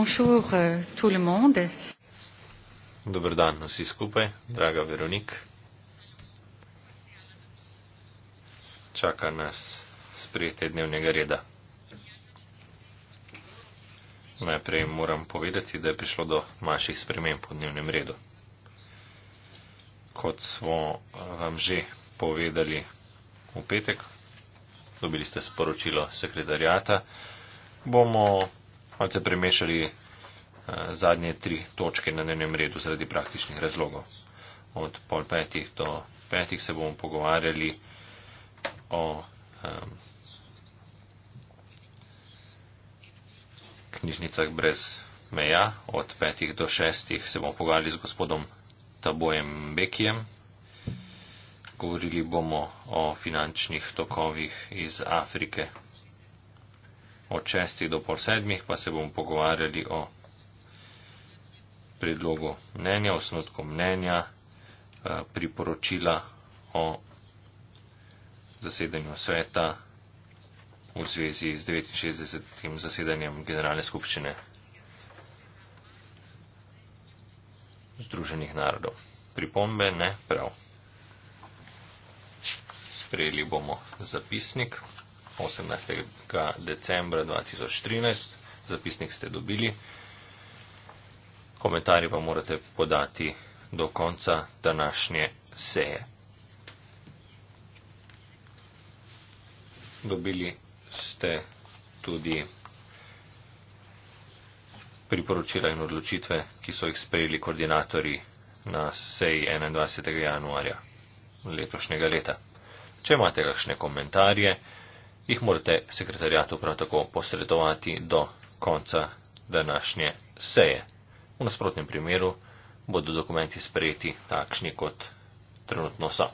Bonjour, euh, tout le monde. Dobro dan vsi skupaj, draga Veronik. Čaka nas sprejete dnevnega reda. Najprej moram povedati, da je prišlo do manjših sprememb v dnevnem redu. Kot smo eh, vam že povedali v petek, dobili ste sporočilo sekretarjata, bomo malce premešali eh, zadnje tri točke na dnevnem redu zaradi praktičnih razlogov. Od pol petih do petih se bomo pogovarjali o um, knjižnicah brez meja, od petih do šestih se bomo pogovarjali z gospodom Tabojem Bekijem, govorili bomo o finančnih tokovih iz Afrike od šestih do pol sedmih pa se bomo pogovarjali o predlogu mnenja, osnotku mnenja, eh, priporočila o zasedanju sveta v zvezi z 69. zasedanjem Generalne skupščine Združenih narodov. Pripombe ne prav. Sprejeli bomo zapisnik. 18. decembra 2013. Zapisnik ste dobili. Komentarje pa morate podati do konca današnje seje. Dobili ste tudi priporočila in odločitve, ki so jih sprejeli koordinatori na seji 21. januarja letošnjega leta. Če imate kakšne komentarje, jih morate sekretarjatu prav tako posredovati do konca današnje seje. V nasprotnem primeru bodo dokumenti sprejeti takšni, kot trenutno so.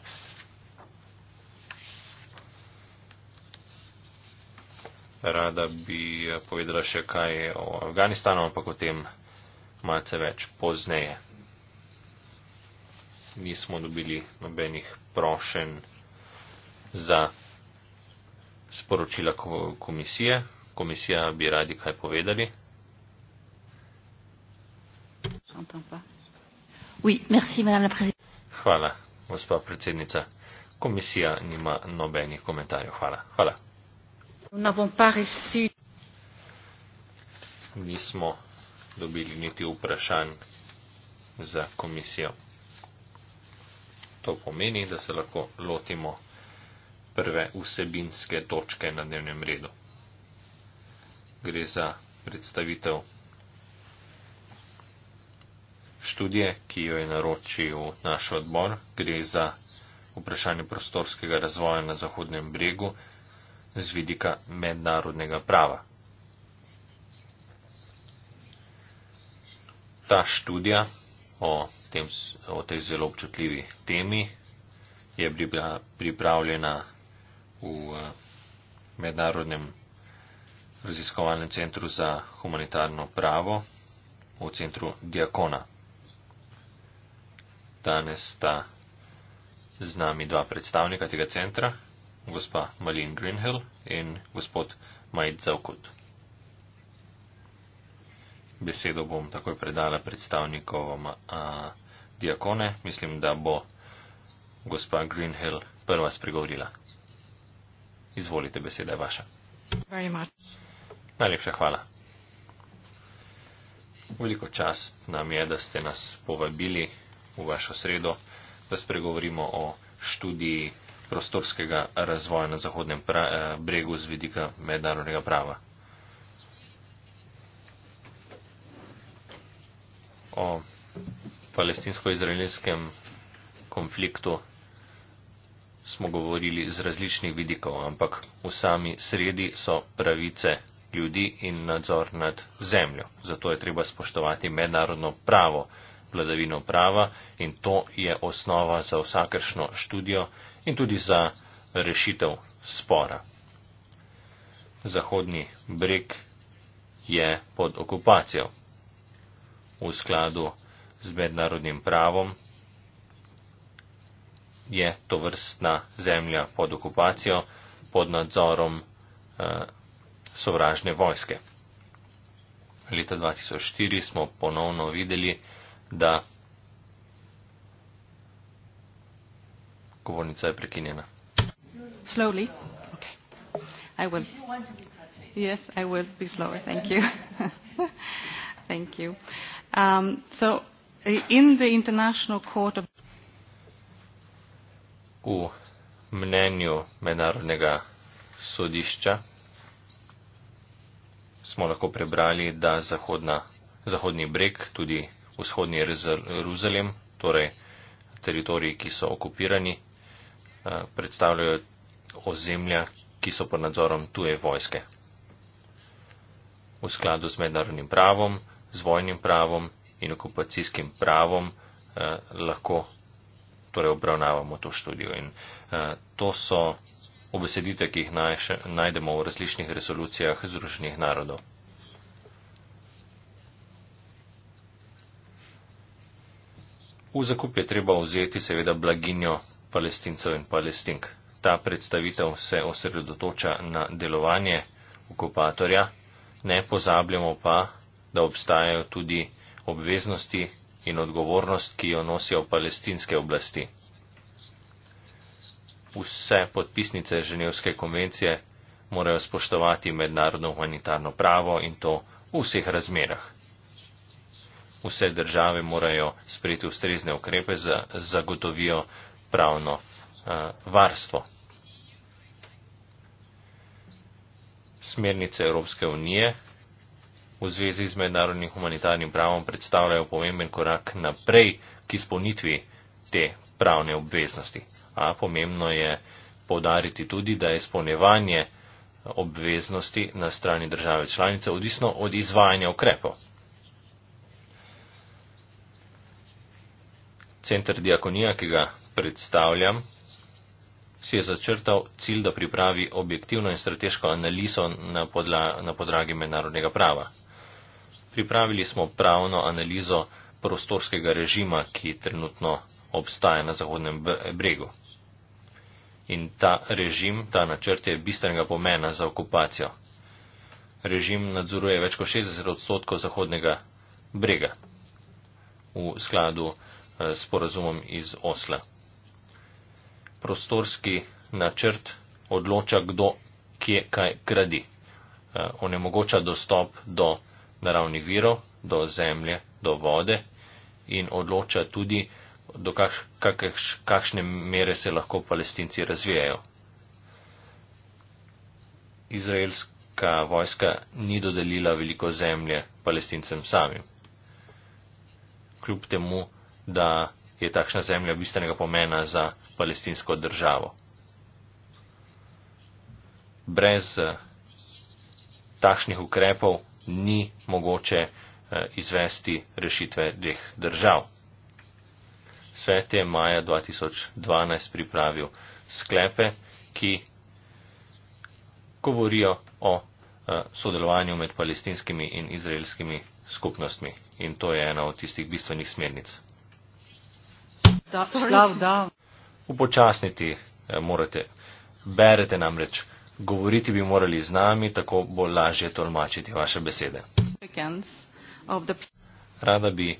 Rada bi povedala še kaj o Afganistanu, ampak o tem malce več pozneje. Nismo dobili nobenih prošen za sporočila komisije. Komisija bi radi kaj povedali. Hvala, gospod predsednica. Komisija nima nobenih komentarjev. Hvala. Hvala. Nismo dobili niti vprašanj za komisijo. To pomeni, da se lahko lotimo prve vsebinske točke na dnevnem redu. Gre za predstavitev študije, ki jo je naročil naš odbor. Gre za vprašanje prostorskega razvoja na Zahodnem bregu z vidika mednarodnega prava. Ta študija o, tem, o tej zelo občutljivi temi je bila pripravljena v eh, mednarodnem raziskovalnem centru za humanitarno pravo v centru Diakona. Danes sta z nami dva predstavnika tega centra, gospa Malin Greenhill in gospod Majd Zavkut. Besedo bom takoj predala predstavnikom a, eh, Diakone. Mislim, da bo gospa Greenhill prva spregovorila. Izvolite, beseda je vaša. Najlepša hvala. Veliko čast nam je, da ste nas povabili v vašo sredo, da spregovorimo o študiji prostorskega razvoja na Zahodnem pra, eh, bregu z vidika mednarodnega prava. O palestinsko-izraelskem konfliktu smo govorili z različnih vidikov, ampak v sami sredi so pravice ljudi in nadzor nad zemljo. Zato je treba spoštovati mednarodno pravo, vladavino prava in to je osnova za vsakršno študijo in tudi za rešitev spora. Zahodni breg je pod okupacijo. V skladu z mednarodnim pravom je to vrstna zemlja pod okupacijo, pod nadzorom eh, sovražne vojske. Leta 2004 smo ponovno videli, da. Govornica je prekinjena. Slowly. Okay. I will. Yes, I will be slower. Thank you. Thank you. Um, so, in the International Court of v mnenju mednarodnega sodišča smo lahko prebrali, da zahodna, zahodni breg, tudi vzhodni Jeruzalem, torej teritoriji, ki so okupirani, eh, predstavljajo ozemlja, ki so pod nadzorom tuje vojske. V skladu z mednarodnim pravom, z vojnim pravom in okupacijskim pravom eh, lahko torej obravnavamo to študijo. In eh, to so obesedite, ki jih najdemo v različnih resolucijah Združenih narodov. V zakup je treba vzeti seveda blaginjo palestincev in palestink. Ta predstavitev se osredotoča na delovanje okupatorja, ne pozabljamo pa, da obstajajo tudi obveznosti, in odgovornost, ki jo nosijo palestinske oblasti. Vse podpisnice Ženevske konvencije morajo spoštovati mednarodno humanitarno pravo in to v vseh razmerah. Vse države morajo sprejeti ustrezne ukrepe za zagotovijo pravno uh, varstvo. Smernice Evropske unije v zvezi z mednarodnim humanitarnim pravom predstavljajo pomemben korak naprej k izpolnitvi te pravne obveznosti. A pomembno je povdariti tudi, da je izpolnevanje obveznosti na strani države članice odvisno od izvajanja ukrepov. Centr diakonija, ki ga predstavljam, si je začrtal cilj, da pripravi objektivno in strateško analizo na, podla, na podragi mednarodnega prava. Pripravili smo pravno analizo prostorskega režima, ki trenutno obstaja na Zahodnem bregu. In ta režim, ta načrt je bistvenega pomena za okupacijo. Režim nadzoruje več kot 60 odstotkov Zahodnega brega v skladu eh, s porazumom iz Osla. Prostorski načrt odloča, kdo kje kaj gradi. Eh, onemogoča dostop do naravnih virov, do zemlje, do vode in odloča tudi, do kakš, kakš, kakšne mere se lahko palestinci razvijajo. Izraelska vojska ni dodelila veliko zemlje palestincem samim. Kljub temu, da je takšna zemlja bistvenega pomena za palestinsko državo. Brez eh, takšnih ukrepov ni mogoče eh, izvesti rešitve dveh držav. Svet je maja 2012 pripravil sklepe, ki govorijo o eh, sodelovanju med palestinskimi in izraelskimi skupnostmi. In to je ena od tistih bistvenih smernic. Da, slav, da. Upočasniti eh, morate. Berete namreč govoriti bi morali z nami, tako bo lažje tolmačiti vaše besede. Rada bi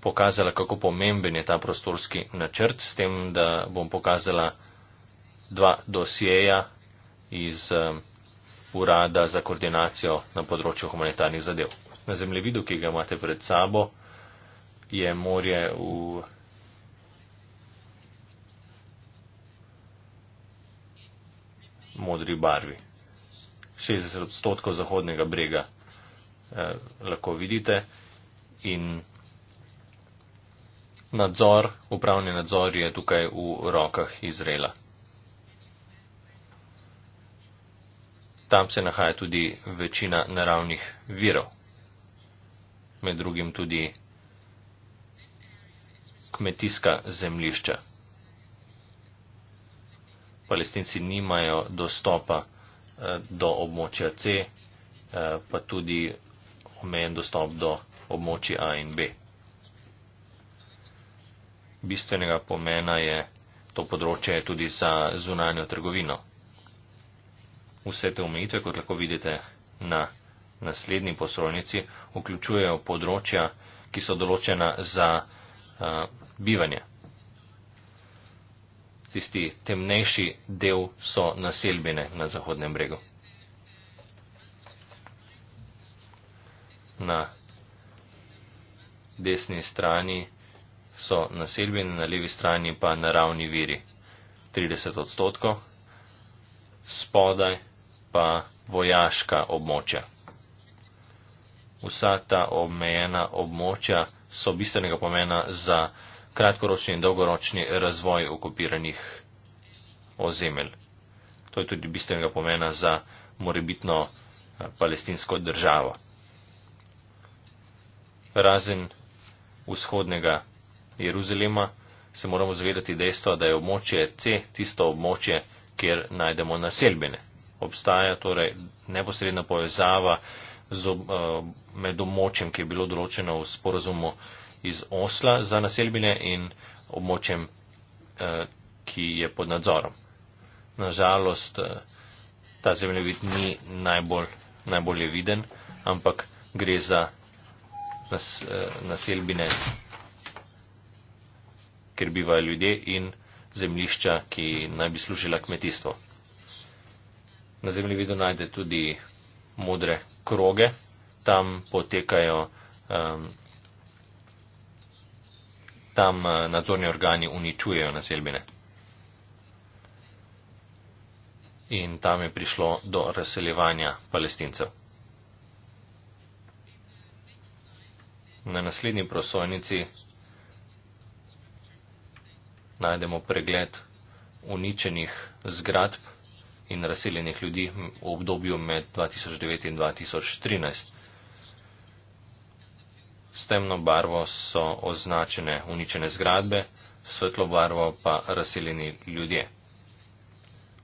pokazala, kako pomemben je ta prostorski načrt, s tem, da bom pokazala dva dosjeja iz uh, Urada za koordinacijo na področju humanitarnih zadev. Na zemljevidu, ki ga imate pred sabo, je morje v. Uh, modri barvi. 60 odstotkov zahodnega brega eh, lahko vidite in nadzor, upravni nadzor je tukaj v rokah Izraela. Tam se nahaja tudi večina naravnih virov, med drugim tudi kmetijska zemlišča palestinci nimajo dostopa eh, do območja C, eh, pa tudi omejen dostop do območja A in B. Bistvenega pomena je to področje tudi za zunanjo trgovino. Vse te omejitve, kot lahko vidite na naslednji poslovnici, vključujejo področja, ki so določena za uh, bivanje tisti temnejši del so naselbine na zahodnem bregu. Na desni strani so naselbine, na levi strani pa naravni viri 30 odstotkov, spodaj pa vojaška območja. Vsa ta obmejena območja so bistvenega pomena za kratkoročni in dolgoročni razvoj okupiranih ozemelj. To je tudi bistvenega pomena za morebitno eh, palestinsko državo. Razen vzhodnega Jeruzalema se moramo zavedati dejstva, da je območje C tisto območje, kjer najdemo naselbene. Obstaja torej neposredna povezava z, eh, med območjem, ki je bilo določeno v sporozumu iz Osla za naselbine in območjem, eh, ki je pod nadzorom. Nažalost, eh, ta zemljevid ni najbolj, najbolje viden, ampak gre za nas, eh, naselbine, kjer bivajo ljudje in zemljišča, ki naj bi služila kmetijstvo. Na zemljevidu najde tudi modre kroge, tam potekajo um, tam eh, nadzorni organi uničujejo naselbine. In tam je prišlo do razseljevanja palestincev. Na naslednji prosojnici najdemo pregled uničenih zgradb in razseljenih ljudi v obdobju med 2009 in 2013. S temno barvo so označene uničene zgradbe, svetlo barvo pa razseljeni ljudje.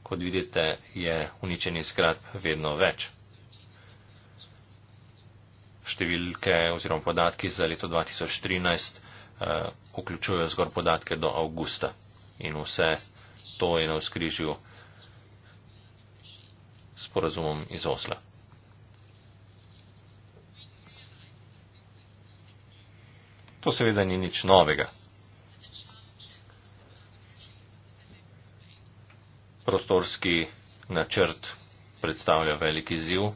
Kot vidite, je uničeni zgradb vedno več. Številke oziroma podatki za leto 2013 eh, vključujejo zgor podatke do avgusta in vse to je na vzkrižju sporazumom iz Osla. To seveda ni nič novega. Prostorski načrt predstavlja veliki ziv.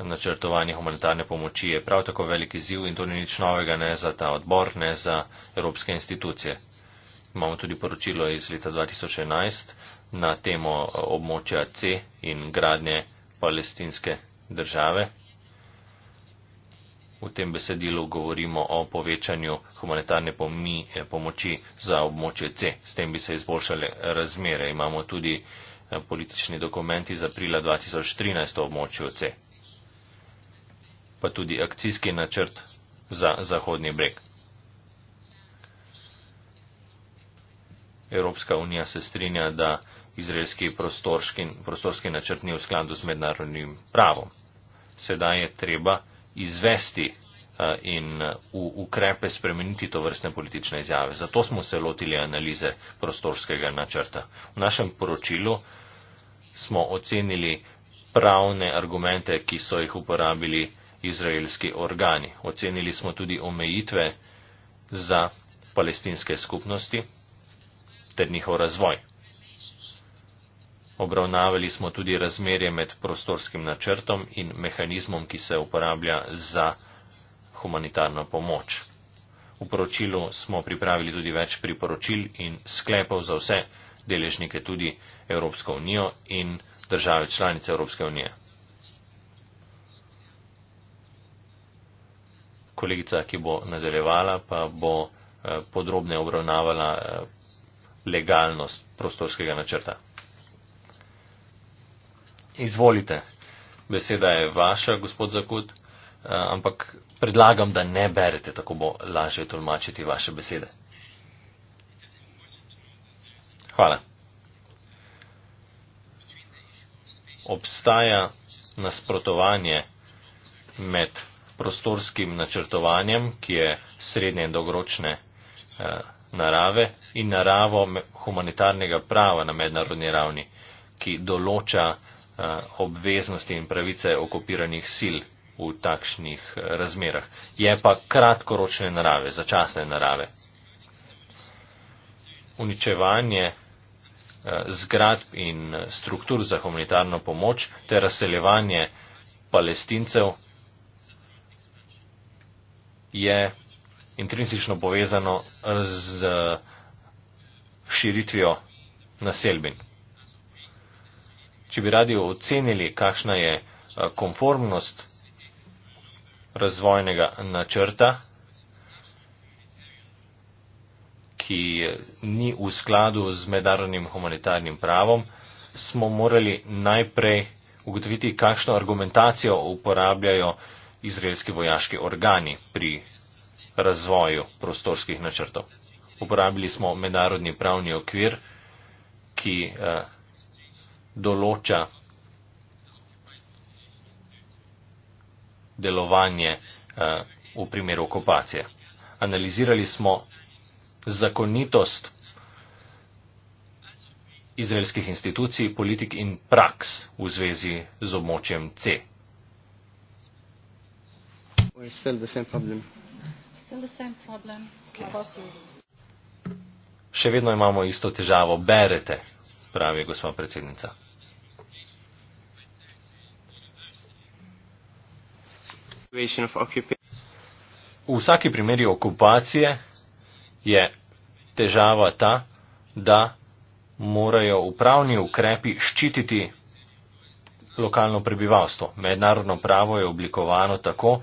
Načrtovanje humanitarne pomoči je prav tako veliki ziv in to ni nič novega ne za ta odbor, ne za evropske institucije. Imamo tudi poročilo iz leta 2011 na temo območja C in gradnje palestinske države v tem besedilu govorimo o povečanju humanitarne eh, pomoči za območje C. S tem bi se izboljšale razmere. Imamo tudi eh, politični dokument iz aprila 2013 o območju C. Pa tudi akcijski načrt za Zahodni breg. Evropska unija se strinja, da izraelski prostorski, prostorski načrt ni v skladu z mednarodnim pravom. Sedaj je treba izvesti eh, in eh, v ukrepe spremeniti to vrstne politične izjave. Zato smo se lotili analize prostorskega načrta. V našem poročilu smo ocenili pravne argumente, ki so jih uporabili izraelski organi. Ocenili smo tudi omejitve za palestinske skupnosti ter njihov razvoj. Obravnavali smo tudi razmerje med prostorskim načrtom in mehanizmom, ki se uporablja za humanitarno pomoč. V poročilu smo pripravili tudi več priporočil in sklepov za vse deležnike tudi Evropsko unijo in države članice Evropske unije. Kolegica, ki bo nadaljevala, pa bo eh, podrobne obravnavala eh, legalnost prostorskega načrta. Izvolite. Beseda je vaša, gospod Zakut, eh, ampak predlagam, da ne berete, tako bo lažje tolmačiti vaše besede. Hvala. Obstaja nasprotovanje med prostorskim načrtovanjem, ki je srednje in dogročne eh, narave in naravo humanitarnega prava na mednarodni ravni, ki določa Eh, obveznosti in pravice okupiranih sil v takšnih eh, razmerah. Je pa kratkoročne narave, začasne narave. Uničevanje eh, zgradb in struktur za humanitarno pomoč ter razseljevanje palestincev je intrinsično povezano z širitvijo naselbin če bi radi ocenili, kakšna je eh, konformnost razvojnega načrta, ki eh, ni v skladu z mednarodnim humanitarnim pravom, smo morali najprej ugotoviti, kakšno argumentacijo uporabljajo izraelski vojaški organi pri razvoju prostorskih načrtov. Uporabili smo mednarodni pravni okvir, ki eh, določa delovanje eh, v primeru okupacije. Analizirali smo zakonitost izraelskih institucij, politik in praks v zvezi z območjem C. Še vedno imamo isto težavo, berete, pravi gospod predsednica. V vsaki primeri okupacije je težava ta, da morajo upravni ukrepi ščititi lokalno prebivalstvo. Mednarodno pravo je oblikovano tako,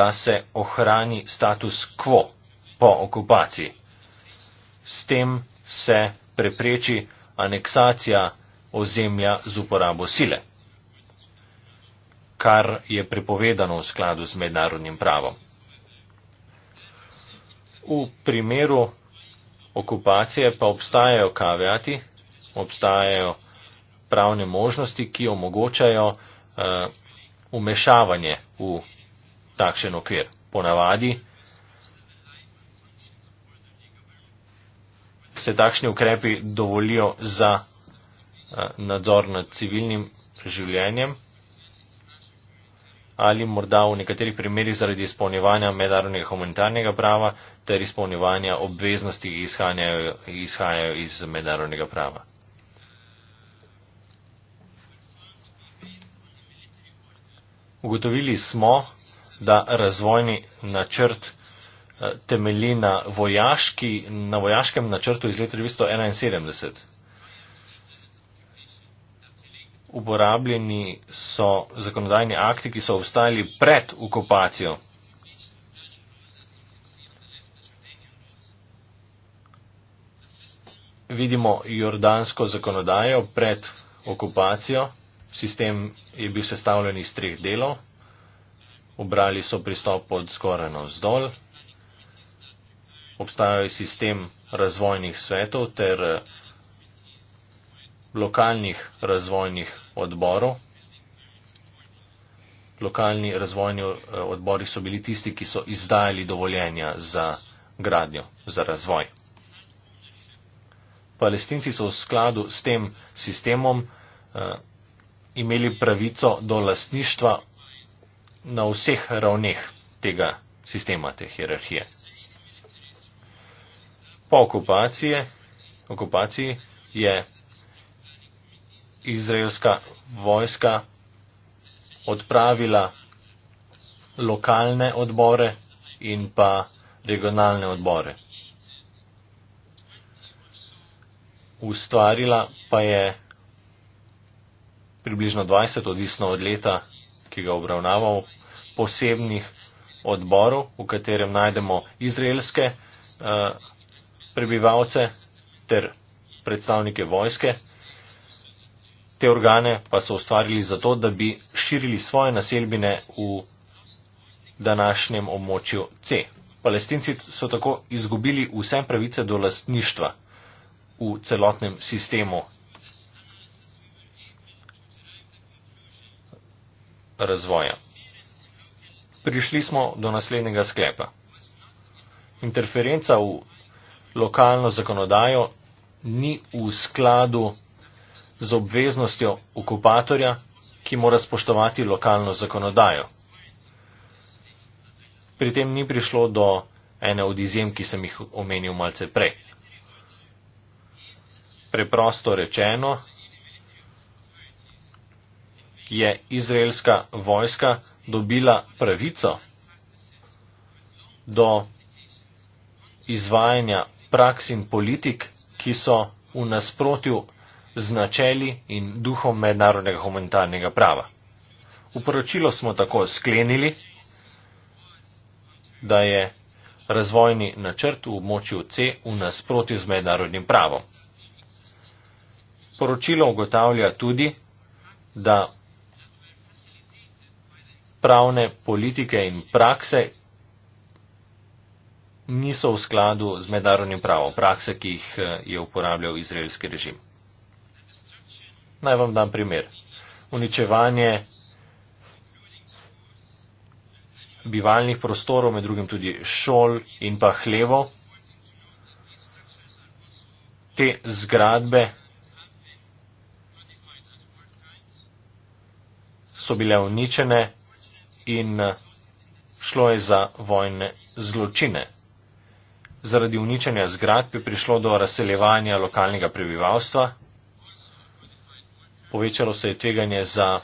da se ohrani status quo po okupaciji. S tem se prepreči aneksacija ozemlja z uporabo sile kar je prepovedano v skladu z mednarodnim pravom. V primeru okupacije pa obstajajo kaveati, obstajajo pravne možnosti, ki omogočajo uh, eh, umešavanje v takšen okvir. Ponavadi se takšni ukrepi dovolijo za uh, nadzor nad civilnim življenjem ali morda v nekaterih primerjih zaradi izpolnjevanja mednarodnega humanitarnega prava ter izpolnjevanja obveznosti, ki izhajajo, izhajajo iz mednarodnega prava. Ugotovili smo, da razvojni načrt eh, temelji na, vojaški, na vojaškem načrtu iz leta 1971 uporabljeni so zakonodajni akti, ki so obstajali pred okupacijo. Vidimo jordansko zakonodajo pred okupacijo. Sistem je bil sestavljen iz treh delov. Obrali so pristop od skoraj navzdol. Obstajajo sistem razvojnih svetov ter eh, lokalnih razvojnih odborov. Lokalni razvojni eh, odbori so bili tisti, ki so izdajali dovoljenja za gradnjo, za razvoj. Palestinci so v skladu s tem sistemom eh, imeli pravico do lasništva na vseh ravneh tega sistema, te hierarhije. Po okupaciji, okupaciji je izraelska vojska odpravila lokalne odbore in pa regionalne odbore. Ustvarila pa je približno 20, odvisno od leta, ki ga obravnaval, posebnih odborov, v katerem najdemo izraelske uh, prebivalce ter predstavnike vojske Te organe pa so ustvarili zato, da bi širili svoje naselbine v današnjem območju C. Palestinci so tako izgubili vse pravice do lastništva v celotnem sistemu razvoja. Prišli smo do naslednjega sklepa. Interferenca v lokalno zakonodajo ni v skladu z obveznostjo okupatorja, ki mora spoštovati lokalno zakonodajo. Pri tem ni prišlo do ene od izjem, ki sem jih omenil malce prej. Preprosto rečeno, je izraelska vojska dobila pravico do izvajanja praks in politik, ki so v nasprotju z načeli in duhom mednarodnega humanitarnega prava. V poročilo smo tako sklenili, da je razvojni načrt v območju C v nasprotju z mednarodnim pravom. Poročilo ugotavlja tudi, da pravne politike in prakse niso v skladu z mednarodnim pravom, prakse, ki jih eh, je uporabljal izraelski režim. Naj vam dam primer. Uničevanje bivalnih prostorov, med drugim tudi šol in pa hlevo. Te zgradbe so bile uničene in eh, šlo je za vojne zločine. Zaradi uničenja zgradb je prišlo do razseljevanja lokalnega prebivalstva povečalo se je tveganje za eh,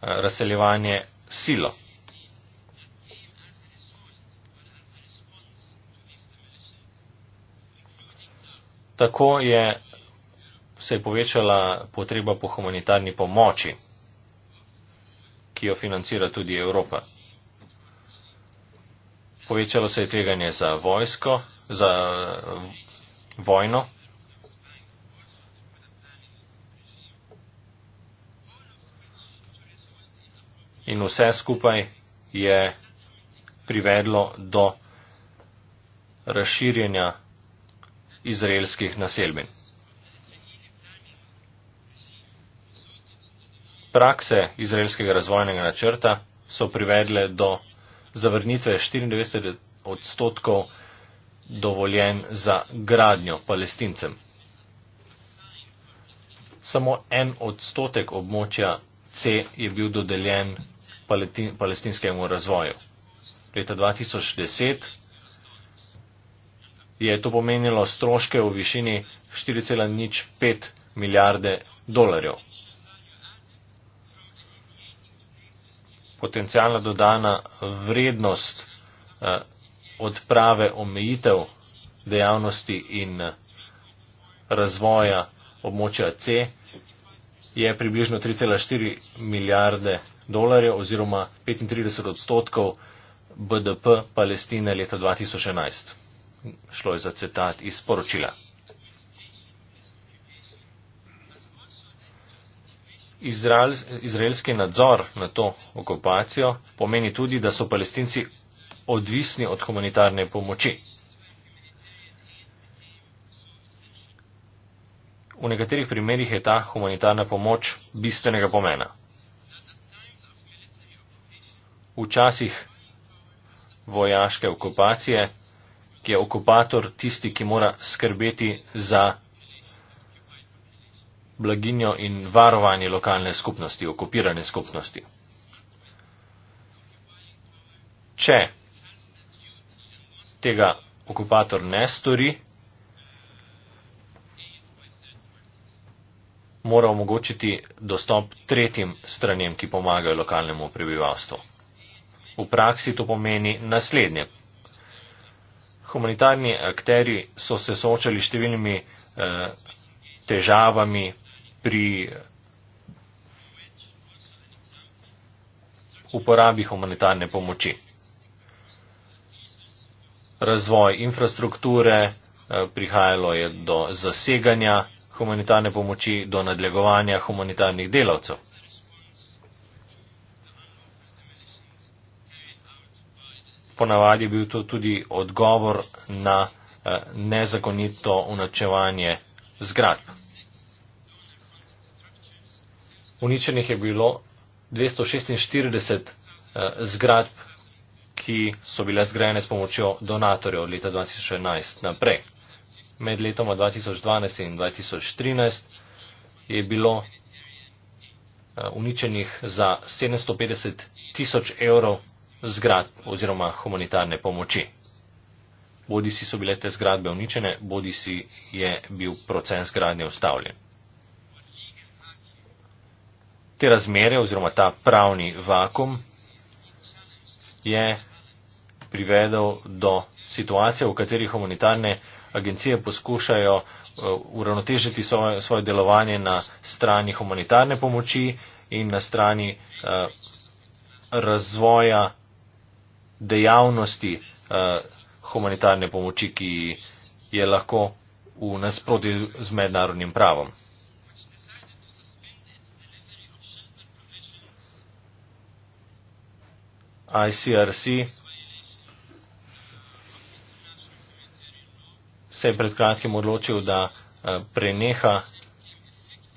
razseljevanje silo. Tako je se je povečala potreba po humanitarni pomoči, ki jo financira tudi Evropa. Povečalo se je tveganje za vojsko, za eh, vojno. in vse skupaj je privedlo do razširjenja izraelskih naselbin. Prakse izraelskega razvojnega načrta so privedle do zavrnitve 94 odstotkov dovoljen za gradnjo palestincem. Samo en odstotek območja C je bil dodeljen palestinskemu razvoju. Leta 2010 je to pomenilo stroške v višini 4,05 milijarde dolarjev. Potencijalna dodana vrednost eh, odprave omejitev dejavnosti in eh, razvoja območja C je približno 3,4 milijarde dolarjev dolarjev oziroma 35 odstotkov BDP Palestine leta 2011. Šlo je za citat iz poročila. Izrael, izraelski nadzor na to okupacijo pomeni tudi, da so palestinci odvisni od humanitarne pomoči. V nekaterih primerjih je ta humanitarna pomoč bistvenega pomena včasih vojaške okupacije, ki je okupator tisti, ki mora skrbeti za blaginjo in varovanje lokalne skupnosti, okupirane skupnosti. Če tega okupator ne stori, mora omogočiti dostop tretjim stranem, ki pomagajo lokalnemu prebivalstvu. V praksi to pomeni naslednje. Humanitarni akteri so se soočali številnimi eh, težavami pri uporabi humanitarne pomoči. Razvoj infrastrukture, eh, prihajalo je do zaseganja humanitarne pomoči, do nadlegovanja humanitarnih delavcev. ponavadi je bil to tudi odgovor na eh, nezakonito unačevanje zgradb. Uničenih je bilo 246 eh, zgradb, ki so bile zgrajene s pomočjo donatorjev od leta 2011 naprej. Med letoma 2012 in 2013 je bilo eh, uničenih za 750 tisoč evrov zgrad oziroma humanitarne pomoči. Bodi si so bile te zgradbe uničene, bodi si je bil proces gradnje ustavljen. Te razmere oziroma ta pravni vakum je privedel do situacije, v kateri humanitarne agencije poskušajo eh, uravnotežiti svoje, svoje delovanje na strani humanitarne pomoči in na strani uh, razvoja dejavnosti eh, humanitarne pomoči, ki je lahko v nasprotju z mednarodnim pravom. ICRC se je pred kratkim odločil, da eh, preneha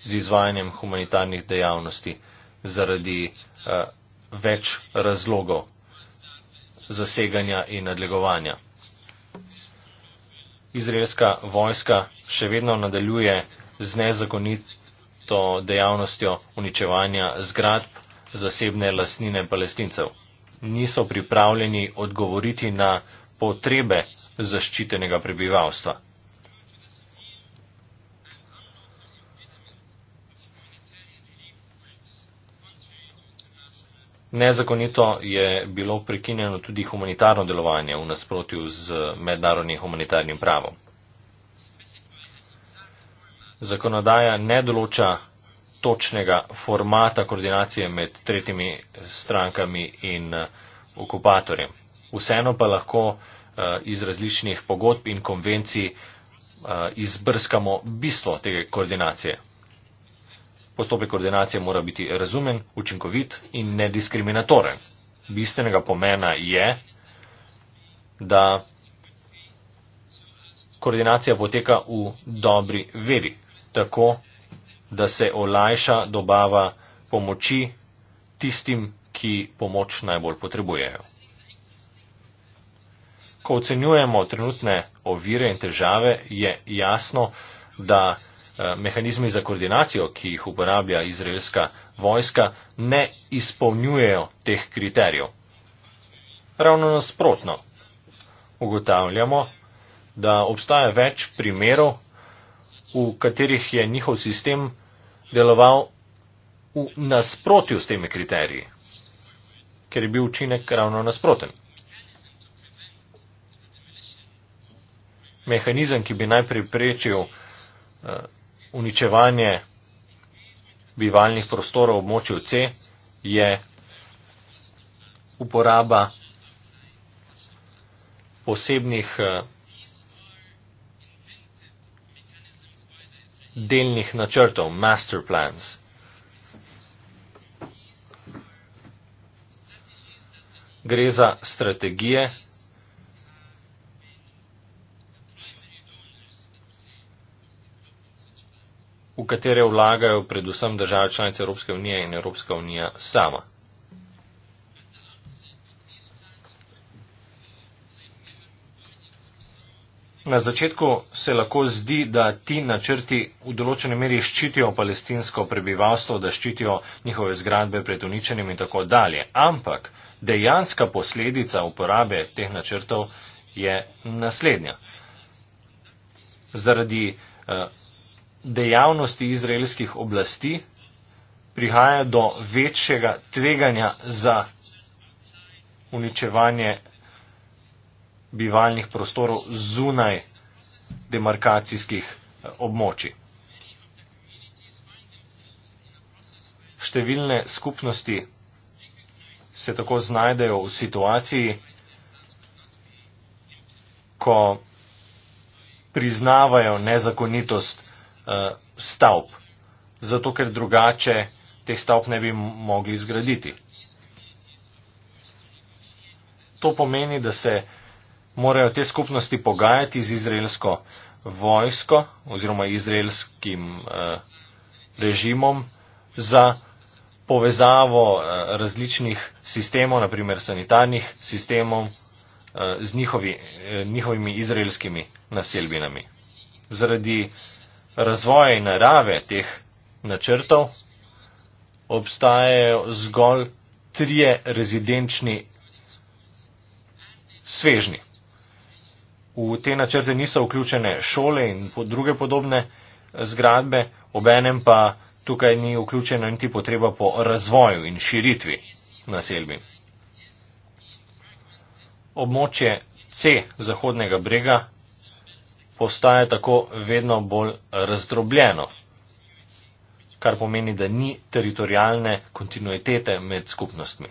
z izvajanjem humanitarnih dejavnosti zaradi eh, več razlogov zaseganja in nadlegovanja. Izraelska vojska še vedno nadaljuje z nezakonito dejavnostjo uničevanja zgradb zasebne lasnine palestincev. Niso pripravljeni odgovoriti na potrebe zaščitenega prebivalstva. Nezakonito je bilo prekinjeno tudi humanitarno delovanje v nasprotju z mednarodnim humanitarnim pravom. Zakonodaja ne določa točnega formata koordinacije med tretjimi strankami in eh, okupatorjem. Vseeno pa lahko eh, iz različnih pogodb in konvencij eh, izbrskamo bistvo tega koordinacije. Postopek ordinacije mora biti razumen, učinkovit in nediskriminatoren. Bistvenega pomena je, da koordinacija poteka v dobri veri, tako da se olajša dobava pomoči tistim, ki pomoč najbolj potrebujejo. Ko ocenjujemo trenutne ovire in težave, je jasno, da. Eh, mehanizmi za koordinacijo, ki jih uporablja izraelska vojska, ne izpolnjujejo teh kriterijev. Ravno nasprotno. Ugotavljamo, da obstaja več primerov, v katerih je njihov sistem deloval v nasprotju s temi kriteriji, ker je bil učinek ravno nasproten. Mehanizem, ki bi najprej prečil eh, uničevanje bivalnih prostorov v območju C je uporaba posebnih eh, delnih načrtov, master plans. Gre za strategije, v katere vlagajo predvsem države članice Evropske unije in Evropska unija sama. Na začetku se lahko zdi, da ti načrti v določeni meri ščitijo palestinsko prebivalstvo, da ščitijo njihove zgradbe pred uničenjem in tako dalje. Ampak dejanska posledica uporabe teh načrtov je naslednja. Zaradi eh, dejavnosti izraelskih oblasti prihaja do večjega tveganja za uničevanje bivalnih prostorov zunaj demarkacijskih eh, območij. Številne skupnosti se tako znajdejo v situaciji, ko priznavajo nezakonitost uh, stavb, zato ker drugače teh stavb ne bi mogli zgraditi. To pomeni, da se morajo te skupnosti pogajati z izraelsko vojsko oziroma izraelskim uh, režimom za povezavo eh, različnih sistemov, naprimer sanitarnih sistemov, z njihovi, njihovimi izraelskimi naselbinami. Zaradi razvoja in narave teh načrtov obstajajo zgolj trije rezidenčni svežni. V te načrte niso vključene šole in druge podobne zgradbe, obenem pa tukaj ni vključena niti potreba po razvoju in širitvi naselbi. Območje C zahodnega brega postaja tako vedno bolj razdrobljeno, kar pomeni, da ni teritorijalne kontinuitete med skupnostmi.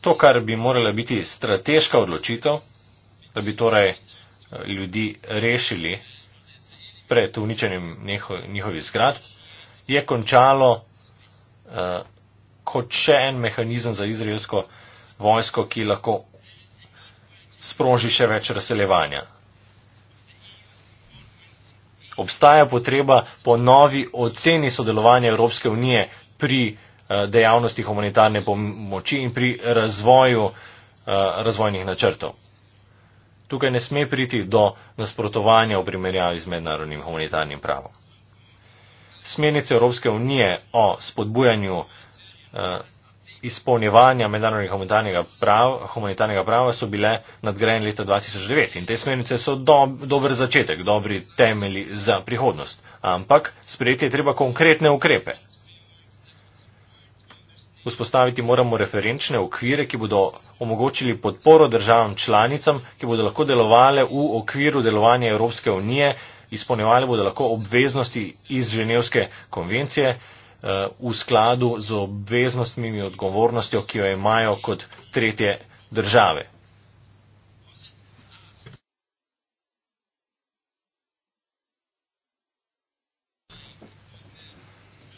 To, kar bi morala biti strateška odločitev, da bi torej eh, ljudi rešili pred uničenjem njihovih zgrad, je končalo eh, kot še en mehanizem za izraelsko vojsko, ki lahko sproži še več razseljevanja. Obstaja potreba po novi oceni sodelovanja Evropske unije pri eh, dejavnosti humanitarne pomoči in pri razvoju eh, razvojnih načrtov. Tukaj ne sme priti do nasprotovanja v primerjavi z mednarodnim humanitarnim pravom. Smernice Evropske unije o spodbujanju Eh, izpolnjevanja mednarodnega humanitarnega, prav, humanitarnega prava so bile nadgrajene leta 2009 in te smernice so do, dober začetek, dobri temelji za prihodnost. Ampak sprejeti je treba konkretne ukrepe. Vzpostaviti moramo referenčne okvire, ki bodo omogočili podporo državam članicam, ki bodo lahko delovale v okviru delovanja Evropske unije, izpolnjevali bodo lahko obveznosti iz Ženevske konvencije. Eh, v skladu z obveznostmi in odgovornostjo, ki jo imajo kot tretje države.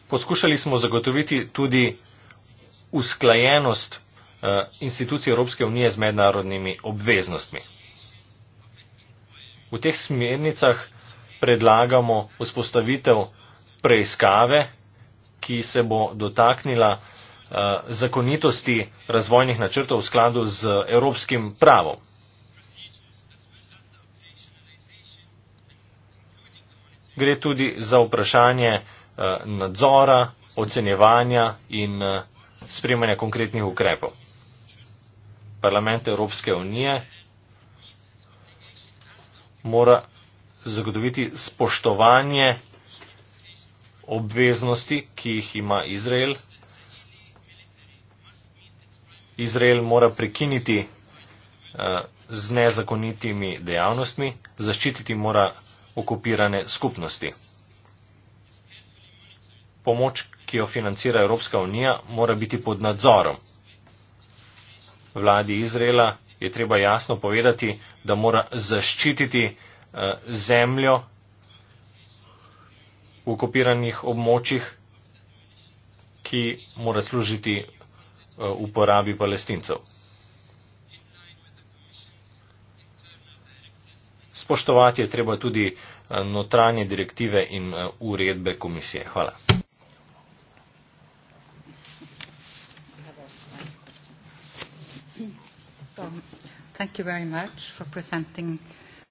Poskušali smo zagotoviti tudi usklajenost eh, institucij Evropske unije z mednarodnimi obveznostmi. V teh smernicah predlagamo vzpostavitev preiskave ki se bo dotaknila eh, zakonitosti razvojnih načrtov v skladu z evropskim pravom. Gre tudi za vprašanje eh, nadzora, ocenjevanja in eh, spremanja konkretnih ukrepov. Parlament Evropske unije mora zagotoviti spoštovanje obveznosti, ki jih ima Izrael. Izrael mora prekiniti eh, z nezakonitimi dejavnostmi, zaščititi mora okupirane skupnosti. Pomoč, ki jo financira Evropska unija, mora biti pod nadzorom. Vladi Izraela je treba jasno povedati, da mora zaščititi eh, zemljo v okupiranih območjih, ki mora služiti eh, uporabi palestincev. Spoštovati je treba tudi eh, notranje direktive in eh, uredbe komisije. Hvala.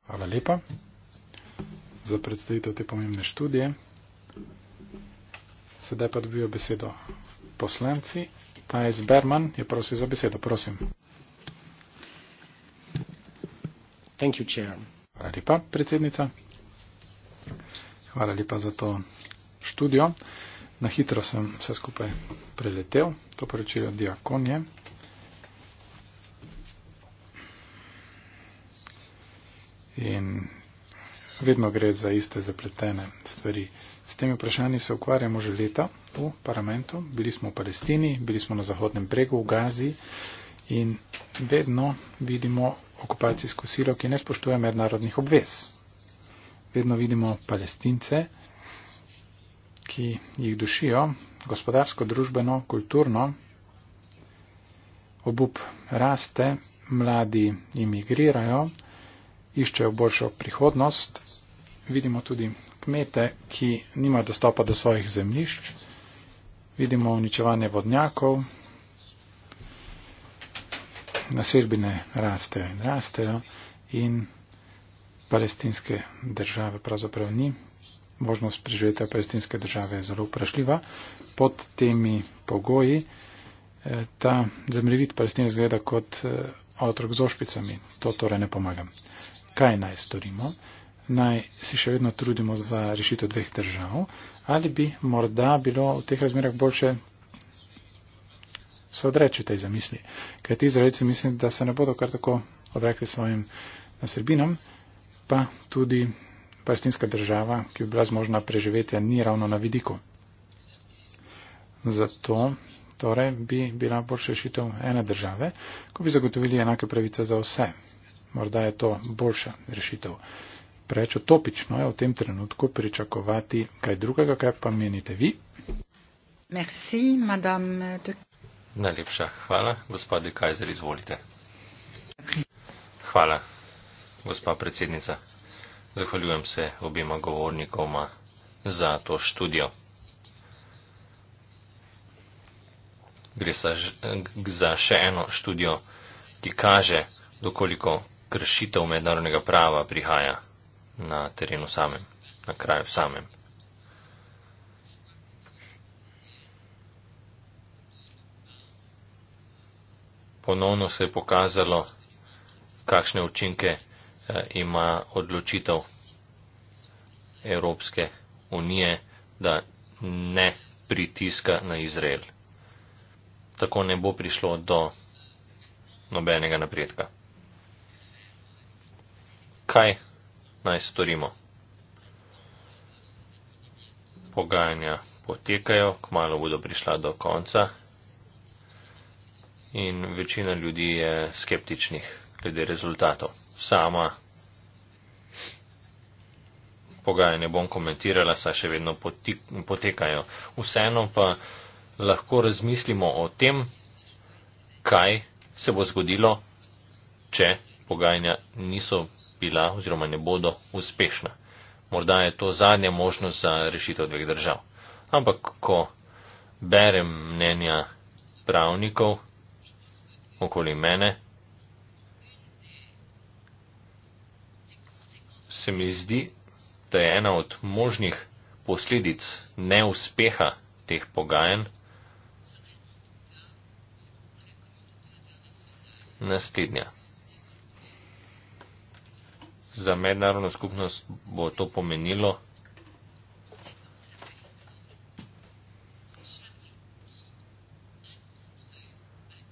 Hvala lepa za predstavitev te pomembne študije. Sedaj pa dobijo besedo poslanci. Tajs Berman je prosil za besedo. Prosim. Thank you, chair. Hvala lepa, predsednica. Hvala lepa za to študijo. Na hitro sem vse skupaj preletel. To poročilo Diakonije. In vedno gre za iste zapletene stvari. S temi vprašanji se ukvarjamo že leta v parlamentu. Bili smo v Palestini, bili smo na Zahodnem bregu, v Gazi in vedno vidimo okupacijsko silo, ki ne spoštuje mednarodnih obvez. Vedno vidimo palestince, ki jih dušijo gospodarsko, družbeno, kulturno. Obup raste, mladi imigrirajo iščejo boljšo prihodnost. Vidimo tudi kmete, ki nimajo dostopa do svojih zemljišč. Vidimo uničevanje vodnjakov. Naselbine rastejo in rastejo in palestinske države pravzaprav ni. Možnost preživetja palestinske države je zelo vprašljiva. Pod temi pogoji eh, ta zemljevid palestinske zgleda kot eh, otrok z ošpicami. To torej ne pomaga kaj naj storimo, naj si še vedno trudimo za rešitev dveh držav, ali bi morda bilo v teh razmerah boljše se odreči tej zamisli. Ker ti Izraelci mislim, da se ne bodo kar tako odrekli svojim nasrbinam, pa tudi palestinska država, ki bi bila zmožna preživetja, ni ravno na vidiku. Zato torej, bi bila boljša rešitev ene države, ko bi zagotovili enake pravice za vse morda je to boljša rešitev. Preveč utopično je v tem trenutku pričakovati kaj drugega, kaj pa menite vi? Merci, de... Najlepša hvala, gospod Kajzer, izvolite. Hvala, gospa predsednica. Zahvaljujem se obima govornikoma za to študijo. Gre za še eno študijo, ki kaže, dokoliko kršitev mednarodnega prava prihaja na terenu samem, na kraju samem. Ponovno se je pokazalo, kakšne učinke eh, ima odločitev Evropske unije, da ne pritiska na Izrael. Tako ne bo prišlo do nobenega napredka kaj naj storimo. Pogajanja potekajo, kmalo bodo prišla do konca in večina ljudi je skeptičnih glede rezultatov. Sama pogajanja bom komentirala, saj še vedno potekajo. Vseeno pa lahko razmislimo o tem, kaj se bo zgodilo, če pogajanja niso bila oziroma ne bodo uspešna. Morda je to zadnja možnost za rešitev dveh držav. Ampak, ko berem mnenja pravnikov okoli mene, se mi zdi, da je ena od možnih posledic neuspeha teh pogajanj naslednja za mednarodno skupnost bo to pomenilo.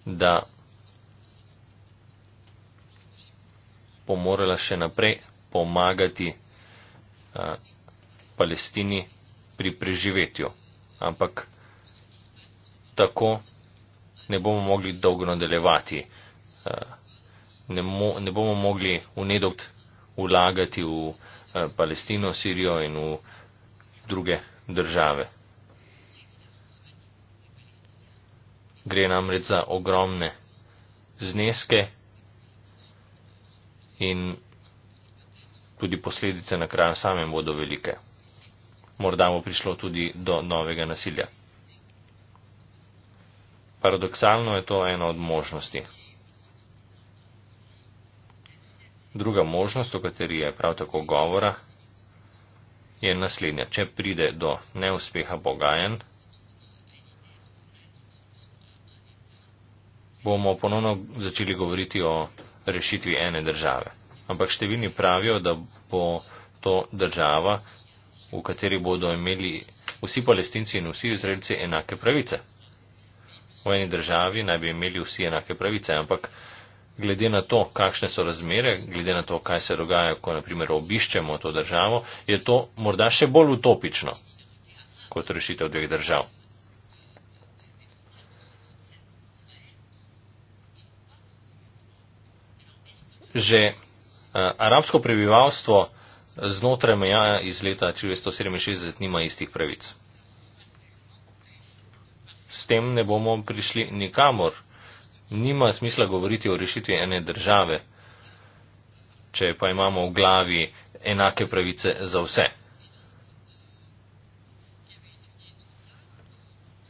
da bo morala še naprej pomagati a, Palestini pri preživetju. Ampak tako ne bomo mogli dolgo nadaljevati. A, ne, mo, ne bomo mogli v nedopt vlagati v eh, Palestino, Sirijo in v druge države. Gre namreč za ogromne zneske in tudi posledice na kraju samem bodo velike. Morda bo prišlo tudi do novega nasilja. Paradoksalno je to ena od možnosti. Druga možnost, o kateri je prav tako govora, je naslednja. Če pride do neuspeha pogajanj, bomo ponovno začeli govoriti o rešitvi ene države. Ampak številni pravijo, da bo to država, v kateri bodo imeli vsi palestinci in vsi izraelci enake pravice. V eni državi naj bi imeli vsi enake pravice, ampak glede na to, kakšne so razmere, glede na to, kaj se dogaja, ko naprimer obiščemo to državo, je to morda še bolj utopično kot rešitev dveh držav. Že uh, arabsko prebivalstvo znotraj meja iz leta 1967 nima istih pravic. S tem ne bomo prišli nikamor, nima smisla govoriti o rešitvi ene države, če pa imamo v glavi enake pravice za vse.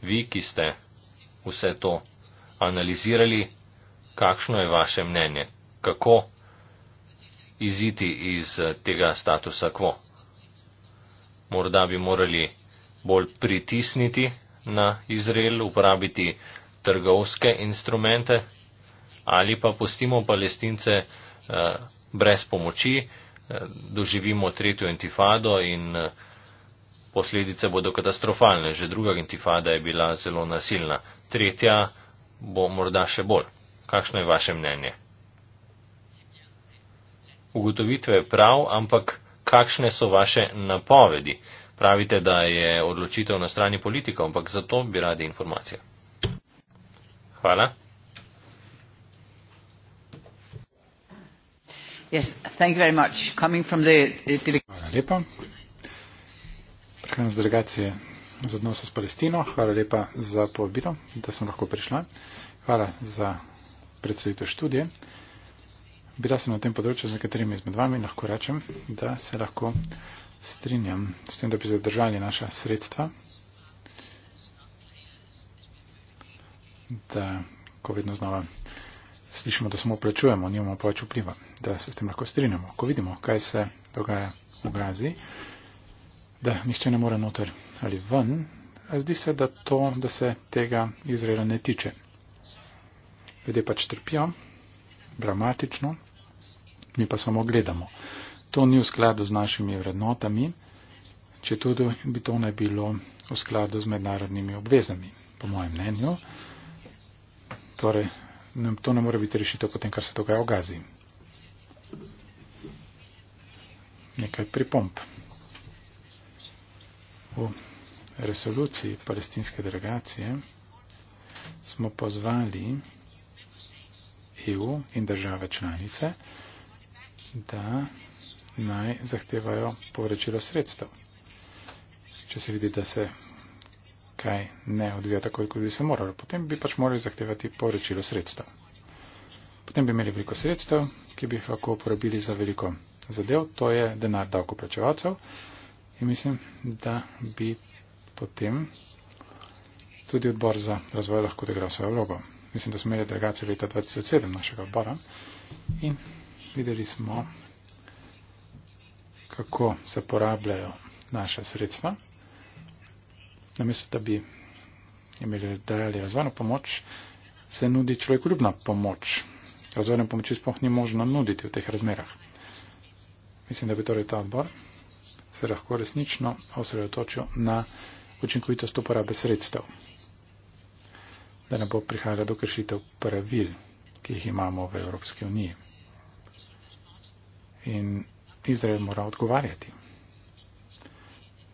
Vi, ki ste vse to analizirali, kakšno je vaše mnenje, kako iziti iz eh, tega statusa quo? Morda bi morali bolj pritisniti na Izrael, uporabiti trgovske instrumente ali pa pustimo palestince eh, brez pomoči, eh, doživimo tretjo intifado in eh, posledice bodo katastrofalne. Že druga intifada je bila zelo nasilna. Tretja bo morda še bolj. Kakšno je vaše mnenje? Ugotovitve je prav, ampak kakšne so vaše napovedi? Pravite, da je odločitev na strani politikov, ampak zato bi radi informacije. Hvala. Yes, thank you very much. Coming from the, the Hvala lepa. Prihajam z delegacije za odnose s Palestino. Hvala lepa za povabilo, da sem lahko prišla. Hvala za predstavitev študije. Bila sem na tem področju z nekaterimi izmed vami in lahko rečem, da se lahko strinjam s tem, da bi zadržali naša sredstva da ko vedno znova slišimo, da samo plačujemo, nimamo pač vpliva, da se s tem lahko strinjamo. Ko vidimo, kaj se dogaja v gazi, da nihče ne more noter ali ven, zdi se, da, to, da se tega Izraela ne tiče. Ljudje pač trpijo, dramatično, mi pa samo gledamo. To ni v skladu z našimi vrednotami, če tudi bi to ne bilo v skladu z mednarodnimi obvezami, po mojem mnenju. Torej, to ne more biti rešitev potem, kar se dogaja v Gazi. Nekaj pripomp. V resoluciji palestinske delegacije smo pozvali EU in države članice, da naj zahtevajo povrečilo sredstev. Če se vidi, da se kaj ne odvija tako, kot bi se moralo. Potem bi pač morali zahtevati poročilo sredstev. Potem bi imeli veliko sredstev, ki bi jih lahko uporabili za veliko zadev, to je denar davkoplačevalcev. In mislim, da bi potem tudi odbor za razvoj lahko odigral svojo vlogo. Mislim, da smo imeli delegacijo leta 2007 našega odbora in videli smo, kako se porabljajo naše sredstva namesto da bi imeli dajali razvojno pomoč, se nudi človekoljubna pomoč. Razvojne pomoči sploh ni možno nuditi v teh razmerah. Mislim, da bi torej ta odbor se lahko resnično osredotočil na učinkovitost uporabe sredstev, da ne bo prihajalo do kršitev pravil, ki jih imamo v Evropski uniji. In Izrael mora odgovarjati,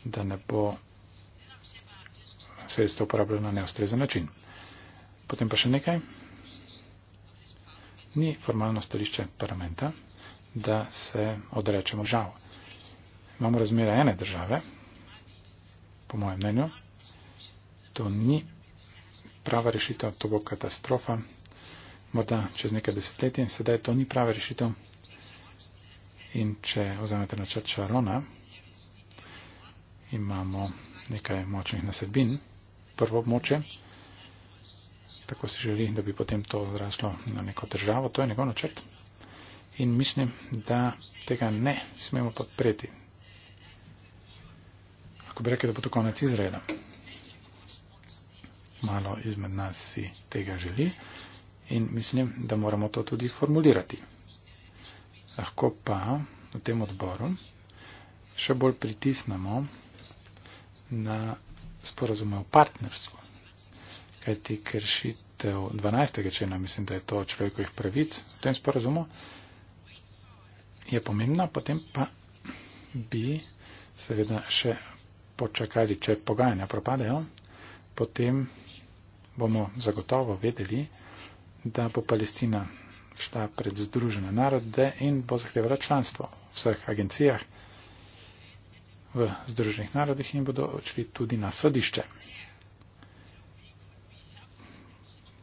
da ne bo sredstva uporabljajo na neustrezen način. Potem pa še nekaj. Ni formalno stališče parlamenta, da se odrečemo žal. Imamo razmere ene države, po mojem mnenju, to ni prava rešitev, to bo katastrofa, morda čez nekaj desetletij in sedaj to ni prava rešitev. In če vzamete načrt Šarona, imamo nekaj močnih nasebin prvo območje. Tako si želi, da bi potem to zraslo na neko državo. To je njegov načrt. In mislim, da tega ne smemo podpreti. Ako bi rekel, da bo to konec Izraela. Malo izmed nas si tega želi in mislim, da moramo to tudi formulirati. Lahko pa v tem odboru še bolj pritisnemo na sporozume o partnerstvu. Kajti kršitev 12. člena, mislim, da je to človekovih pravic v tem sporozumu, je pomembna, potem pa bi seveda še počakali, če pogajanja propadejo, potem bomo zagotovo vedeli, da bo Palestina šla pred združene narode in bo zahtevala članstvo v vseh agencijah, v Združenih narodih in bodo odšli tudi na sodišče.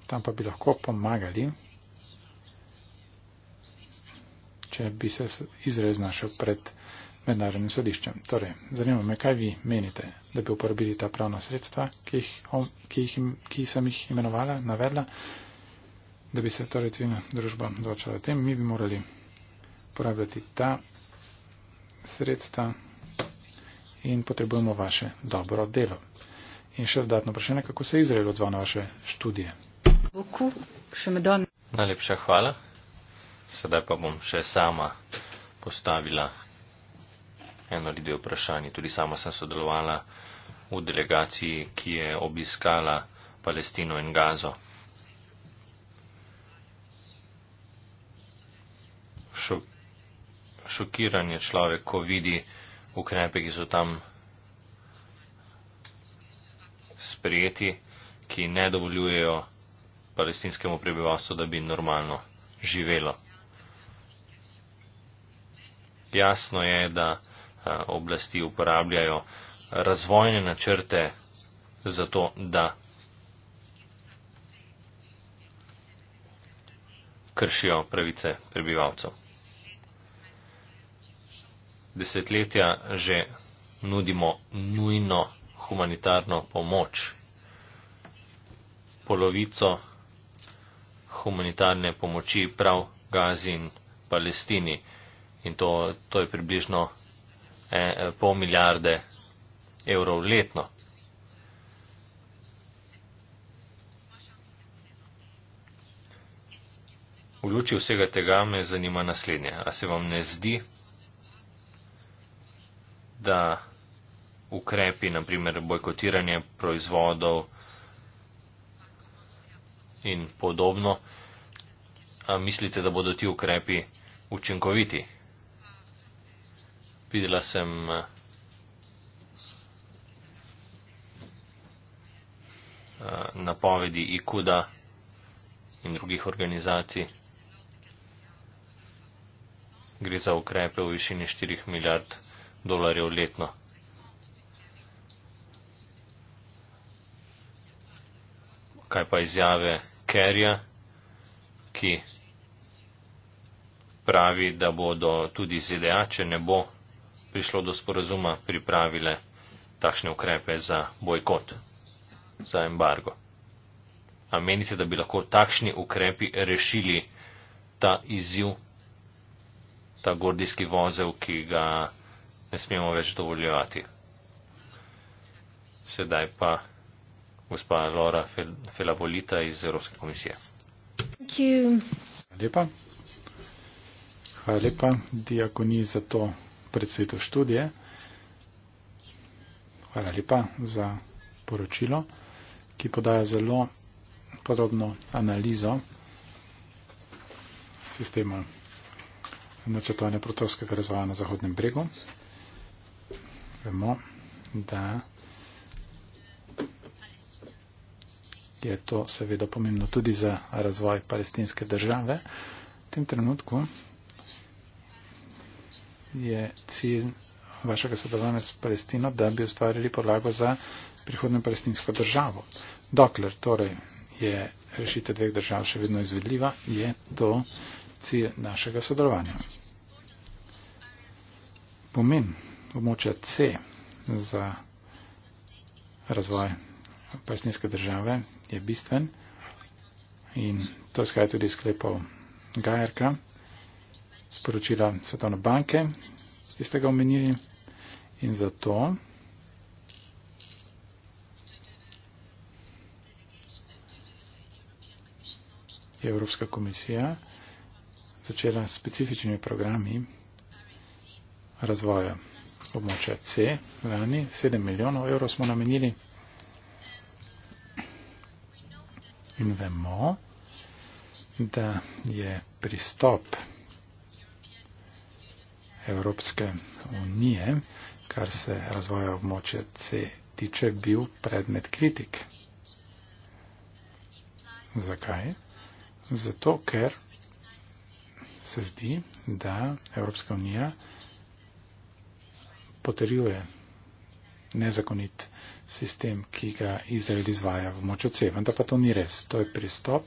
Tam pa bi lahko pomagali, če bi se Izrael znašel pred mednarodnim sodiščem. Torej, zanima me, kaj vi menite, da bi uporabili ta pravna sredstva, ki, jih, ki, jih, ki sem jih imenovala, navedla, da bi se torej civilna družba določala tem, mi bi morali uporabljati ta sredstva in potrebujemo vaše dobro delo. In še dodatno vprašanje, kako se Izrael odzva na vaše študije? Najlepša hvala. Sedaj pa bom še sama postavila eno ali dve vprašanje. Tudi sama sem sodelovala v delegaciji, ki je obiskala Palestino in Gazo. Šokiran je človek, ko vidi, ukrepe, ki so tam sprejeti, ki ne dovoljujejo palestinskemu prebivalstvu, da bi normalno živelo. Jasno je, da eh, oblasti uporabljajo razvojne načrte za to, da kršijo pravice prebivalcev desetletja že nudimo nujno humanitarno pomoč. Polovico humanitarne pomoči prav Gazi in Palestini. In to, to je približno eh, pol milijarde evrov letno. V luči vsega tega me zanima naslednje. A se vam ne zdi, da ukrepi, naprimer bojkotiranje proizvodov in podobno, a mislite, da bodo ti ukrepi učinkoviti? Videla sem napovedi IQ-da in drugih organizacij. Gre za ukrepe v višini 4 milijard evrov dolarjev letno. Kaj pa izjave Kerja, ki pravi, da bodo tudi ZDA, če ne bo prišlo do sporazuma, pripravile takšne ukrepe za bojkot, za embargo. A menite, da bi lahko takšni ukrepi rešili ta izziv, ta gordijski vozel, ki ga ne smemo več dovoljevati. Sedaj pa gospa Lora Fel Felavolita iz Evropske komisije. Hvala lepa. Hvala lepa, diakoni, za to predsedo študije. Hvala lepa za poročilo, ki podaja zelo podrobno analizo sistema načrtovanja protovskega razvoja na Zahodnem bregu vemo, da je to seveda pomembno tudi za razvoj palestinske države. V tem trenutku je cilj vašega sodelovanja s Palestino, da bi ustvarili podlago za prihodno palestinsko državo. Dokler torej je rešitev dveh držav še vedno izvedljiva, je to cilj našega sodelovanja. Pomen območja C za razvoj palestinske države je bistven in to izhaja tudi iz sklepov Gajerka, sporočila Svetovne banke, ki ste ga omenili in zato je Evropska komisija začela specifičnimi programi razvoja območja C, lani 7 milijonov evrov smo namenili in vemo, da je pristop Evropske unije, kar se razvoja območja C tiče, bil predmet kritik. Zakaj? Zato, ker se zdi, da Evropska unija je potrjuje nezakonit sistem, ki ga Izrael izvaja v moč oce. Vendar pa to ni res. To je pristop,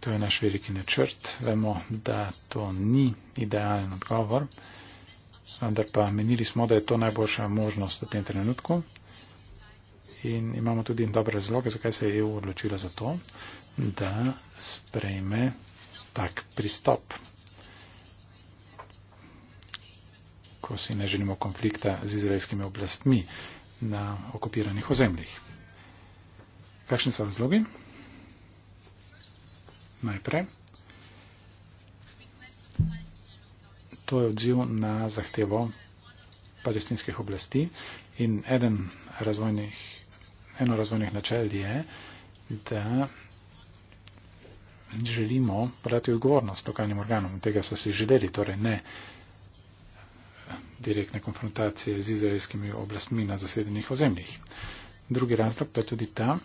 to je naš veliki načrt. Vemo, da to ni idealen odgovor, vendar pa menili smo, da je to najboljša možnost v tem trenutku. In imamo tudi dobre razloge, zakaj se je EU odločila za to, da sprejme tak pristop. ko si ne želimo konflikta z izraelskimi oblastmi na okupiranih ozemljih. Kakšni so razlogi? Najprej. To je odziv na zahtevo palestinskih oblasti in eden razvojnih, eno razvojnih načel je, da želimo podati odgovornost lokalnim organom. Tega so si želeli, torej ne direktne konfrontacije z izraelskimi oblastmi na zasedenih ozemljih. Drugi razlog pa je tudi ta,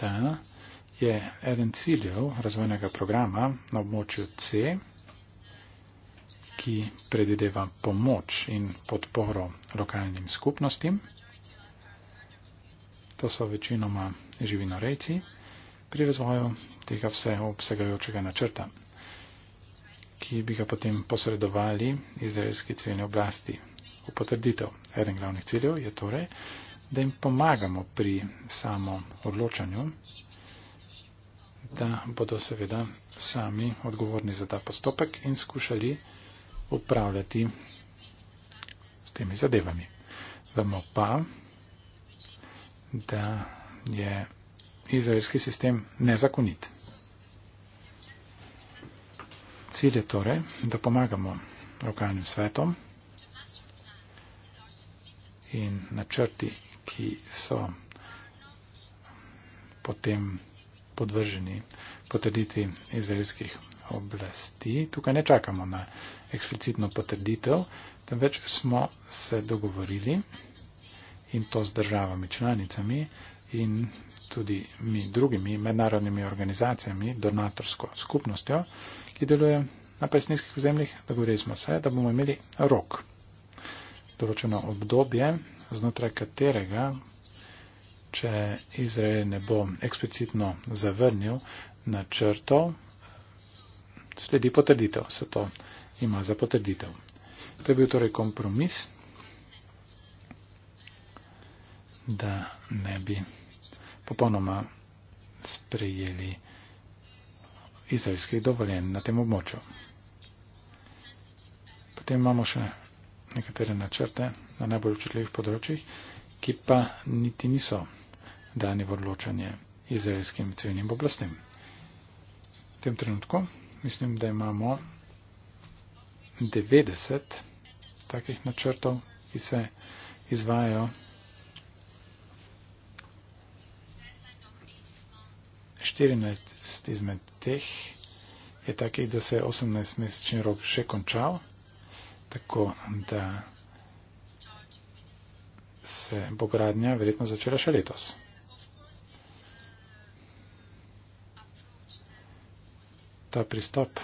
da je eden ciljev razvojnega programa na območju C, ki predideva pomoč in podporo lokalnim skupnostim, to so večinoma živinorejci, pri razvoju tega vseobsegajočega načrta ki bi ga potem posredovali izraelski civilni oblasti. V potrditev eden glavnih ciljev je torej, da jim pomagamo pri samo odločanju, da bodo seveda sami odgovorni za ta postopek in skušali upravljati s temi zadevami. Vemo pa, da je izraelski sistem nezakonit. Cilj je torej, da pomagamo lokalnim svetom in načrti, ki so potem podvrženi potrditvi izraelskih oblasti. Tukaj ne čakamo na eksplicitno potrditev, temveč smo se dogovorili in to z državami članicami in tudi mi drugimi mednarodnimi organizacijami, donatorsko skupnostjo, ki deluje na palestinskih zemljih, dogovorimo se, da bomo imeli rok, določeno obdobje, znotraj katerega, če Izrael ne bo eksplicitno zavrnil načrtov, sledi potrditev. Se to ima za potrditev. To je bil torej kompromis, da ne bi popolnoma sprejeli izraelskih dovoljen na tem območju. Potem imamo še nekatere načrte na najbolj občutljivih področjih, ki pa niti niso dani v odločanje izraelskim civilnim oblastem. V tem trenutku mislim, da imamo 90 takih načrtov, ki se izvajajo 14 izmed teh je takih, da se je 18 mesečni rok še končal, tako da se bo gradnja verjetno začela še letos. Ta pristop,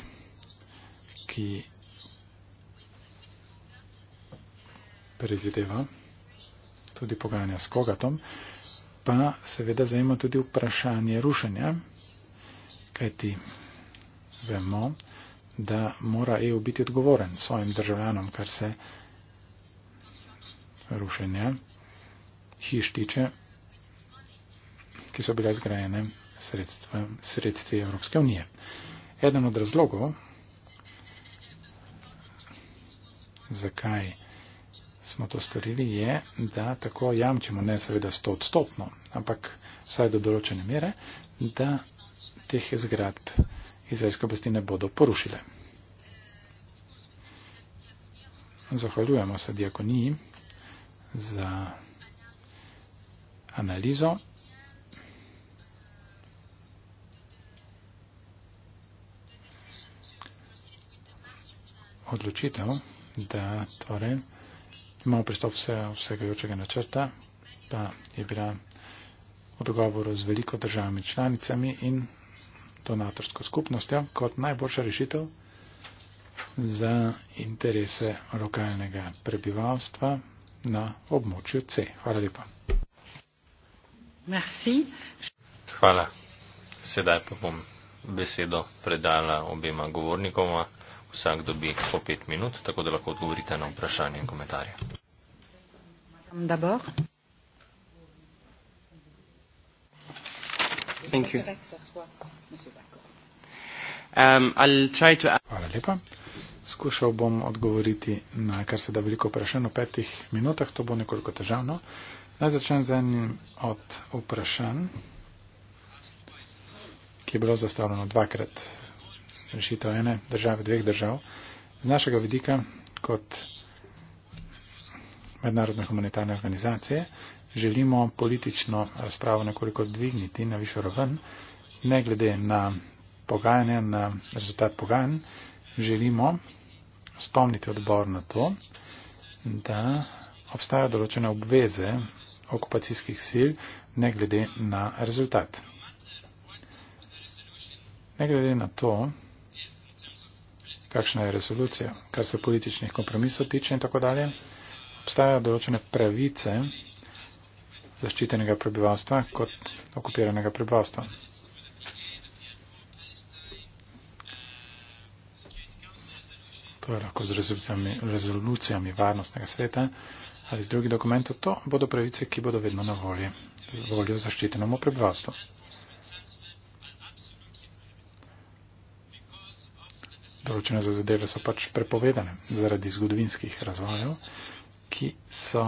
ki predvideva tudi pogajanja s kogatom, pa seveda zajema tudi vprašanje rušenja, kajti vemo, da mora EU biti odgovoren svojim državljanom, kar se rušenja hiš tiče, ki so bile zgrajene sredstva, sredstvi Evropske unije. Eden od razlogov, zakaj smo to storili, je, da tako jamčimo, ne seveda sto odstotno, ampak vsaj do določene mere, da teh zgradb izraelske oblasti ne bodo porušile. Zahvaljujemo se diakoniji za analizo. Odločitev, da torej imamo pristop vse, vsegajočega načrta, pa je bila v dogovoru z veliko državami članicami in donatorsko skupnostjo kot najboljša rešitev za interese lokalnega prebivalstva na območju C. Hvala lepa. Merci. Hvala. Sedaj pa bom besedo predala obema govornikoma vsak dobi po pet minut, tako da lahko odgovorite na vprašanje in komentarje. Um, Hvala lepa. Skušal bom odgovoriti na kar se da veliko vprašanj v petih minutah, to bo nekoliko težavno. Naj začnem z enim od vprašanj, ki je bilo zastavljeno dvakrat rešitev ene države, dveh držav. Z našega vidika, kot mednarodne humanitarne organizacije, želimo politično razpravo nekoliko dvigniti na višjo raven, ne glede na pogajanje, na rezultat pogajanj, želimo spomniti odbor na to, da obstajajo določene obveze okupacijskih sil, ne glede na rezultat. Ne glede na to, kakšna je rezolucija, kar se političnih kompromisov tiče in tako dalje. Obstajajo določene pravice zaščitenega prebivalstva kot okupiranega prebivalstva. To je lahko z rezolucijami, rezolucijami varnostnega sveta ali z drugih dokumentov. To bodo pravice, ki bodo vedno na voljo, voljo zaščitenemu prebivalstvu. določene zadeve so pač prepovedane zaradi zgodovinskih razvojev, ki so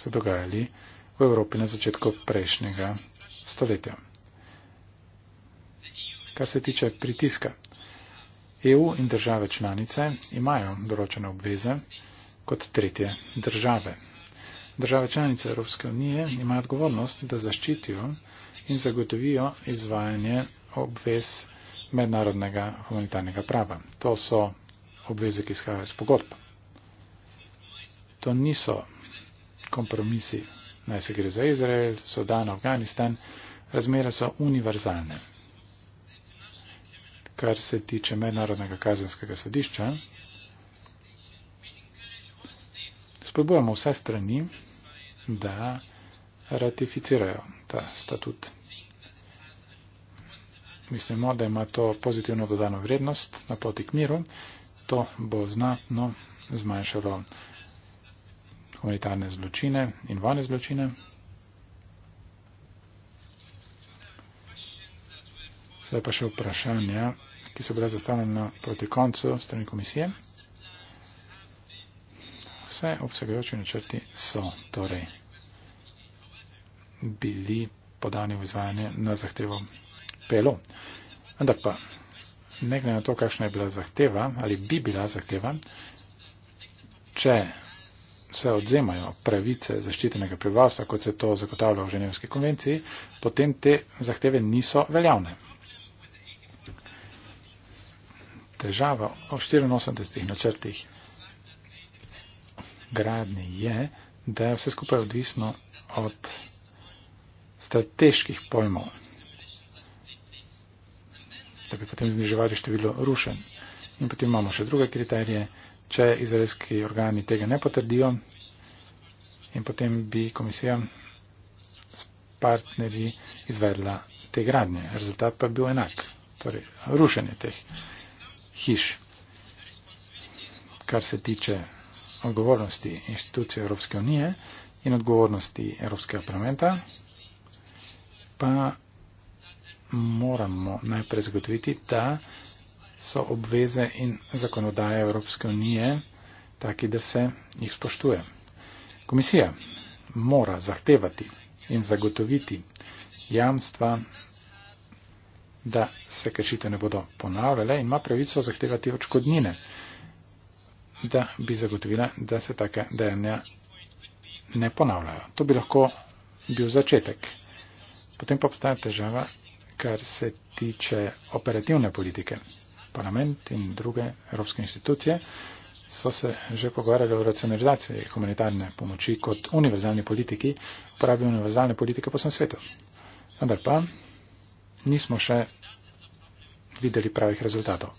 se dogajali v Evropi na začetku prejšnjega stoletja. Kar se tiče pritiska, EU in države članice imajo določene obveze kot tretje države. Države članice Evropske unije imajo odgovornost, da zaščitijo in zagotovijo izvajanje obvez mednarodnega humanitarnega prava. To so obveze, ki izhajajo iz pogodb. To niso kompromisi, naj se gre za Izrael, Sudan, Afganistan, razmere so univerzalne. Kar se tiče mednarodnega kazenskega sodišča, spodbujamo vse strani, da ratificirajo ta statut mislimo, da ima to pozitivno dodano vrednost na poti k miru, to bo znatno zmanjšalo humanitarne zločine in vojne zločine. Sedaj pa še vprašanja, ki so bila zastavljena proti koncu strani komisije. Vse obsegajoče načrti so torej bili podani v izvajanje na zahtevo pelo. Ampak pa, ne glede na to, kakšna je bila zahteva ali bi bila zahteva, če se odzemajo pravice zaščitenega prebivalstva, kot se to zagotavlja v Ženevski konvenciji, potem te zahteve niso veljavne. Težava o 84 načrtih gradni je, da je vse skupaj odvisno od strateških pojmov da bi potem zniževali število rušenj. In potem imamo še druge kriterije, če izraelski organi tega ne potrdijo in potem bi komisija s partnerji izvedla te gradnje. Rezultat pa je bil enak, torej rušenje teh hiš. Kar se tiče odgovornosti inštitucije Evropske unije in odgovornosti Evropskega parlamenta, pa moramo najprej zagotoviti, da so obveze in zakonodaje Evropske unije taki, da se jih spoštuje. Komisija mora zahtevati in zagotoviti jamstva, da se kršite ne bodo ponavljale in ima pravico zahtevati očkodnine, da bi zagotovila, da se take dejanja ne ponavljajo. To bi lahko bil začetek. Potem pa obstaja težava kar se tiče operativne politike. Parlament in druge evropske institucije so se že pogovarjali o racionalizaciji humanitarne pomoči kot univerzalni politiki, pravi univerzalne politike po vsem svetu. Vendar pa nismo še videli pravih rezultatov.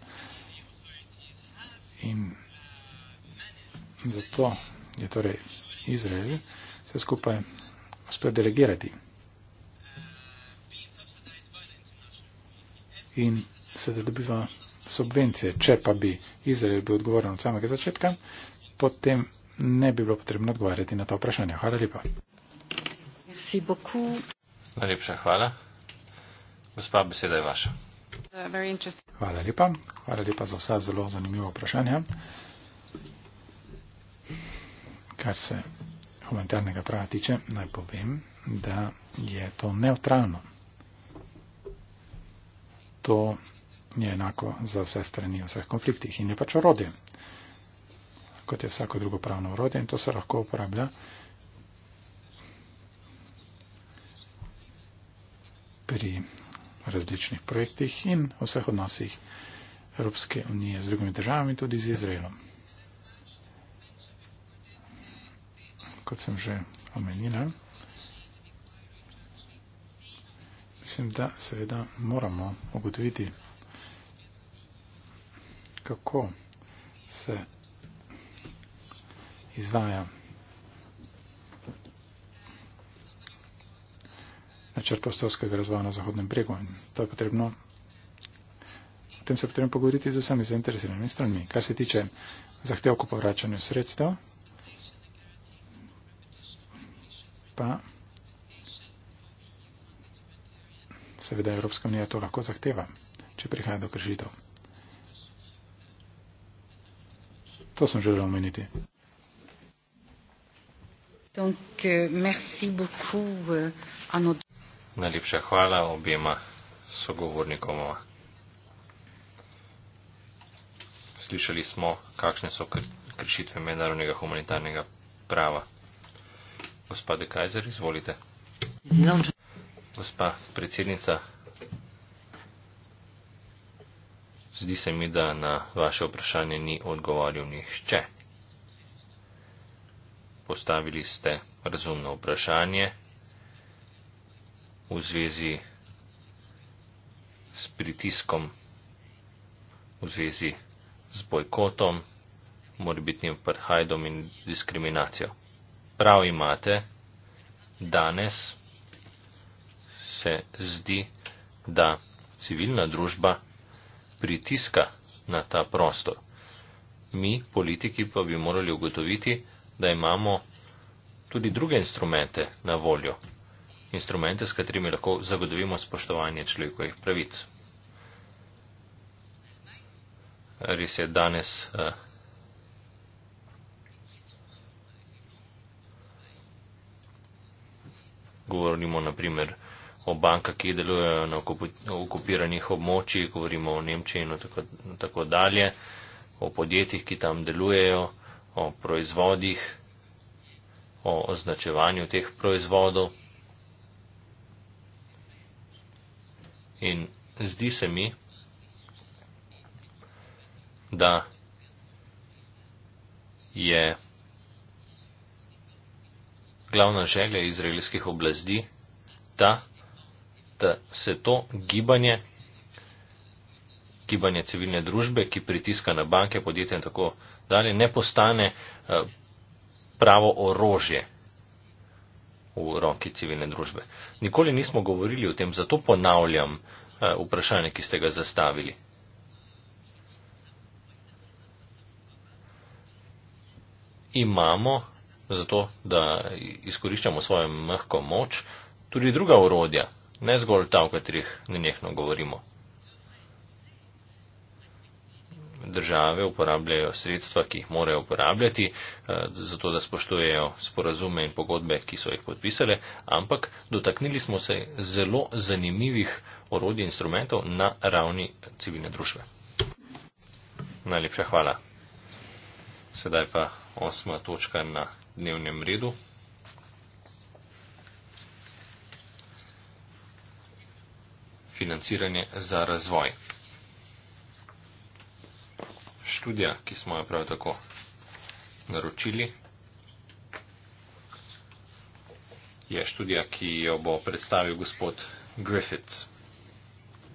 In zato je torej Izrael se skupaj uspel delegirati. in se da dobiva subvencije. Če pa bi Izrael bil odgovoren od samega začetka, potem ne bi bilo potrebno odgovarjati na ta vprašanja. Hvala lepa. Najlepša hvala. Gospa, beseda je vaša. Hvala lepa. Hvala lepa za vsa zelo zanimiva vprašanja, kar se humanitarnega prava tiče, naj povem, da je to neutralno to je enako za vse strani v vseh konfliktih in je pač orodje, kot je vsako drugo pravno orodje in to se lahko uporablja. pri različnih projektih in vseh odnosih Evropske unije z drugimi državami, tudi z Izraelom. Kot sem že omenila. Mislim, da seveda moramo ugotoviti, kako se izvaja načrt prostorskega razvoja na Zahodnem bregu. In to je potrebno, o tem se je potrebno pogovoriti z vsemi zainteresiranimi stranmi. Kar se tiče zahtevko povračanja sredstev, pa. Seveda Evropska unija to lahko zahteva, če prihaja do kršitev. To sem želel omeniti. Euh, euh, Najlepša hvala obima sogovornikoma. Slišali smo, kakšne so kršitve mednarodnega humanitarnega prava. Gospod Kajzer, izvolite. Zinom, če gospa predsednica. Zdi se mi, da na vaše vprašanje ni odgovoril nihče. Postavili ste razumno vprašanje v zvezi s pritiskom, v zvezi s bojkotom, morbitnim prhajdom in diskriminacijo. Prav imate, danes se zdi, da civilna družba pritiska na ta prostor. Mi, politiki, pa bi morali ugotoviti, da imamo tudi druge instrumente na voljo. Instrumente, s katerimi lahko zagotovimo spoštovanje človekovih pravic. Res je danes. Eh, govorimo naprimer o bankah, ki delujejo na okupiranih območjih, govorimo o Nemčiji in tako, tako dalje, o podjetjih, ki tam delujejo, o proizvodih, o označevanju teh proizvodov. In zdi se mi, da je glavna želja izraelskih oblasti ta, da se to gibanje, gibanje civilne družbe, ki pritiska na banke, podjetja in tako dalje, ne postane eh, pravo orožje v roki civilne družbe. Nikoli nismo govorili o tem, zato ponavljam eh, vprašanje, ki ste ga zastavili. Imamo, zato da izkoriščamo svojo mehko moč, tudi druga orodja, ne zgolj ta, o katerih nenehno govorimo. Države uporabljajo sredstva, ki jih morajo uporabljati, eh, zato da spoštujejo sporazume in pogodbe, ki so jih podpisale, ampak dotaknili smo se zelo zanimivih orodij in instrumentov na ravni civilne družbe. Najlepša hvala. Sedaj pa osma točka na dnevnem redu. financiranje za razvoj. Študija, ki smo jo prav tako naročili, je študija, ki jo bo predstavil gospod Griffiths.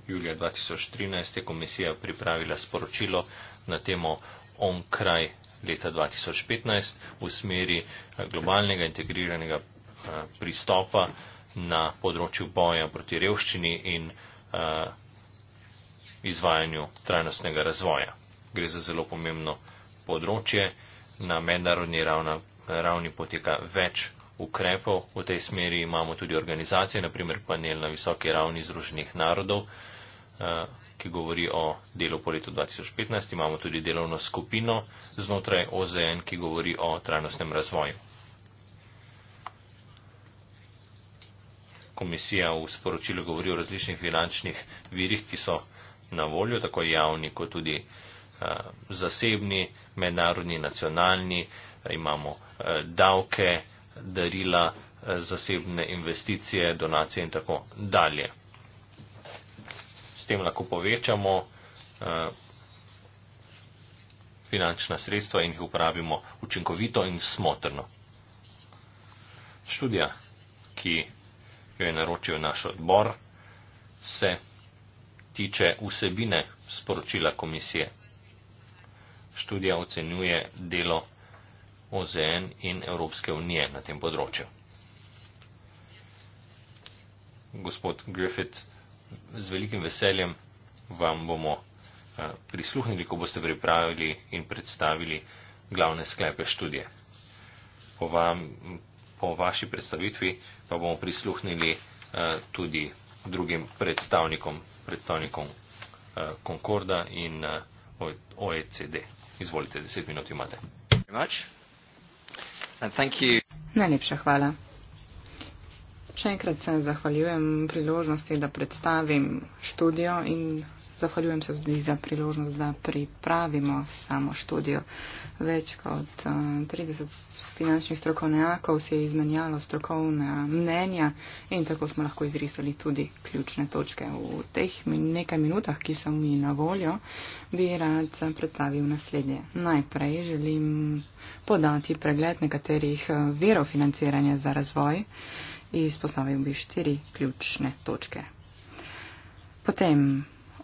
Julija 2013 je komisija pripravila sporočilo na temo on kraj leta 2015 v smeri eh, globalnega integriranega eh, pristopa na področju boja proti revščini in revščini. Eh, izvajanju trajnostnega razvoja. Gre za zelo pomembno področje. Na mednarodni ravna, ravni poteka več ukrepov v tej smeri. Imamo tudi organizacije, naprimer panel na visoki ravni Združenih narodov, eh, ki govori o delu po letu 2015. Imamo tudi delovno skupino znotraj OZN, ki govori o trajnostnem razvoju. komisija v sporočilu govori o različnih finančnih virih, ki so na voljo, tako javni kot tudi eh, zasebni, mednarodni, nacionalni, eh, imamo eh, davke, darila, zasebne investicije, donacije in tako dalje. S tem lahko povečamo finančna sredstva in jih uporabimo učinkovito in smotrno. Študija, ki jo je naročil naš odbor, se tiče vsebine sporočila komisije. Študija ocenjuje delo OZN in Evropske unije na tem področju. Gospod Griffith, z velikim veseljem vam bomo eh, prisluhnili, ko boste pripravili in predstavili glavne sklepe študije. Po vam, po vaši predstavitvi pa bomo prisluhnili eh, tudi drugim predstavnikom, predstavnikom eh, Concorda in eh, OECD. Izvolite, deset minut imate. Najlepša hvala. Še enkrat se zahvaljujem priložnosti, da predstavim študijo in Zahvaljujem se tudi za priložnost, da pripravimo samo študijo. Več kot 30 eh, finančnih strokovnjakov se je izmenjalo strokovna mnenja in tako smo lahko izrisali tudi ključne točke. V teh nekaj minutah, ki so mi na voljo, bi rad predstavil naslednje. Najprej želim podati pregled nekaterih eh, virov financiranja za razvoj. Izpostavil bi štiri ključne točke. Potem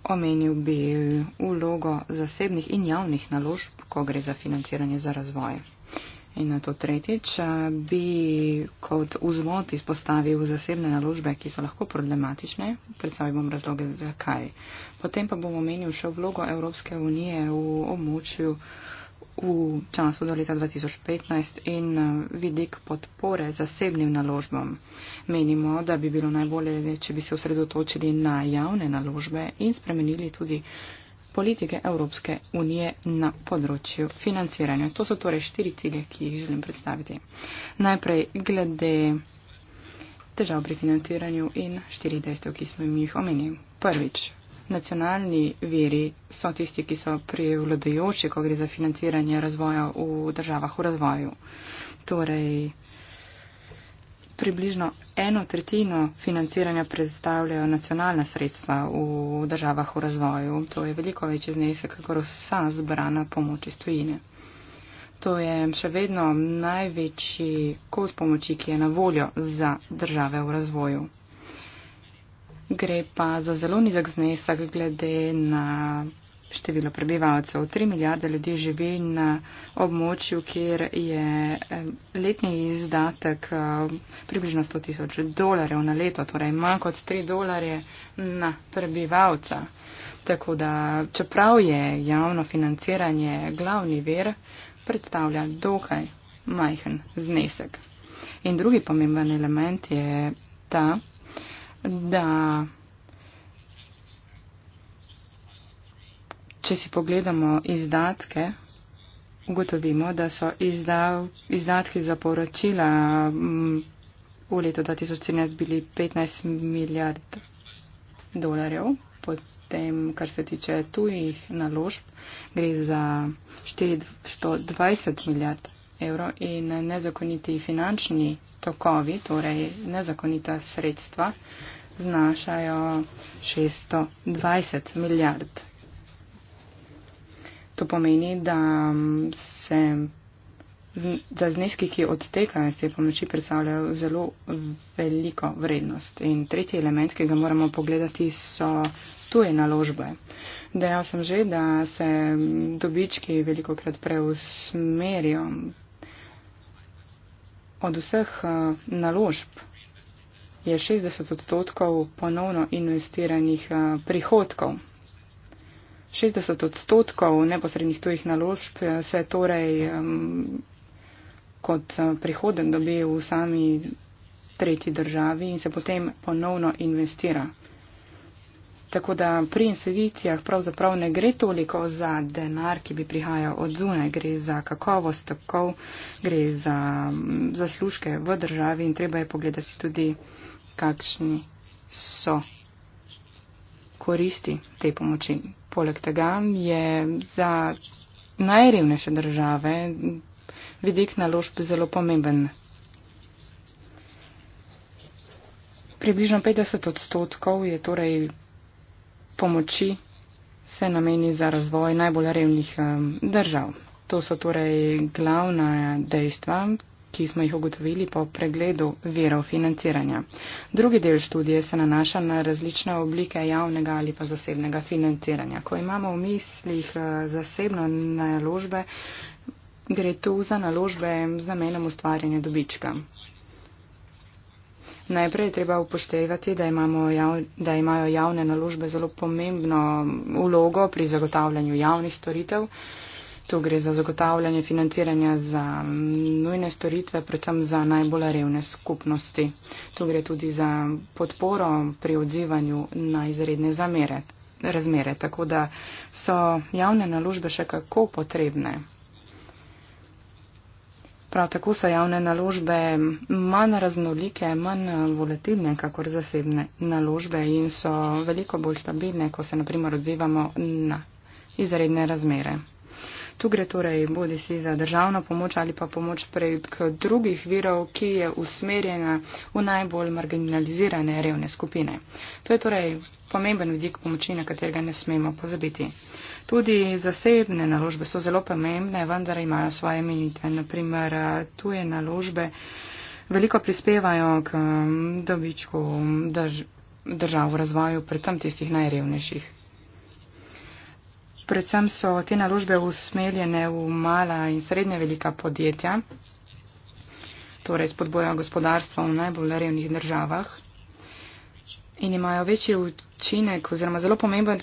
Omenil bi vlogo zasebnih in javnih naložb, ko gre za financiranje za razvoj. In na to tretjič bi kot vzvod izpostavil zasebne naložbe, ki so lahko problematične. Predstavim bom razloge, zakaj. Potem pa bom omenil še vlogo Evropske unije v območju v času do leta 2015 in eh, vidik podpore zasebnim naložbam. Menimo, da bi bilo najbolje, če bi se osredotočili na javne naložbe in spremenili tudi politike Evropske unije na področju financiranja. To so torej štiri cilje, ki jih želim predstaviti. Najprej glede težav pri financiranju in štiri dejstev, ki smo jih omenili. Prvič, nacionalni veri so tisti, ki so prevladojoči, ko gre za financiranje razvoja v državah v razvoju. Torej, približno eno tretjino financiranja predstavljajo nacionalna sredstva v državah v razvoju. To je veliko večji znesek, kot vsa zbrana pomoč iz tujine. To je še vedno največji kos pomoči, ki je na voljo za države v razvoju gre pa za zelo nizek znesek glede na število prebivalcev. 3 milijarde ljudi živi na območju, kjer je eh, letni izdatek eh, približno 100 tisoč dolarjev na leto, torej manj kot 3 dolarje na prebivalca. Tako da, čeprav je javno financiranje glavni ver, predstavlja dokaj majhen znesek. In drugi pomemben element je ta, da če si pogledamo izdatke, ugotovimo, da so izdav, izdatki za poročila mm, v letu 2013 bili 15 milijard dolarjev. Potem, kar se tiče tujih naložb, gre za 420 milijard evrov in nezakoniti finančni tokovi, torej nezakonita sredstva, znašajo 620 milijard. To pomeni, da mm, se za zneski, ki odtekajo iz te pomoči, predstavljajo zelo veliko vrednost. In tretji element, ki ga moramo pogledati, so tuje naložbe. Dejal sem že, da se mm, dobički veliko krat preusmerijo Od vseh eh, naložb je 60 odstotkov ponovno investiranih eh, prihodkov. 60 odstotkov neposrednih tujih naložb eh, se torej kot prihoden dobi v sami tretji državi in se potem ponovno investira. Tako da pri investicijah pravzaprav ne gre toliko za denar, ki bi prihajal od zunaj, gre za kakovost, tako gre za mm, zaslužke v državi in treba je pogledati tudi, kakšni so koristi te pomoči. Poleg tega je za najrevnejše države vidik naložb zelo pomemben. Približno 50 odstotkov je torej pomoči se nameni za razvoj najbolj revnih držav. To so torej glavna dejstva, ki smo jih ugotovili po pregledu verov financiranja. Drugi del študije se nanaša na različne oblike javnega ali pa zasebnega financiranja. Ko imamo v mislih eh, zasebno naložbe, gre tu za naložbe z namenom ustvarjanja dobička. Najprej je treba upoštevati, da, jav, da imajo javne naložbe zelo pomembno ulogo pri zagotavljanju javnih storitev. Tu gre za zagotavljanje financiranja za mm, nujne storitve, predvsem za najbolj revne skupnosti. Tu gre tudi za podporo pri odzivanju na izredne zamere, razmere. Tako da so javne naložbe še kako potrebne. Prav tako so javne naložbe manj raznolike, manj eh, volatilne, kakor zasebne naložbe in so veliko bolj stabilne, ko se naprimer odzivamo na izredne razmere. Tu gre torej bodi si za državno pomoč ali pa pomoč prek drugih virov, ki je usmerjena v najbolj marginalizirane revne skupine. To je torej pomemben vidik pomoči, na katerega ne smemo pozabiti. Tudi zasebne naložbe so zelo pomembne, vendar imajo svoje menitve. Naprimer, tuje naložbe veliko prispevajo k mm, dobičku dr držav v razvoju, predvsem tistih najrevnejših. Predvsem so te naložbe usmerjene v mala in srednje velika podjetja, torej spodbojajo gospodarstvo v najbolj revnih državah. In imajo večji učinek oziroma zelo pomemben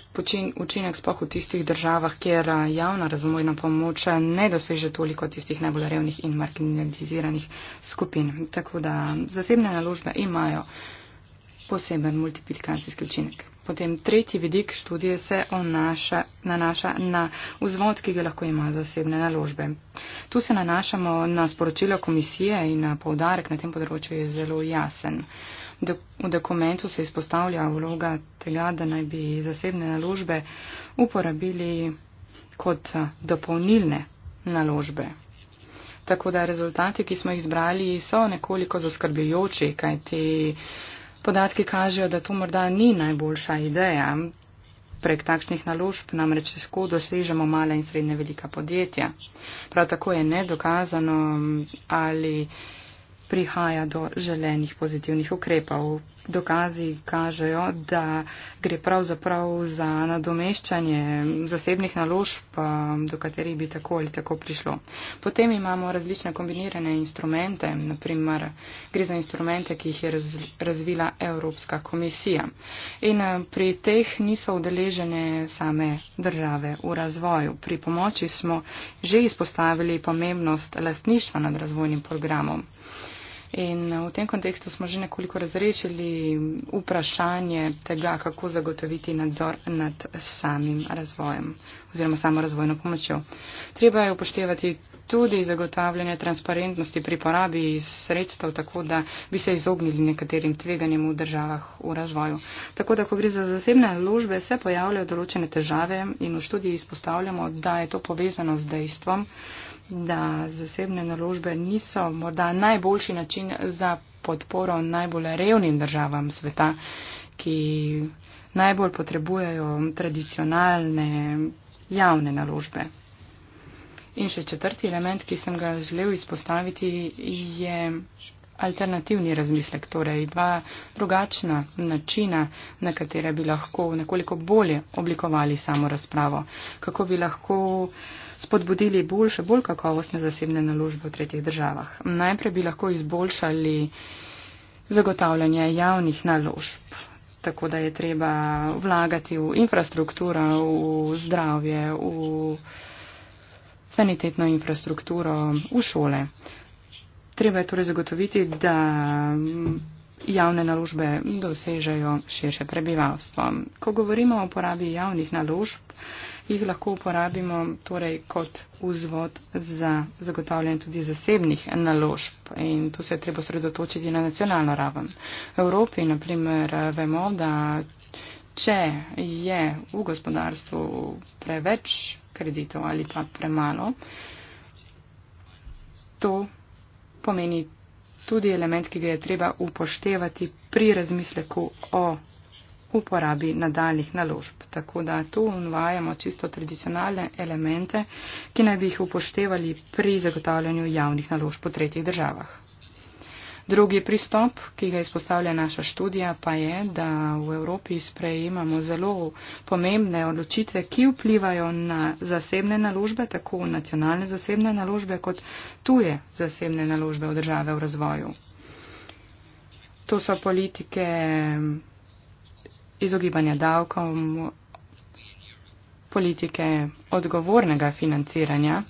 učinek spoh v tistih državah, kjer eh, javna razvojna pomoč eh, ne doseže toliko tistih najbolj revnih in marginaliziranih skupin. Tako da zasebne naložbe imajo poseben multiplikacijski učinek. Potem tretji vidik študije se onaša, nanaša na vzvod, ki ga lahko ima zasebne naložbe. Tu se nanašamo na sporočilo komisije in na povdarek na tem področju je zelo jasen. V dokumentu se izpostavlja vloga tega, da naj bi zasebne naložbe uporabili kot dopolnilne naložbe. Tako da rezultati, ki smo jih zbrali, so nekoliko zaskrbljujoči, kajti podatki kažejo, da to morda ni najboljša ideja. Prek takšnih naložb namreč težko dosežemo male in srednje velika podjetja. Prav tako je nedokazano ali prihaja do želenih pozitivnih ukrepov. Dokazi kažejo, da gre pravzaprav za nadomeščanje zasebnih naložb, um, do katerih bi tako ali tako prišlo. Potem imamo različne kombinirane instrumente, naprimer gre za instrumente, ki jih je razvila Evropska komisija. In um, pri teh niso udeležene same države v razvoju. Pri pomoči smo že izpostavili pomembnost lastništva nad razvojnim programom. In v tem kontekstu smo že nekoliko razrešili vprašanje tega, kako zagotoviti nadzor nad samim razvojem oziroma samo razvojno pomočjo. Treba je upoštevati tudi zagotavljanje transparentnosti pri porabi iz sredstev, tako da bi se izognili nekaterim tveganjem v državah v razvoju. Tako da, ko gre za zasebne ložbe, se pojavljajo določene težave in v študiji izpostavljamo, da je to povezano z dejstvom da zasebne naložbe niso morda najboljši način za podporo najbolj revnim državam sveta, ki najbolj potrebujejo tradicionalne javne naložbe. In še četrti element, ki sem ga želel izpostaviti, je alternativni razmislek, torej dva drugačna načina, na katere bi lahko nekoliko bolje oblikovali samo razpravo, kako bi lahko spodbudili boljše, bolj kakovostne zasebne naložbe v tretjih državah. Najprej bi lahko izboljšali zagotavljanje javnih naložb tako da je treba vlagati v infrastrukturo, v zdravje, v sanitetno infrastrukturo v šole. Treba je torej zagotoviti, da javne naložbe dosežejo širše prebivalstvo. Ko govorimo o uporabi javnih naložb, jih lahko uporabimo torej kot vzvod za zagotavljanje tudi zasebnih naložb in tu se je treba sredotočiti na nacionalno raven. V Evropi, na primer, vemo, da če je v gospodarstvu preveč kreditov ali pa premalo. To pomeni tudi element, ki ga je treba upoštevati pri razmisleku o uporabi nadaljih naložb. Tako da tu unvajamo čisto tradicionalne elemente, ki naj bi jih upoštevali pri zagotavljanju javnih naložb po tretjih državah. Drugi pristop, ki ga izpostavlja naša študija, pa je, da v Evropi sprejemamo zelo pomembne odločitve, ki vplivajo na zasebne naložbe, tako nacionalne zasebne naložbe, kot tuje zasebne naložbe v države v razvoju. To so politike izogibanja davkom, politike odgovornega financiranja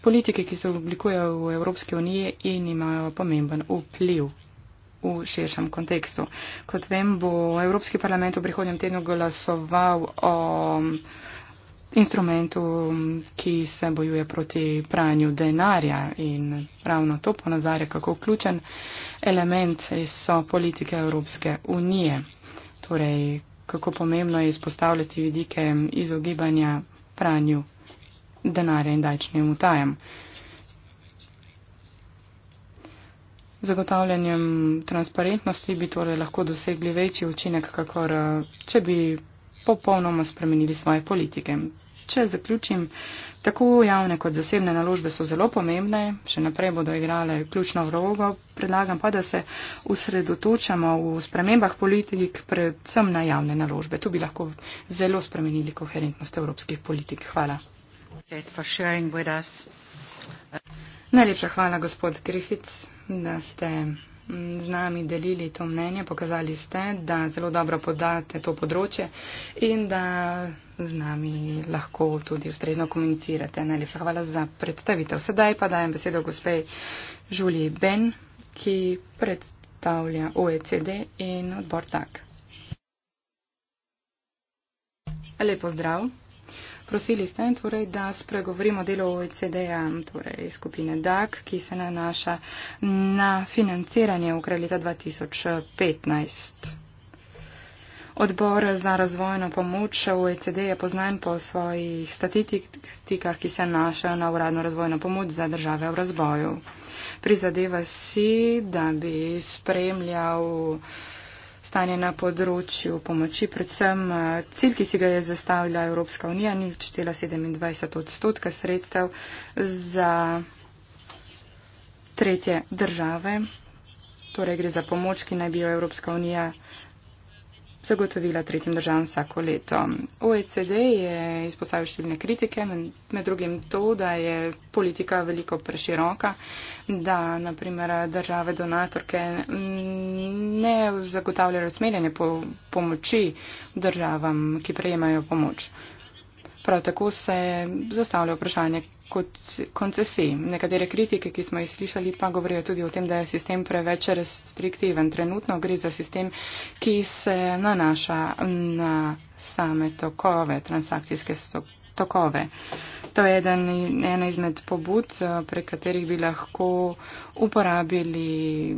politike, ki se oblikujejo v Evropski uniji in imajo pomemben vpliv v širšem kontekstu. Kot vem, bo Evropski parlament v prihodnjem tednu glasoval o instrumentu, ki se bojuje proti pranju denarja in ravno to ponazarja, kako ključen element so politike Evropske unije. Torej, kako pomembno je izpostavljati vidike izogibanja pranju denarja in dačnim utajem. Zagotavljanjem transparentnosti bi torej lahko dosegli večji učinek, kakor eh, če bi popolnoma spremenili svoje politike. Če zaključim, tako javne kot zasebne naložbe so zelo pomembne, še naprej bodo igrale ključno vlogo, predlagam pa, da se usredotočamo v spremembah politik predvsem na javne naložbe. Tu bi lahko zelo spremenili koherentnost evropskih politik. Hvala. Najlepša hvala, gospod Griffiths, da ste z nami delili to mnenje. Pokazali ste, da zelo dobro podate to področje in da z nami lahko tudi ustrezno komunicirate. Najlepša hvala za predstavitev. Sedaj pa dajem besedo gospe Julie Ben, ki predstavlja OECD in odbor TAK. Lepo zdrav. Prosili ste, torej, da spregovorimo delo OECD-ja, torej skupine DAC, ki se nanaša na financiranje ukraj leta 2015. Odbor za razvojno pomoč OECD je poznan po svojih statistikah, ki se nanašajo na uradno razvojno pomoč za države v razvoju. Prizadeva si, da bi spremljal. Uh, stanje na področju pomoči, predvsem eh, cilj, ki si ga je zastavila Evropska unija, ni čtela 27 odstotka sredstev za tretje države. Torej gre za pomoč, ki naj bi jo Evropska unija zagotovila tretjim državam vsako leto. OECD je izpostavil številne kritike, med drugim to, da je politika veliko preširoka, da naprimer države donatorke ne zagotavljajo razmerjanje po pomoči državam, ki prejemajo pomoč. Prav tako se zastavlja vprašanje, kot koncesij. Nekatere kritike, ki smo jih slišali, pa govorijo tudi o tem, da je sistem preveč restriktiven. Trenutno gre za sistem, ki se nanaša na same tokove, transakcijske tokove. To je eden, ena izmed pobud, prek katerih bi lahko uporabili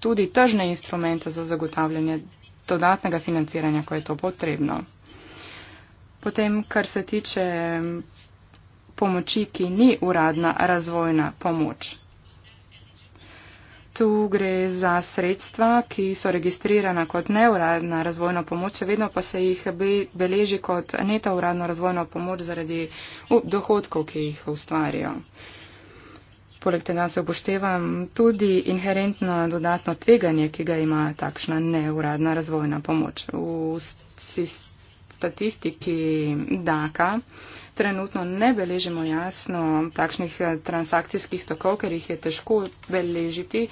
tudi tržne instrumente za zagotavljanje dodatnega financiranja, ko je to potrebno. Potem, kar se tiče pomoči, ki ni uradna razvojna pomoč. Tu gre za sredstva, ki so registrirana kot neuradna razvojna pomoč, vedno pa se jih beleži kot neta uradna razvojna pomoč zaradi dohodkov, ki jih ustvarijo. Poleg tega se upoštevam tudi inherentno dodatno tveganje, ki ga ima takšna neuradna razvojna pomoč. V statistiki DAKA trenutno ne beležimo jasno takšnih eh, transakcijskih tokov, ker jih je težko beležiti,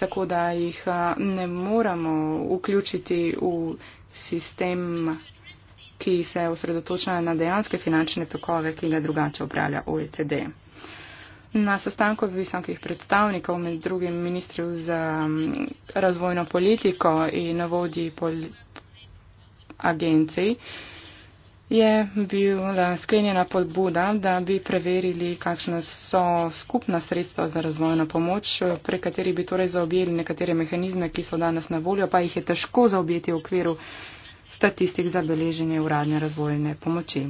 tako da jih eh, ne moramo vključiti v sistem, ki se osredotoča na dejanske finančne tokove, ki ga drugače upravlja OECD. Na sestanku visokih predstavnikov, med drugim ministrov za mm, razvojno politiko in vodji pol agencij, je bila sklenjena podbuda, da bi preverili, kakšna so skupna sredstva za razvojno pomoč, pre kateri bi torej zaobjeli nekatere mehanizme, ki so danes na voljo, pa jih je težko zaobjeti v okviru statistik za beleženje uradne razvojne pomoči.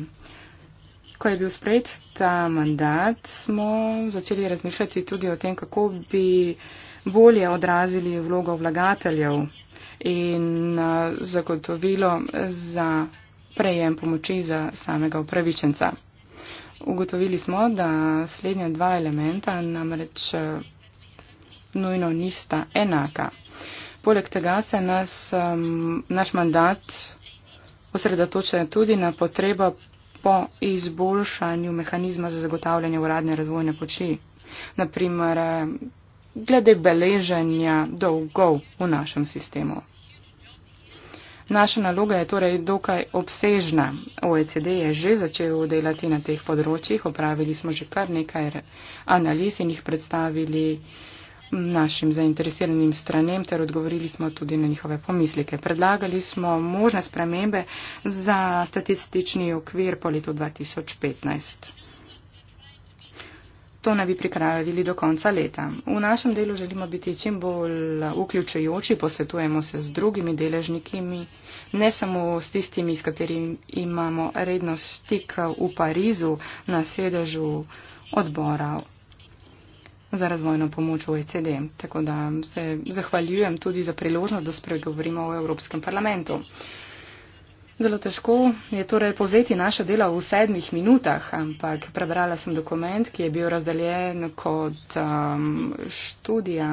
Ko je bil sprejet ta mandat, smo začeli razmišljati tudi o tem, kako bi bolje odrazili vlogo vlagateljev in zagotovilo za prejem pomoči za samega upravičenca. Ugotovili smo, da slednja dva elementa namreč eh, nujno nista enaka. Poleg tega se nas, naš mandat osredotoča tudi na potrebo po izboljšanju mehanizma za zagotavljanje uradne razvojne poči, naprimer eh, glede beleženja dolgov v našem sistemu. Naša naloga je torej dokaj obsežna. OECD je že začel delati na teh področjih, opravili smo že kar nekaj analiz in jih predstavili našim zainteresiranim stranem ter odgovorili smo tudi na njihove pomislike. Predlagali smo možne spremembe za statistični okvir po letu 2015. To naj bi pripravili do konca leta. V našem delu želimo biti čim bolj vključujoči, posvetujemo se z drugimi deležnikimi, ne samo s tistimi, s katerimi imamo redno stik v Parizu na sedežu odbora za razvojno pomoč v OECD. Tako da se zahvaljujem tudi za priložnost, da spregovorimo v Evropskem parlamentu. Zelo težko je torej povzeti naša dela v sedmih minutah, ampak prebrala sem dokument, ki je bil razdeljen kot um, študija,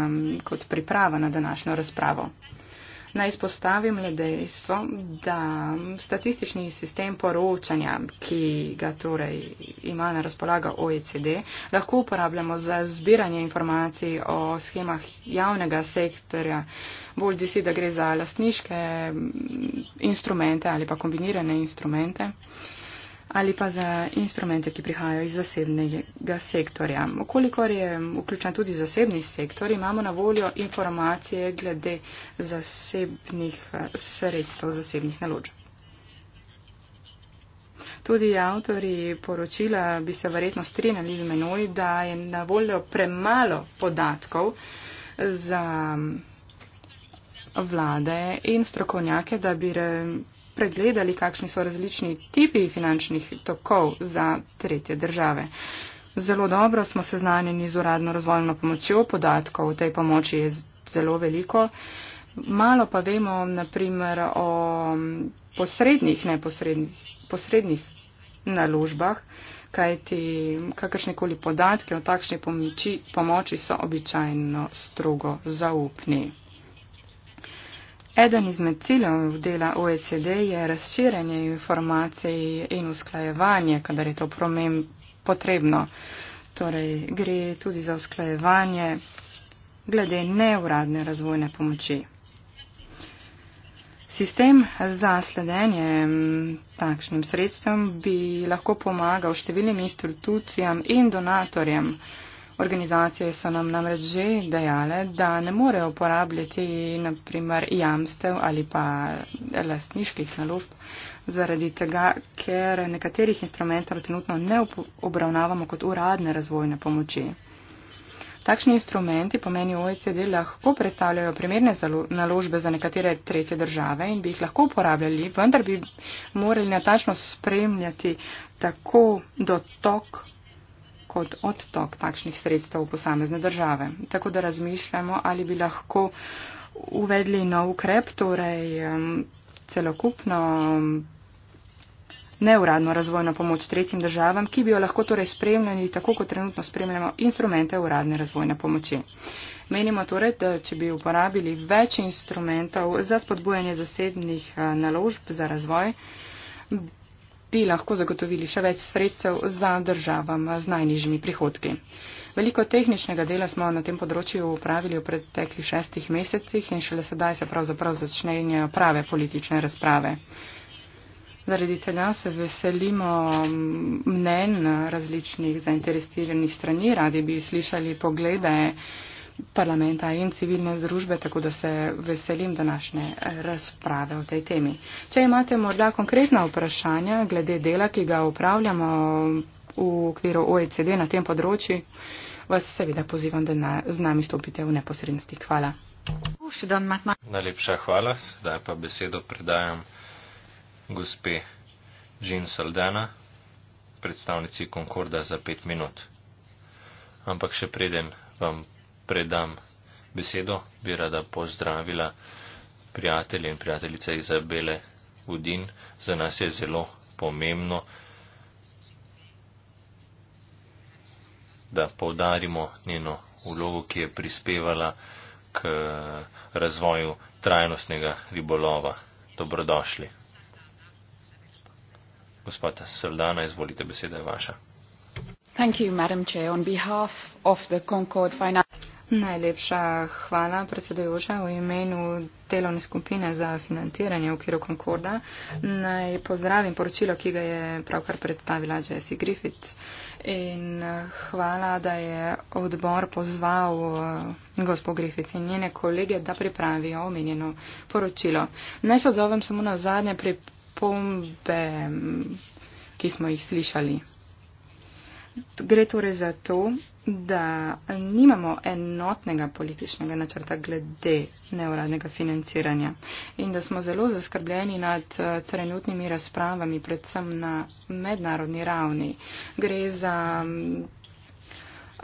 kot priprava na današnjo razpravo. Naj izpostavim le dejstvo, da statistični sistem poročanja, ki ga torej ima na razpolago OECD, lahko uporabljamo za zbiranje informacij o schemah javnega sektorja, bolj disi, da gre za lastniške instrumente ali pa kombinirane instrumente. Uh, ali pa za instrumente, ki prihajajo iz zasebnega sektorja. Okolikor je vključen tudi zasebni sektor, imamo na voljo informacije glede zasebnih eh, sredstev, zasebnih naložb. Tudi avtori poročila bi se verjetno strinjali z menoj, da je na voljo premalo podatkov za mm, vlade in strokovnjake, da bi pregledali, kakšni so različni tipi finančnih tokov za tretje države. Zelo dobro smo seznanjeni z uradno razvojno pomočjo, podatkov v tej pomoči je zelo veliko. Malo pa vemo, naprimer, o posrednih, neposrednih, posrednih naložbah, kajti kakršnekoli podatke o takšni pomoči, pomoči so običajno strogo zaupni. Eden izmed ciljev dela OECD je razširanje informacij in usklajevanje, kadar je to promem, potrebno. Torej, gre tudi za usklajevanje glede neuradne razvojne pomoči. Sistem za sledenje takšnim sredstvom bi lahko pomagal številnim institucijam in donatorjem. Organizacije so nam namreč že dejale, da ne morejo uporabljati naprimer jamstev ali pa lastniških naložb zaradi tega, ker nekaterih instrumentov trenutno ne obravnavamo kot uradne razvojne pomoči. Takšni instrumenti po meni OECD lahko predstavljajo primerne naložbe za nekatere tretje države in bi jih lahko uporabljali, vendar bi morali natačno spremljati tako dotok kot odtok takšnih sredstev v posamezne države. Tako da razmišljamo, ali bi lahko uvedli nov ukrep, torej um, celokupno um, neuradno razvojno pomoč tretjim državam, ki bi jo lahko torej spremljali, tako kot trenutno spremljamo instrumente uradne razvojne pomoči. Menimo torej, da če bi uporabili več instrumentov za spodbujanje zasebnih uh, naložb za razvoj, bi lahko zagotovili še več sredstev za državam z najnižjimi prihodki. Veliko tehničnega dela smo na tem področju upravili v preteklih šestih mesecih in šele sedaj se pravzaprav začnejo prave politične razprave. Zaradi tega se veselimo mm, mnen različnih zainteresiranih strani, radi bi slišali poglede parlamenta in civilne združbe, tako da se veselim današnje razprave o tej temi. Če imate morda konkretna vprašanja glede dela, ki ga upravljamo v okviru OECD na tem področju, vas seveda pozivam, da na, z nami stopite v neposredni stik. Hvala. Najlepša hvala. Sedaj pa besedo predajam gospe Žin Saldana, predstavnici Concorda za pet minut. Ampak še preden vam predam besedo, bi rada pozdravila prijatelje in prijateljice Izabele Udin. Za nas je zelo pomembno, da povdarimo njeno ulogo, ki je prispevala k razvoju trajnostnega ribolova. Dobrodošli. Gospod Saldana, izvolite, beseda je vaša. Thank you, Madam Chair. On behalf of the Concord Finance Najlepša hvala, predsedujoča, v imenu delovne skupine za financiranje v okviru Concorda. Naj pozdravim poročilo, ki ga je pravkar predstavila Jesse Griffith. In hvala, da je odbor pozval eh, gospod Griffith in njene kolege, da pripravijo omenjeno poročilo. Naj se odzovem samo na zadnje pripombe, mm, ki smo jih slišali. Gre torej za to, da nimamo enotnega političnega načrta glede neuradnega financiranja in da smo zelo zaskrbljeni nad eh, trenutnimi razpravami, predvsem na mednarodni ravni. Gre za mm,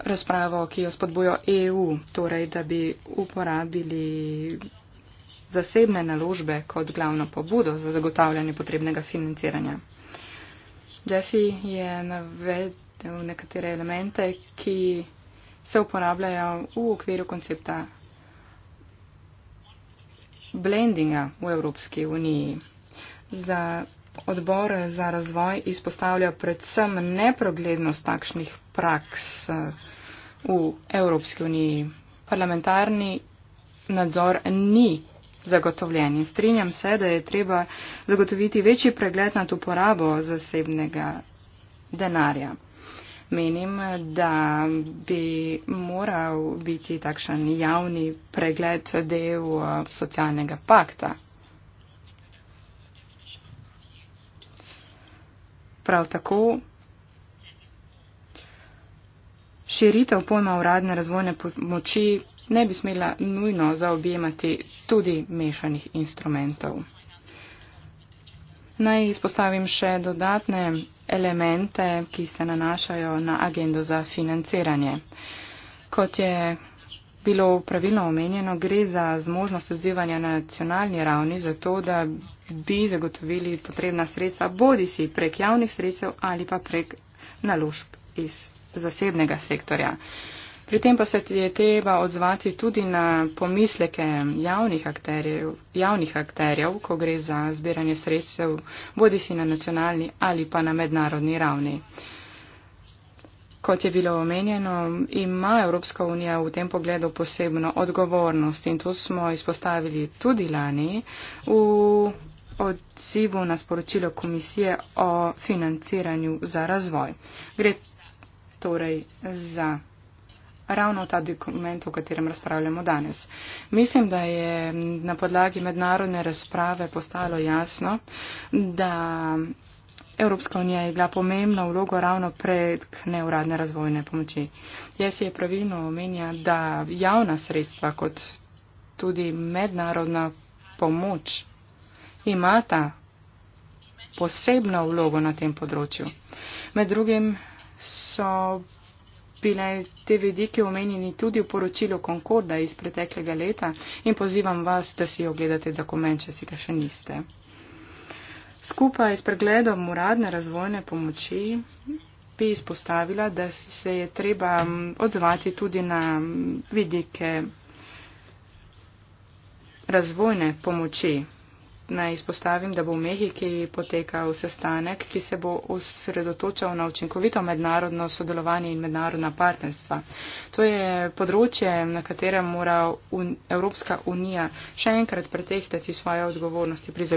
razpravo, ki jo spodbujo EU, torej da bi uporabili zasebne naložbe kot glavno pobudo za zagotavljanje potrebnega financiranja. Jesse je navedel, v nekatere elemente, ki se uporabljajo v okviru koncepta blendinga v Evropski uniji. Za odbor za razvoj izpostavlja predvsem nepreglednost takšnih praks v Evropski uniji. Parlamentarni nadzor ni zagotovljen in strinjam se, da je treba zagotoviti večji pregled nad uporabo zasebnega denarja menim, da bi moral biti takšen javni pregled del uh, socialnega pakta. Prav tako širitev pojma uradne razvojne pomoči ne bi smela nujno zaobjemati tudi mešanih instrumentov. Naj izpostavim še dodatne elemente, ki se nanašajo na agendo za financiranje. Kot je bilo pravilno omenjeno, gre za zmožnost odzivanja na nacionalni ravni, zato da bi zagotovili potrebna sredstva bodi si prek javnih sredstev ali pa prek naložb iz zasebnega sektorja. Pri tem pa se je treba odzvati tudi na pomisleke javnih akterjev, javnih akterjev, ko gre za zbiranje sredstev, bodi si na nacionalni ali pa na mednarodni ravni. Kot je bilo omenjeno, ima Evropska unija v tem pogledu posebno odgovornost in to smo izpostavili tudi lani v odzivu na sporočilo komisije o financiranju za razvoj. Gre torej za ravno ta dokument, o katerem razpravljamo danes. Mislim, da je na podlagi mednarodne razprave postalo jasno, da Evropska unija je igla pomembno vlogo ravno prek neuradne razvojne pomoči. Jaz je pravilno omenja, da javna sredstva kot tudi mednarodna pomoč imata posebno vlogo na tem področju. Med drugim so bile te vidike omenjeni tudi v poročilu Konkorda iz preteklega leta in pozivam vas, da si ogledate dokument, če si ga še niste. Skupaj s pregledom uradne razvojne pomoči bi izpostavila, da se je treba odzvati tudi na vidike razvojne pomoči, naj izpostavim, da bo v Mehiki potekal sestanek, ki se bo usredotočal na učinkovito mednarodno sodelovanje in mednarodna partnerstva. To je področje, na katerem mora un Evropska unija še enkrat pretehtati svoje odgovornosti pri,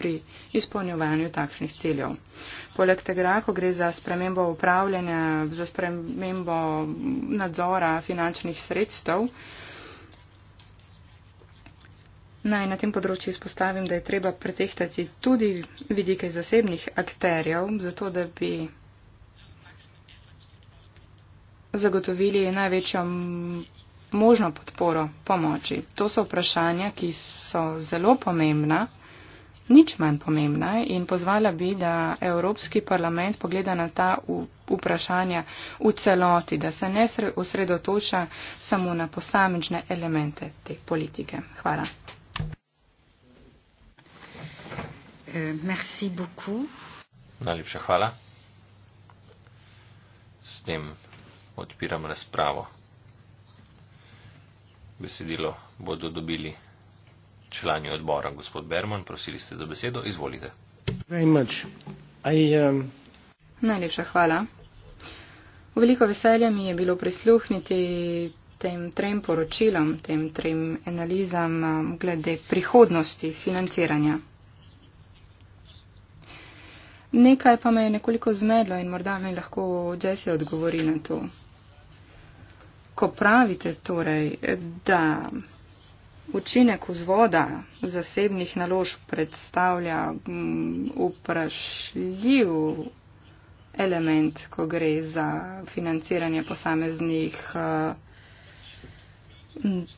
pri izpolnjevanju takšnih ciljev. Poleg tega, ko gre za spremembo upravljanja, za spremembo nadzora finančnih sredstev, Naj na tem področju izpostavim, da je treba pretehtati tudi vidike zasebnih akterjev, zato da bi zagotovili največjo možno podporo pomoči. To so vprašanja, ki so zelo pomembna, nič manj pomembna in pozvala bi, da Evropski parlament pogleda na ta vprašanja v celoti, da se ne osredotoča samo na posamične elemente te politike. Hvala. Eh, merci beaucoup. Najlepša hvala. S tem odpiram razpravo. Besedilo bodo dobili člani odbora. Gospod Berman, prosili ste za besedo. Izvolite. I, um... Najlepša hvala. Veliko veselja mi je bilo prisluhniti tem trem poročilom, tem trem analizam um, glede prihodnosti financiranja. Nekaj pa me je nekoliko zmedlo in morda mi lahko Jesse odgovori na to. Ko pravite torej, da učinek vzvoda zasebnih naložb predstavlja mm, vprašljiv element, ko gre za financiranje posameznih uh,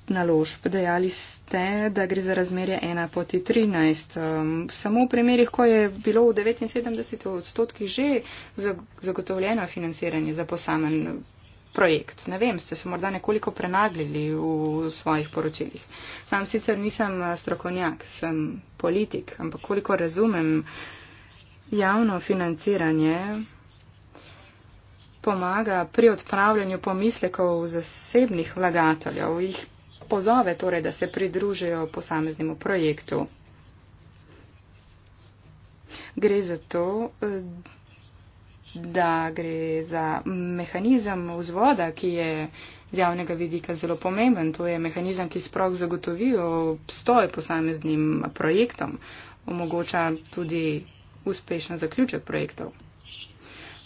naložb. Dejali ste, da gre za razmerje 1 proti 13. Um, ehm, samo v primerih, ko je bilo v 79 odstotkih že zagotovljeno financiranje za posamen projekt. Ne vem, ste se morda nekoliko prenaglili v svojih poročilih. Sam sicer nisem eh, strokovnjak, sem politik, ampak koliko razumem javno financiranje pomaga pri odpravljanju pomislekov zasebnih vlagateljev, jih pozove torej, da se pridružijo posameznemu projektu. Gre za to, da gre za mehanizem vzvoda, ki je z javnega vidika zelo pomemben. To je mehanizem, ki sprog zagotovijo obstoj posameznim projektom, omogoča tudi uspešno zaključek projektov.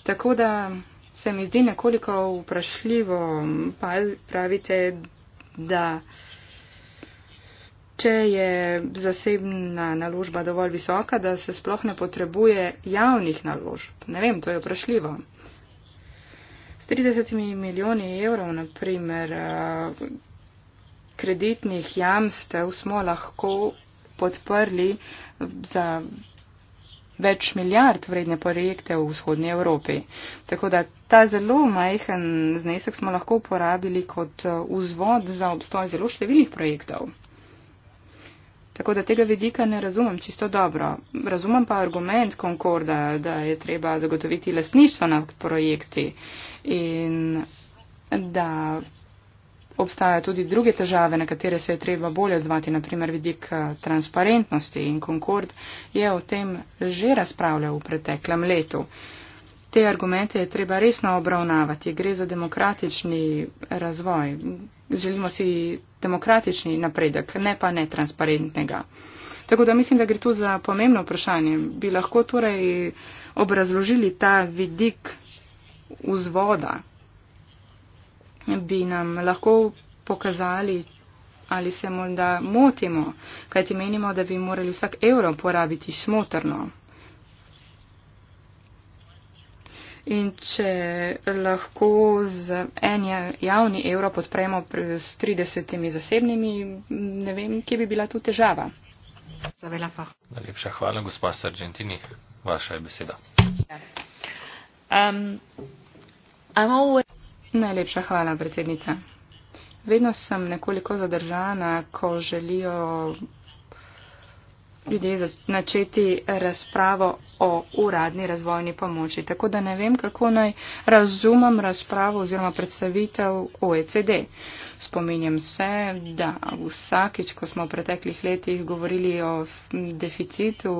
Tako da se mi zdi nekoliko vprašljivo. Pa pravite, da če je zasebna naložba dovolj visoka, da se sploh ne potrebuje javnih naložb. Ne vem, to je vprašljivo. S 30 milijoni evrov, naprimer, eh, kreditnih jamstev smo lahko podprli za več milijard vredne projekte v vzhodnji Evropi. Tako da ta zelo majhen znesek smo lahko uporabili kot eh, vzvod za obstoj zelo številnih projektov. Tako da tega vedika ne razumem čisto dobro. Razumem pa argument Concorda, da je treba zagotoviti lastništvo nad projekti in da obstajajo tudi druge težave, na katere se je treba bolje odzvati, naprimer vidik eh, transparentnosti in Concord je o tem že razpravljal v preteklem letu te argumente je treba resno obravnavati. Gre za demokratični razvoj. Želimo si demokratični napredek, ne pa netransparentnega. Tako da mislim, da gre tu za pomembno vprašanje. Bi lahko torej obrazložili ta vidik vzvoda? Bi nam lahko pokazali, ali se morda motimo, kajti menimo, da bi morali vsak evro porabiti smotrno? In če lahko z en ja- javni evro podpremo s 30 zasebnimi, ne vem, kje bi bila tu težava. Najlepša hvala, gospa Sargentini. Vaša je beseda. Um, always... Najlepša hvala, predsednica. Vedno sem nekoliko zadržana, ko želijo ljudje začeti razpravo o uradni razvojni pomoči. Tako da ne vem, kako naj razumem razpravo oziroma predstavitev OECD. Spominjam se, da vsakič, ko smo v preteklih letih govorili o deficitu,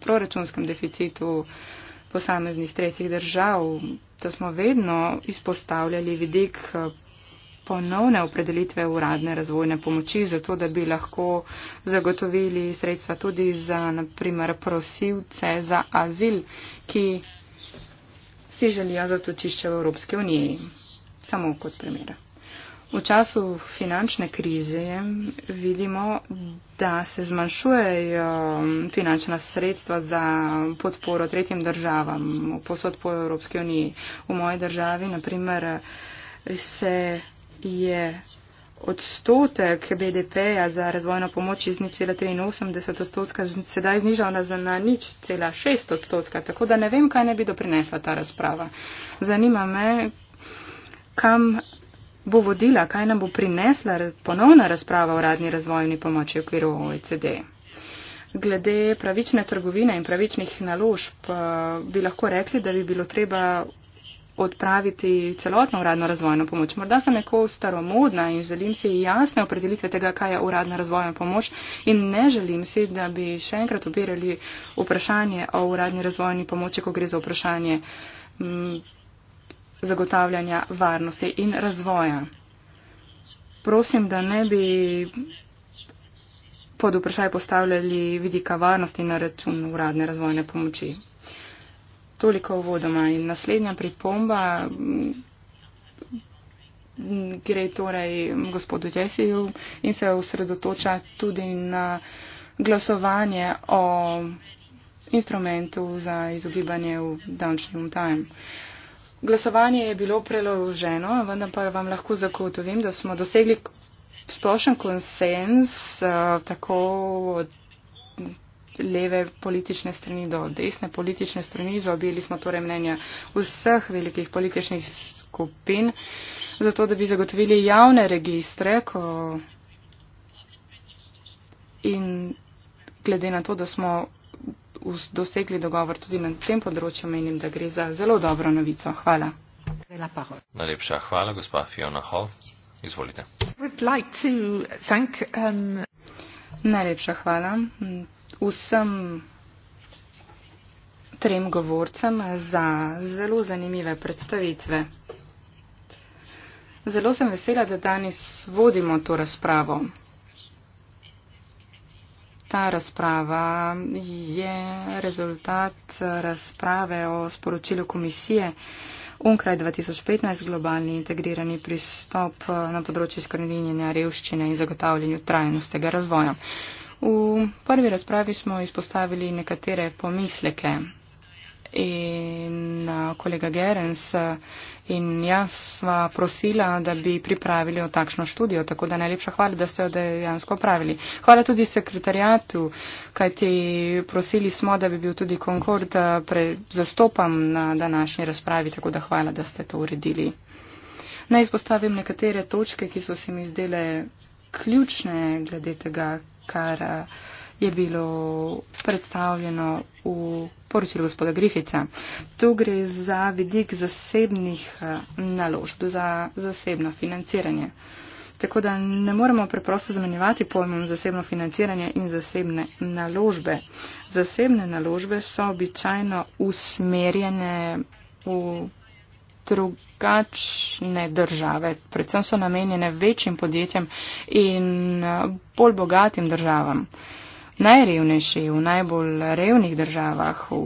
proračunskem deficitu posameznih tretjih držav, da smo vedno izpostavljali vidik ponovne opredelitve uradne razvojne pomoči, zato da bi lahko zagotovili sredstva tudi za, naprimer, prosilce za azil, ki si želijo zatočišče v Evropski uniji. Samo kot primer. V času finančne krize vidimo, da se zmanjšujejo um, finančna sredstva za podporo tretjim državam, posod po Evropski uniji. V moji državi, naprimer, se je odstotek BDP-ja za razvojno pomoč iz 0,83 odstotka sedaj znižal na, na 0,6 odstotka, tako da ne vem, kaj ne bi doprinesla ta razprava. Zanima me, kam bo vodila, kaj nam bo prinesla ponovna razprava o radni razvojni pomoči v okviru OECD. Glede pravične trgovine in pravičnih naložb eh, bi lahko rekli, da bi bilo treba odpraviti celotno uradno razvojno pomoč. Morda sem neko staromodna in želim si jasne opredelitve tega, kaj je uradna razvojna pomoč in ne želim si, da bi še enkrat obirali vprašanje o uradni razvojni pomoči, ko gre za vprašanje m, mm, zagotavljanja varnosti in razvoja. Prosim, da ne bi pod vprašaj postavljali vidika varnosti na račun uradne razvojne pomoči toliko uvodoma. In naslednja pripomba gre torej gospodu Jesseju in se osredotoča tudi na glasovanje o instrumentu za izogibanje v downstream time. Glasovanje je bilo preloženo, vendar pa vam lahko zagotovim, da smo dosegli splošen konsens eh, tako od leve politične strani do desne politične strani. Zaobili smo torej mnenja vseh velikih političnih skupin, zato da bi zagotovili javne registre ko... in glede na to, da smo dosegli dogovor tudi na tem področju, menim, da gre za zelo dobro novico. Hvala. Najlepša hvala, gospa Fiona Hall. Izvolite. Like to thank, um... Najlepša hvala vsem trem govorcem za zelo zanimive predstavitve. Zelo sem vesela, da danes vodimo to razpravo. Ta razprava je rezultat razprave o sporočilu komisije Unkraj 2015 globalni integrirani pristop na področju skrnjenja revščine in zagotavljanju trajnostega razvoja. V prvi razpravi smo izpostavili nekatere pomisleke in uh, kolega Gerens uh, in jaz sva prosila, da bi pripravili o takšno študijo, tako da najlepša hvala, da ste jo dejansko pravili. Hvala tudi sekretarjatu, kajti prosili smo, da bi bil tudi Concord uh, zastopan na današnji razpravi, tako da hvala, da ste to uredili. Naj izpostavim nekatere točke, ki so se mi zdele ključne glede tega, kar eh, je bilo predstavljeno v poročilu gospoda Grifica. Tu gre za vidik zasebnih eh, naložb, za zasebno financiranje. Tako da ne moremo preprosto zamenjevati pojmom zasebno financiranje in zasebne naložbe. Zasebne naložbe so običajno usmerjene v drugačne države. Predvsem so namenjene večjim podjetjem in eh, bolj bogatim državam. Najrevnejši v najbolj revnih državah, v,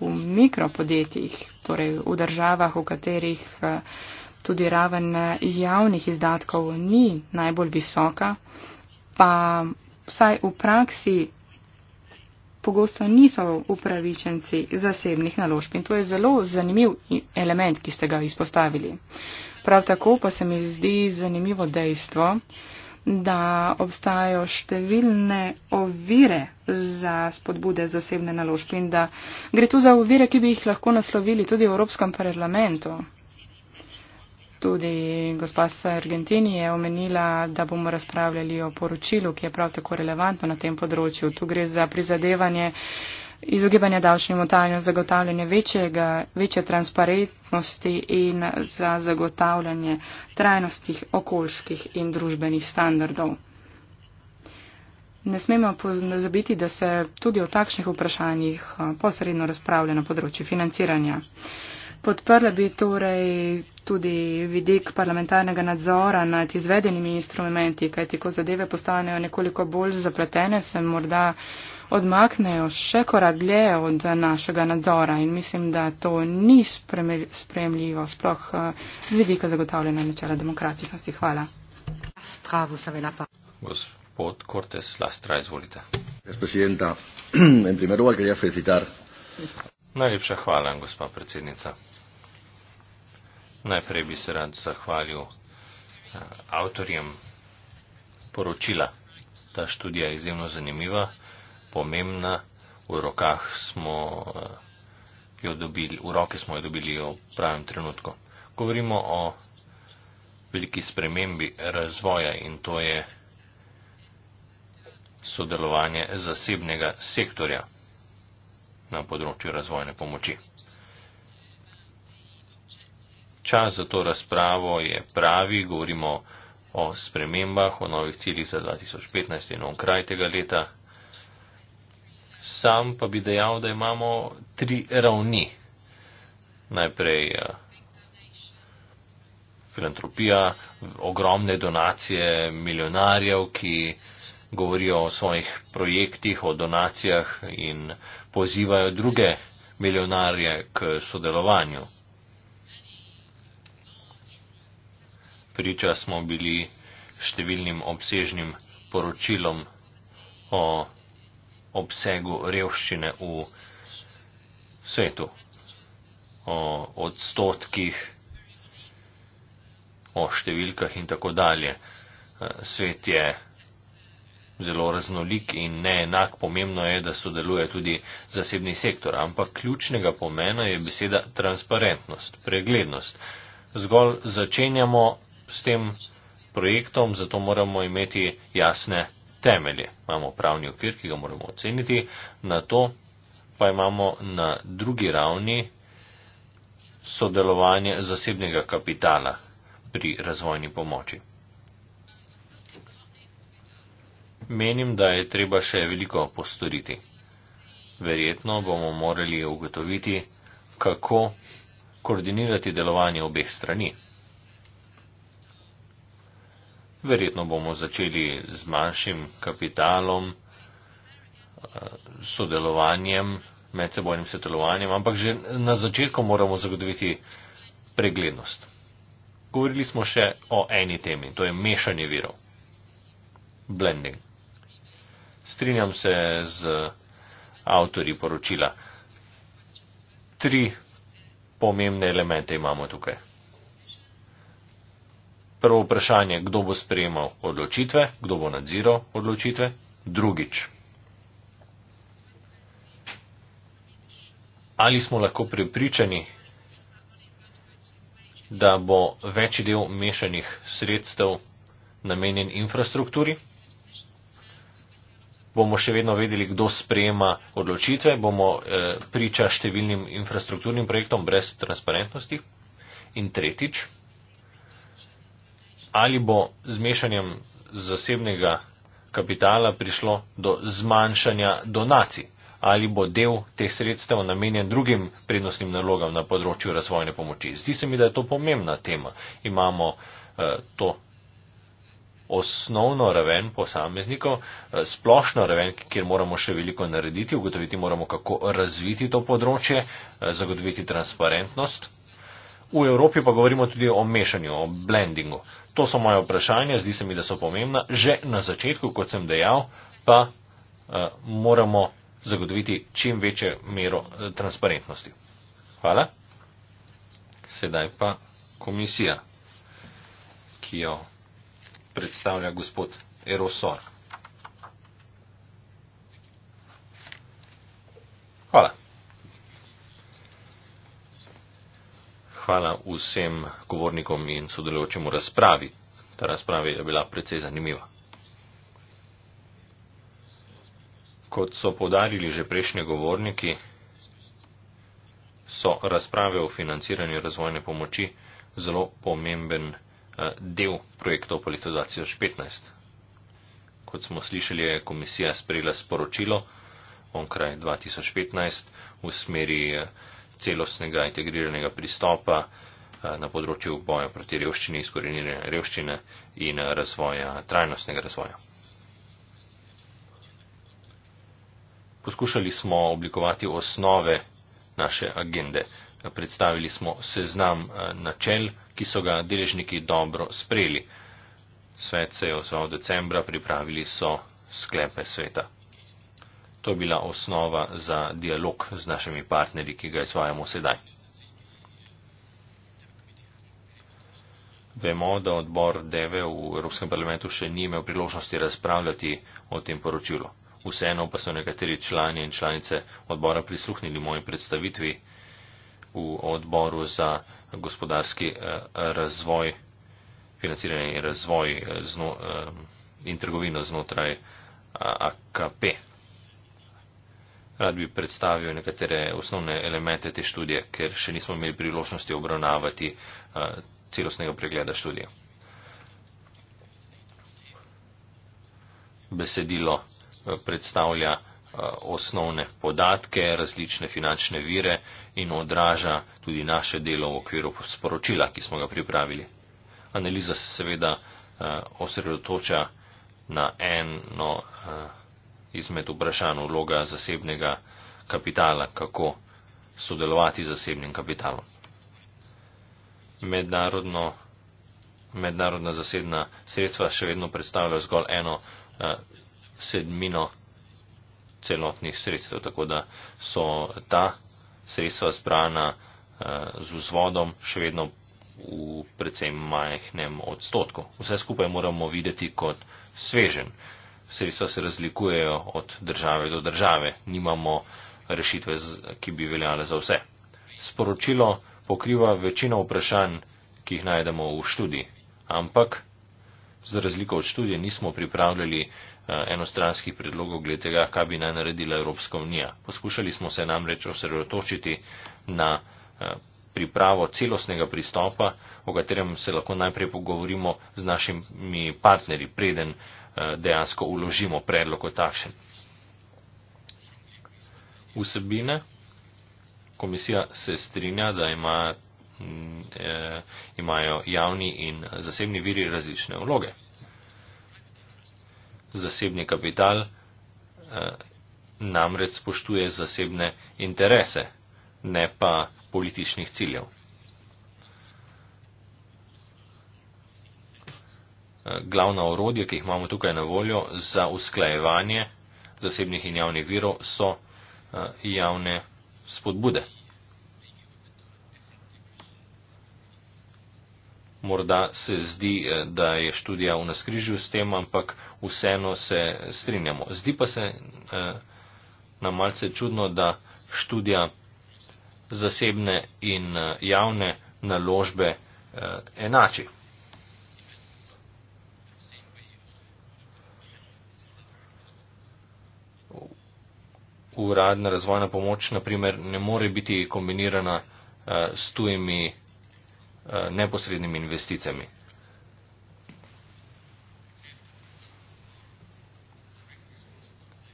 v mikropodjetjih, torej v državah, v katerih eh, tudi raven eh, javnih izdatkov ni najbolj visoka, pa vsaj v praksi pogosto niso upravičenci zasebnih naložb in to je zelo zanimiv element, ki ste ga izpostavili. Prav tako pa se mi zdi zanimivo dejstvo, da obstajajo številne ovire za spodbude zasebne naložb in da gre tu za ovire, ki bi jih lahko naslovili tudi v Evropskem parlamentu. Tudi gospa Sargentini je omenila, da bomo razpravljali o poročilu, ki je prav tako relevantno na tem področju. Tu gre za prizadevanje izogibanja davčnim otajanjem, zagotavljanje večjega, večje transparentnosti in za zagotavljanje trajnostih okoljskih in družbenih standardov. Ne smemo pozabiti, da se tudi o takšnih vprašanjih eh, posredno razpravlja na področju financiranja. Podprla bi torej tudi vidik parlamentarnega nadzora nad izvedenimi instrumenti, kajti ko zadeve postanejo nekoliko bolj zapletene, se morda odmaknejo še korak dlje od našega nadzora in mislim, da to ni sprejemljivo, sploh eh, z vidika zagotavljanja načela demokratičnosti. Hvala. Gospod Cortes Lastra, izvolite. Gospod predsednik, v prvem redu želim felicitar. Najlepša hvala, gospa predsednica. Najprej bi se rad zahvalil eh, avtorjem poročila. Ta študija je izjemno zanimiva, pomembna. V, smo eh, jo dobili, v roke smo jo dobili v pravem trenutku. Govorimo o veliki spremembi razvoja in to je sodelovanje zasebnega sektorja na področju razvojne pomoči. Čas za to razpravo je pravi, govorimo o spremembah, o novih ciljih za 2015 in o kraj tega leta. Sam pa bi dejal, da imamo tri ravni. Najprej eh, filantropija, ogromne donacije milijonarjev, ki govorijo o svojih projektih, o donacijah in pozivajo druge milijonarje k sodelovanju. Priča smo bili številnim obsežnim poročilom o obsegu revščine v svetu, o odstotkih, o številkah in tako dalje. Svet je zelo raznolik in neenak, pomembno je, da sodeluje tudi zasebni sektor, ampak ključnega pomena je beseda transparentnost, preglednost. Zgolj začenjamo s tem projektom, zato moramo imeti jasne temelje. Imamo pravni okvir, ki ga moramo oceniti, na to pa imamo na drugi ravni sodelovanje zasebnega kapitala pri razvojni pomoči. Menim, da je treba še veliko postoriti. Verjetno bomo morali ugotoviti, kako koordinirati delovanje obeh strani. Verjetno bomo začeli z manjšim kapitalom, eh, sodelovanjem, medsebojnim sodelovanjem, ampak že na začetku moramo zagotoviti preglednost. Govorili smo še o eni temi, to je mešanje virov. Blending strinjam se z avtori poročila. Tri pomembne elemente imamo tukaj. Prvo vprašanje, kdo bo sprejemal odločitve, kdo bo nadziral odločitve. Drugič, ali smo lahko prepričani, da bo večji del mešanih sredstev namenjen infrastrukturi, bomo še vedno vedeli, kdo sprejema odločitve, bomo eh, priča številnim infrastrukturnim projektom brez transparentnosti. In tretjič, ali bo z mešanjem zasebnega kapitala prišlo do zmanjšanja donacij ali bo del teh sredstev namenjen drugim prednostnim nalogam na področju razvojne pomoči. Zdi se mi, da je to pomembna tema. Imamo eh, to osnovno raven posameznikov, eh, splošno raven, kjer moramo še veliko narediti, ugotoviti moramo, kako razviti to področje, eh, zagotoviti transparentnost. V Evropi pa govorimo tudi o mešanju, o blendingu. To so moje vprašanja, zdi se mi, da so pomembna. Že na začetku, kot sem dejal, pa eh, moramo zagotoviti čim večjo mero eh, transparentnosti. Hvala. Sedaj pa komisija, ki jo predstavlja gospod Erosor. Hvala. Hvala vsem govornikom in sodelujočim v razpravi. Ta razprava je bila precej zanimiva. Kot so povdarili že prejšnji govorniki, so razprave o financiranju razvojne pomoči zelo pomemben. Eh, del projektov po letu 2015. Kot smo slišali, je komisija sprejela sporočilo onkraj 2015 v smeri eh, celostnega integriranega pristopa eh, na področju boja proti revščini, izkoreninjenja revščine in razvoja, trajnostnega razvoja. Poskušali smo oblikovati osnove naše agende. Predstavili smo seznam eh, načel, ki so ga deležniki dobro sprejeli. Svet se je osvojil decembra, pripravili so sklepe sveta. To je bila osnova za dialog z našimi partnerji, ki ga izvajamo sedaj. Vemo, da odbor DEVE v Evropskem parlamentu še ni imel priložnosti razpravljati o tem poročilu. Vseeno pa so nekateri člani in članice odbora prisluhnili moji predstavitvi v odboru za gospodarski eh, razvoj, financiranje in razvoj eh, zno, eh, in trgovino znotraj AKP. Rad bi predstavil nekatere osnovne elemente te študije, ker še nismo imeli priložnosti obravnavati celostnega pregleda študije. Besedilo predstavlja Eh, osnovne podatke, različne finančne vire in odraža tudi naše delo v okviru sporočila, ki smo ga pripravili. Analiza se seveda eh, osredotoča na eno eh, izmed vprašanj vloga zasebnega kapitala, kako sodelovati z zasebnim kapitalom. Mednarodno, mednarodna zasebna sredstva še vedno predstavljajo zgolj eno sedmino celotnih sredstev, tako da so ta sredstva zbrana eh, z vzvodom še vedno v predvsem majhnem odstotku. Vse skupaj moramo videti kot svežen. Sredstva se razlikujejo od države do države, nimamo rešitve, ki bi veljale za vse. Sporočilo pokriva večino vprašanj, ki jih najdemo v študiji, ampak za razliko od študije, nismo pripravljali eh, enostranskih predlogov glede tega, kaj bi naj naredila Evropska unija. Poskušali smo se namreč osredotočiti na eh, pripravo celostnega pristopa, o katerem se lahko najprej pogovorimo z našimi partnerji, preden eh, dejansko uložimo predlog o takšen. Vsebine. Komisija se strinja, da imajo Mm, eh, imajo javni in zasebni viri različne vloge. Zasebni kapital eh, namreč spoštuje zasebne interese, ne pa političnih ciljev. Eh, glavna orodja, ki jih imamo tukaj na voljo za usklajevanje zasebnih in javnih virov, so javne spodbude. morda se zdi, eh, da je študija v naskrižju s tem, ampak vseeno se strinjamo. Zdi pa se eh, nam malce čudno, da študija zasebne in eh, javne naložbe enači. Uradna razvojna pomoč, naprimer, ne more biti kombinirana s tujimi Eh, neposrednimi investicijami.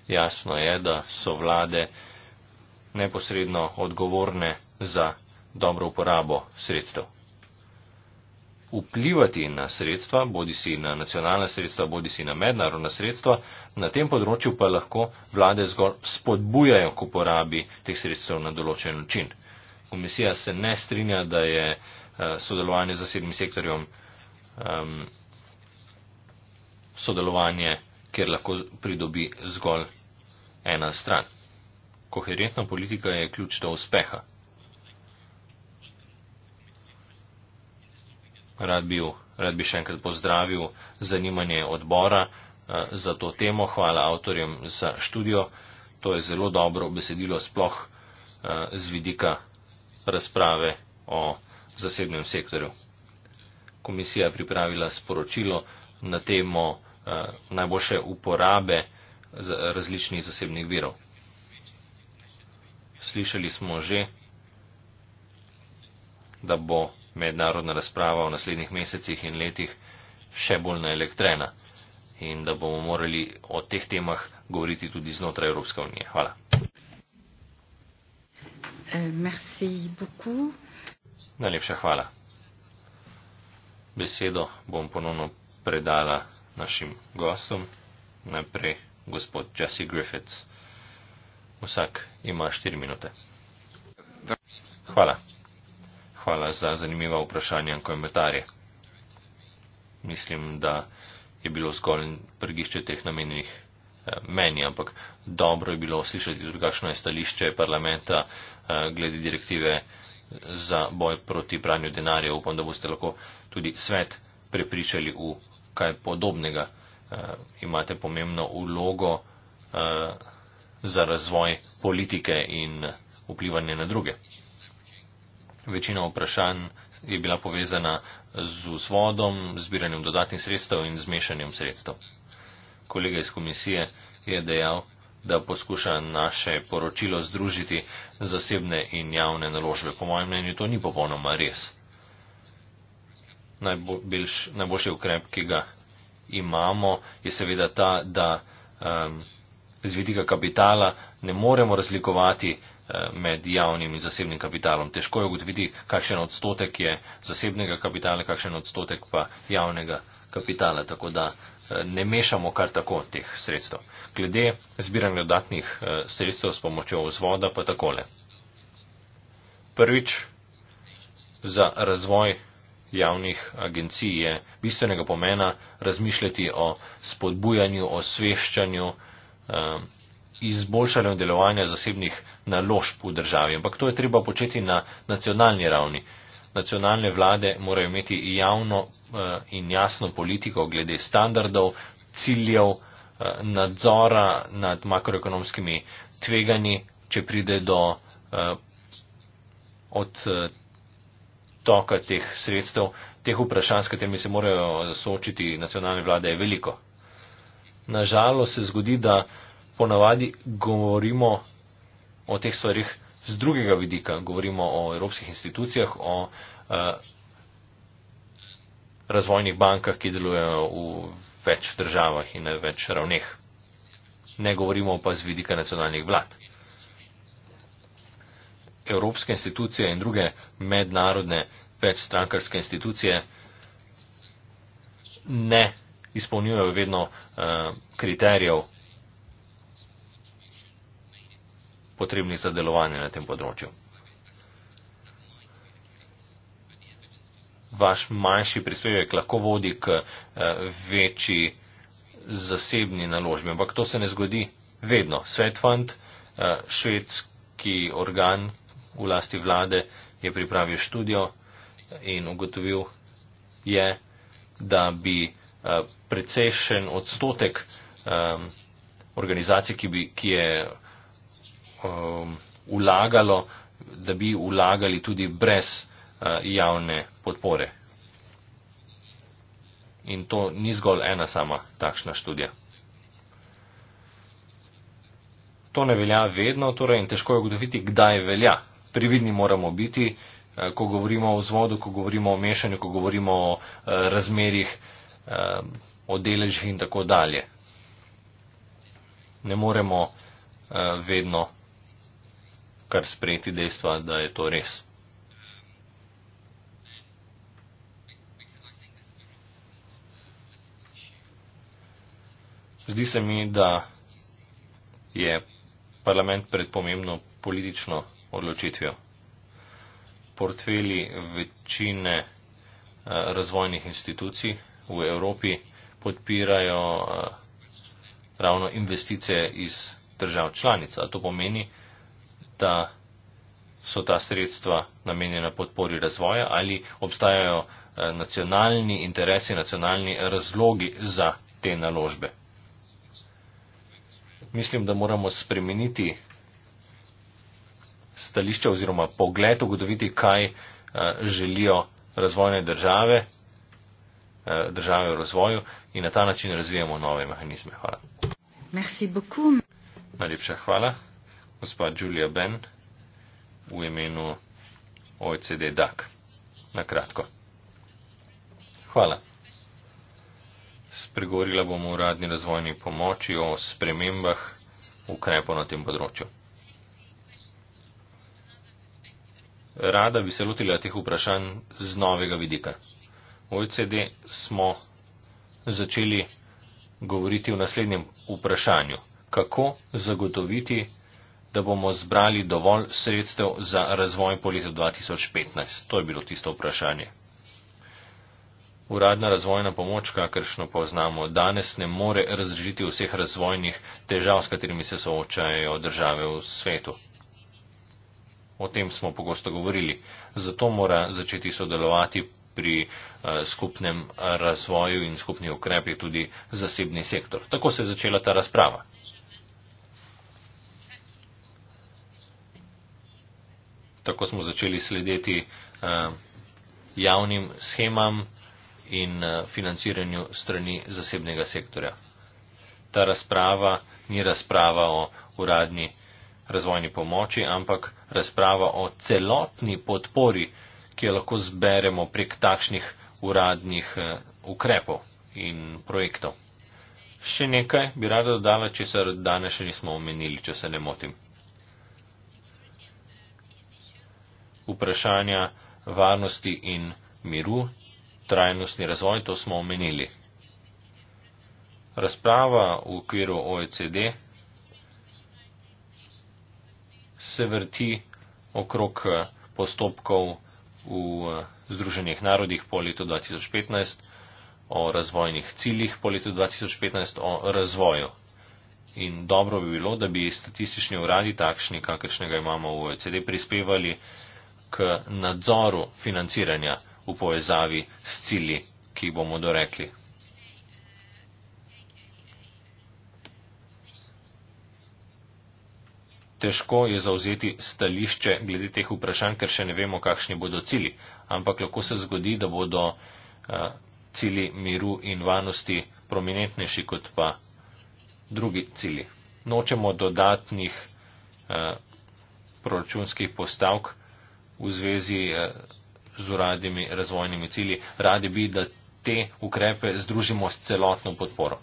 Jasno je, da so vlade neposredno odgovorne za dobro uporabo sredstev. Vplivati na sredstva, bodi si na nacionalna sredstva, bodi si na mednarodna sredstva, na tem področju pa lahko vlade zgolj spodbujajo k uporabi teh sredstev na določen način. Komisija se ne strinja, da je uh, Eh, sodelovanje z zasebnim sektorjem, um, sodelovanje, kjer lahko pridobi zgolj ena stran. Koherentna politika je ključ do uspeha. Rad bi, rad bi še enkrat pozdravil zanimanje odbora uh, za to temo. Hvala avtorjem za študijo. To je zelo dobro besedilo sploh uh, z vidika razprave o v zasebnem sektorju. Komisija je pripravila sporočilo na temo eh, najboljše uporabe za različnih zasebnih virov. Slišali smo že, da bo mednarodna razprava v naslednjih mesecih in letih še bolj naelektrena in da bomo morali o teh temah govoriti tudi znotraj Evropske unije. Hvala. Eh, merci beaucoup. Najlepša hvala. Besedo bom ponovno predala našim gostom. Najprej gospod Jesse Griffiths. Vsak ima štiri minute. Hvala. Hvala za zanimiva vprašanja in komentarje. Mislim, da je bilo zgolj prgišče teh namenjenih eh, meni, ampak dobro je bilo slišati drugačno stališče parlamenta eh, glede direktive za boj proti pranju denarja. Upam, da boste lahko tudi svet prepričali v kaj podobnega. Uh, imate pomembno ulogo uh, eh, za razvoj politike in vplivanje na druge. Večina vprašanj je bila povezana z vzvodom, zbiranjem dodatnih sredstev in zmešanjem sredstev. Kolega iz komisije je dejal, da poskuša naše poročilo združiti zasebne in javne naložbe. Po mojem mnenju to ni popolnoma res. Najboljš, najboljši ukrep, ki ga imamo, je seveda ta, da um, z vidika kapitala ne moremo razlikovati eh, med javnim in zasebnim kapitalom. Težko je ugotoviti, kakšen odstotek je zasebnega kapitala, kakšen odstotek pa javnega kapitala. Tako da ne mešamo kar tako teh sredstev. Glede zbiranja dodatnih eh, sredstev s pomočjo vzvoda pa takole. Prvič, za razvoj javnih agencij je bistvenega pomena razmišljati o spodbujanju, osveščanju, eh, izboljšanju delovanja zasebnih naložb v državi. Ampak to je treba početi na nacionalni ravni nacionalne vlade morajo imeti javno eh, in jasno politiko glede standardov, ciljev, eh, nadzora nad makroekonomskimi tveganji, če pride do eh, od toka teh sredstev. Teh vprašanj, s katerimi se morajo soočiti nacionalne vlade, je veliko. Nažalost se zgodi, da ponavadi govorimo o teh stvarih z drugega vidika, govorimo o evropskih institucijah, o eh, razvojnih bankah, ki delujejo v več državah in na več ravneh. Ne govorimo pa z vidika nacionalnih vlad. Evropske institucije in druge mednarodne večstrankarske institucije ne izpolnjujejo vedno uh, kriterijev potrebnih za delovanje na tem področju. Vaš manjši prispevek lahko vodi k eh, večji zasebni naložbi, ampak to se ne zgodi vedno. Svetfund, eh, švedski organ v lasti vlade, je pripravil študijo in ugotovil je, da bi eh, precejšen odstotek organizacij, ki, bi, ki je Um, vlagalo, da bi vlagali tudi brez uh, javne podpore. In to ni zgolj ena sama takšna študija. To ne velja vedno, torej in težko je ugotoviti, kdaj velja. Prividni moramo biti, uh, ko govorimo o vzvodu, ko govorimo o mešanju, ko govorimo o uh, razmerih, um, o deležih in tako dalje. Ne moremo vedno kar sprejeti dejstva, da je to res. Zdi se mi, da je parlament pred pomembno politično odločitvijo. Portfeli večine eh, razvojnih institucij v Evropi podpirajo eh, ravno investicije iz držav članic. A to pomeni, da so ta sredstva namenjena podpori razvoja ali obstajajo eh, nacionalni interesi, nacionalni razlogi za te naložbe. Mislim, da moramo spremeniti stališče oziroma pogled, ugotoviti, kaj eh, želijo razvojne države, eh, države v razvoju in na ta način razvijamo nove mehanizme. Hvala. Merci beaucoup. Najlepša hvala gospa Julia Ben v imenu OECD DAC. Na kratko. Hvala. Spregovorila bomo v radni razvojni pomoči o spremembah ukrepov na tem področju. Rada bi se lotila teh vprašanj z novega vidika. V OECD smo začeli govoriti o naslednjem vprašanju. Kako zagotoviti da bomo zbrali dovolj sredstev za razvoj po letu 2015. To je bilo tisto vprašanje. Uradna razvojna pomoč, kakršno poznamo danes, ne more razrešiti vseh razvojnih težav, s katerimi se soočajo države v svetu. O tem smo pogosto govorili. Zato mora začeti sodelovati pri eh, skupnem razvoju in skupni ukrepi tudi zasebni sektor. Tako se je začela ta razprava. tako smo začeli slediti uh, javnim schemam in uh, financiranju strani zasebnega sektorja. Ta razprava ni razprava o uradni razvojni pomoči, ampak razprava o celotni podpori, ki jo lahko zberemo prek takšnih uradnih uh, ukrepov in projektov. Še nekaj bi rada dodala, če se danes še nismo omenili, če se ne motim. vprašanja varnosti in miru, trajnostni razvoj, to smo omenili. Razprava v okviru OECD se vrti okrog postopkov v Združenih narodih po letu 2015, o razvojnih ciljih po letu 2015, o razvoju. In dobro bi bilo, da bi statistični uradi, takšni, kakršnega imamo v OECD, prispevali k nadzoru financiranja v povezavi s cili, ki jih bomo dorekli. Težko je zauzeti stališče glede teh vprašanj, ker še ne vemo, kakšni bodo cili, ampak lahko se zgodi, da bodo eh, cili miru in varnosti prominentnejši kot pa drugi cili. Nočemo dodatnih eh, proračunskih postavk, v zvezi eh, z uradnimi razvojnimi cilji. Radi bi, da te ukrepe združimo s celotno podporo.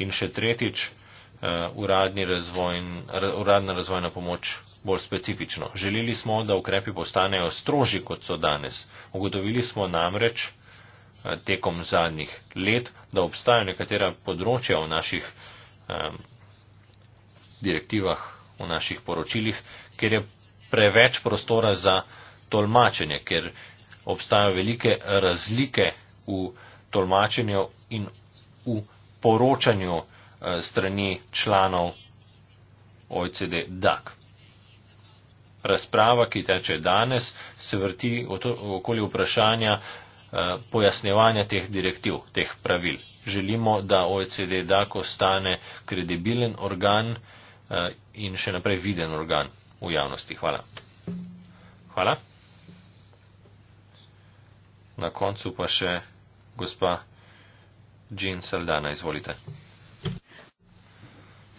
In še tretjič, eh, razvojn, uradna razvojna pomoč bolj specifično. Želeli smo, da ukrepi postanejo strožji, kot so danes. Ugotovili smo namreč eh, tekom zadnjih let, da obstajajo nekatera področja v naših direktivah, v naših poročilih, kjer je preveč prostora za tolmačenje, ker obstajajo velike razlike v tolmačenju in v poročanju eh, strani članov OECD DAC. Razprava, ki teče danes, se vrti okoli vprašanja eh, pojasnevanja teh direktiv, teh pravil. Želimo, da OECD DAC ostane kredibilen organ eh, in še naprej viden organ u javnosti. Hvala. Hvala. Na koncu pa še gospa Jean Saldana, izvolite.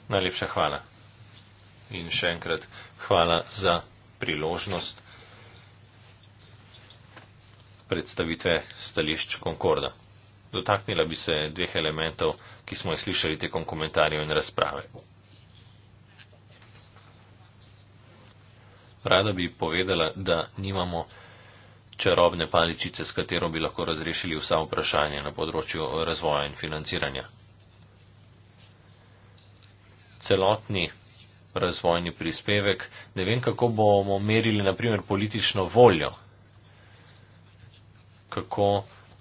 Najlepša hvala. In še enkrat hvala za priložnost predstavitve stališč Konkorda. Dotaknila bi se dveh elementov, ki smo jih slišali tekom komentarjev in razprave. Rada bi povedala, da nimamo čarobne paličice, s katero bi lahko razrešili vsa vprašanja na področju razvoja in financiranja. Celotni razvojni prispevek, ne vem, kako bomo merili, naprimer, politično voljo, kako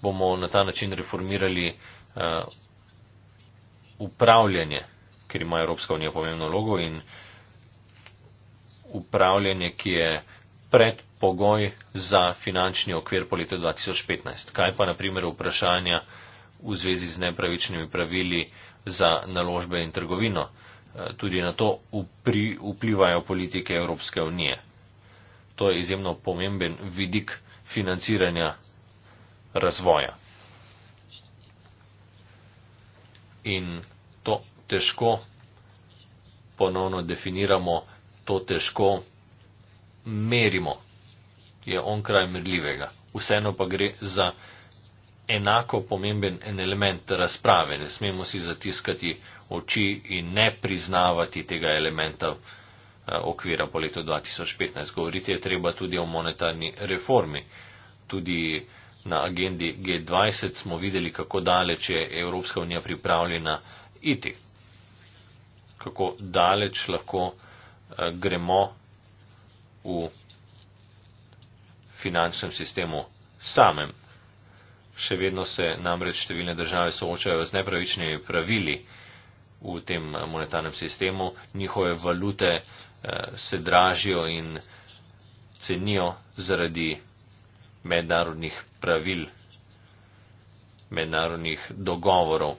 bomo na ta način reformirali uh, upravljanje, ker ima Evropska unija pomembno logo in uh, upravljanje, ki je predpogoj za finančni okvir po letu 2015. Kaj pa naprimer vprašanja v zvezi z nepravičnimi pravili za naložbe in trgovino? Eh, tudi na to upri, vplivajo politike Evropske unije. To je izjemno pomemben vidik financiranja razvoja. In to težko ponovno definiramo to težko merimo, je onkraj merljivega. Vseeno pa gre za enako pomemben element razprave. Ne smemo si zatiskati oči in ne priznavati tega elementa eh, okvira po letu 2015. Govoriti je treba tudi o monetarni reformi. Tudi na agendi G20 smo videli, kako daleč je Evropska unija pripravljena iti. Kako daleč lahko Eh, gremo v finančnem sistemu samem. Še vedno se namreč številne države soočajo z nepravičnimi pravili v tem monetarnem sistemu, njihove valute eh, se dražijo in cenijo zaradi mednarodnih pravil, mednarodnih dogovorov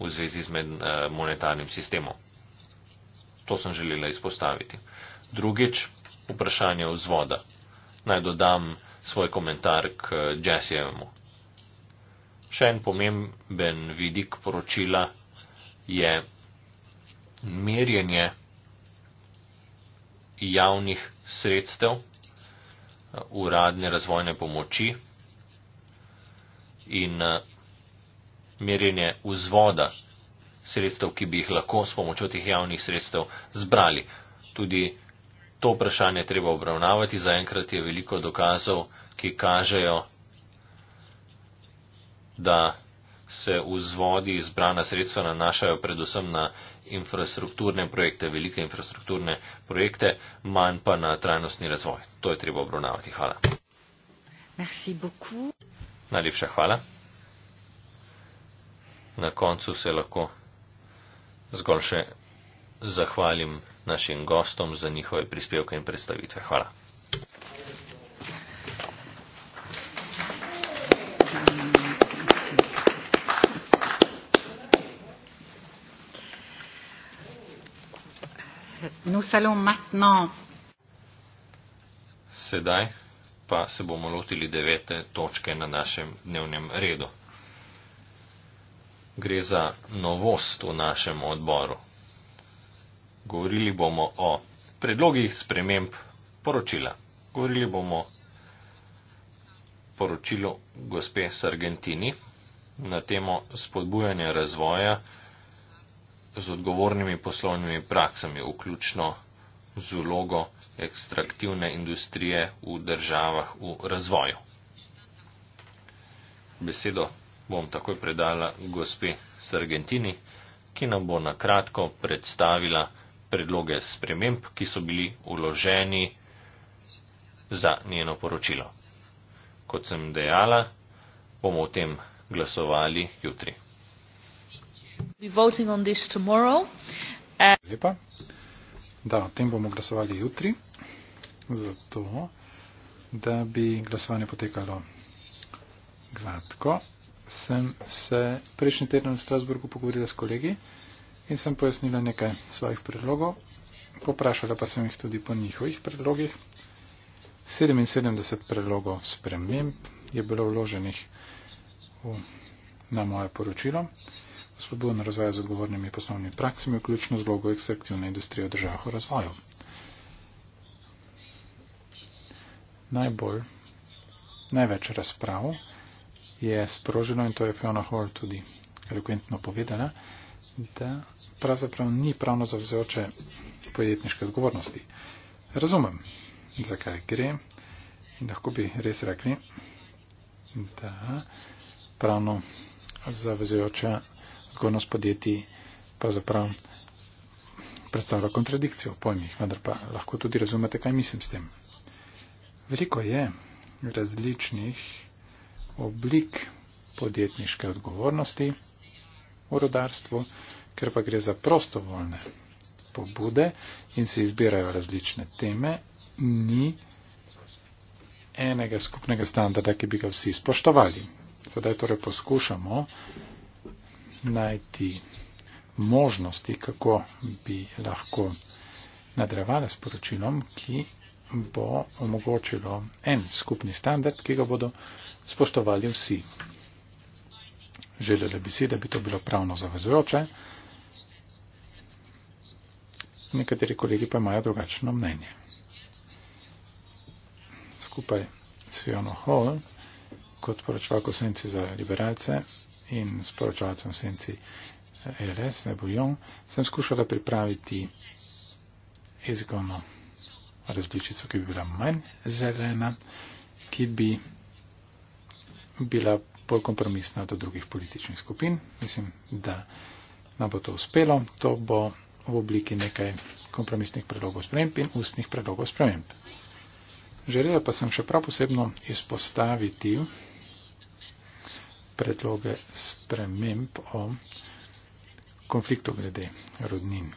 v zvezi z eh, monetarnim sistemom. To sem želela izpostaviti. Drugič, vprašanje vzvoda. Naj dodam svoj komentar k eh, Jessijevemu. Še en pomemben vidik poročila je merjenje javnih sredstev, eh, uradne razvojne pomoči in eh, merjenje vzvoda sredstev, ki bi jih lahko s pomočjo teh javnih sredstev zbrali. Tudi to vprašanje treba obravnavati. Zaenkrat je veliko dokazov, ki kažejo, da se v zvodi zbrana sredstva nanašajo predvsem na infrastrukturne projekte, velike infrastrukturne projekte, manj pa na trajnostni razvoj. To je treba obravnavati. Hvala. Najlepša hvala. Na koncu se lahko zgolj še zahvalim našim gostom za njihove prispevke in predstavitve. Hvala. Sedaj pa se bomo lotili devete točke na našem dnevnem redu gre za novost v našem odboru. Govorili bomo o predlogih sprememb poročila. Govorili bomo poročilo gospe Sargentini na temo spodbujanja razvoja z odgovornimi poslovnimi praksami, vključno z ulogo ekstraktivne industrije v državah v razvoju. Besedo bom takoj predala gospe Sargentini, ki nam bo na kratko predstavila predloge sprememb, ki so bili uloženi za njeno poročilo. Kot sem dejala, bomo o tem glasovali jutri. Lepa. Da, o tem bomo glasovali jutri, zato da bi glasovanje potekalo gladko sem se prejšnji teden v Strasburgu pogovorila s kolegi in sem pojasnila nekaj svojih predlogov, poprašala pa sem jih tudi po njihovih predlogih. 77 predlogov sprememb je bilo vloženih v, na moje poročilo. Spodbuden razvoj z odgovornimi poslovnimi praksami, vključno z vlogo ekstraktivne industrije v državah v razvoju. Najbolj, največ razprav je sproženo in to je Fiona Hall tudi elegantno povedala, da pravzaprav ni pravno zavzajoče podjetniške odgovornosti. Razumem, zakaj gre in lahko bi res rekli, da pravno zavzajoča odgovornost podjetij pravzaprav predstavlja kontradikcijo v pojmih, vendar pa lahko tudi razumete, kaj mislim s tem. Veliko je različnih oblik podjetniške odgovornosti v rodarstvu, ker pa gre za prostovoljne pobude in se izbirajo različne teme, ni enega skupnega standarda, ki bi ga vsi spoštovali. Sedaj torej poskušamo najti možnosti, kako bi lahko nadrevale s poročilom, ki bo omogočilo en skupni standard, ki ga bodo spoštovali vsi. Želeli bi si, da bi to bilo pravno zavezujoče. Nekateri kolegi pa imajo drugačno mnenje. Skupaj s Fiona Hall, kot poročevalko senci za liberalce in s poročevalcem senci ELS, ne bojo, sem skušala pripraviti jezikovno različico, ki bi bila manj zelena, ki bi bila bolj kompromisna do drugih političnih skupin. Mislim, da nam bo to uspelo. To bo v obliki nekaj kompromisnih predlogov sprememb in ustnih predlogov sprememb. Želel pa sem še prav posebno izpostaviti predloge sprememb o konfliktu glede rodnin.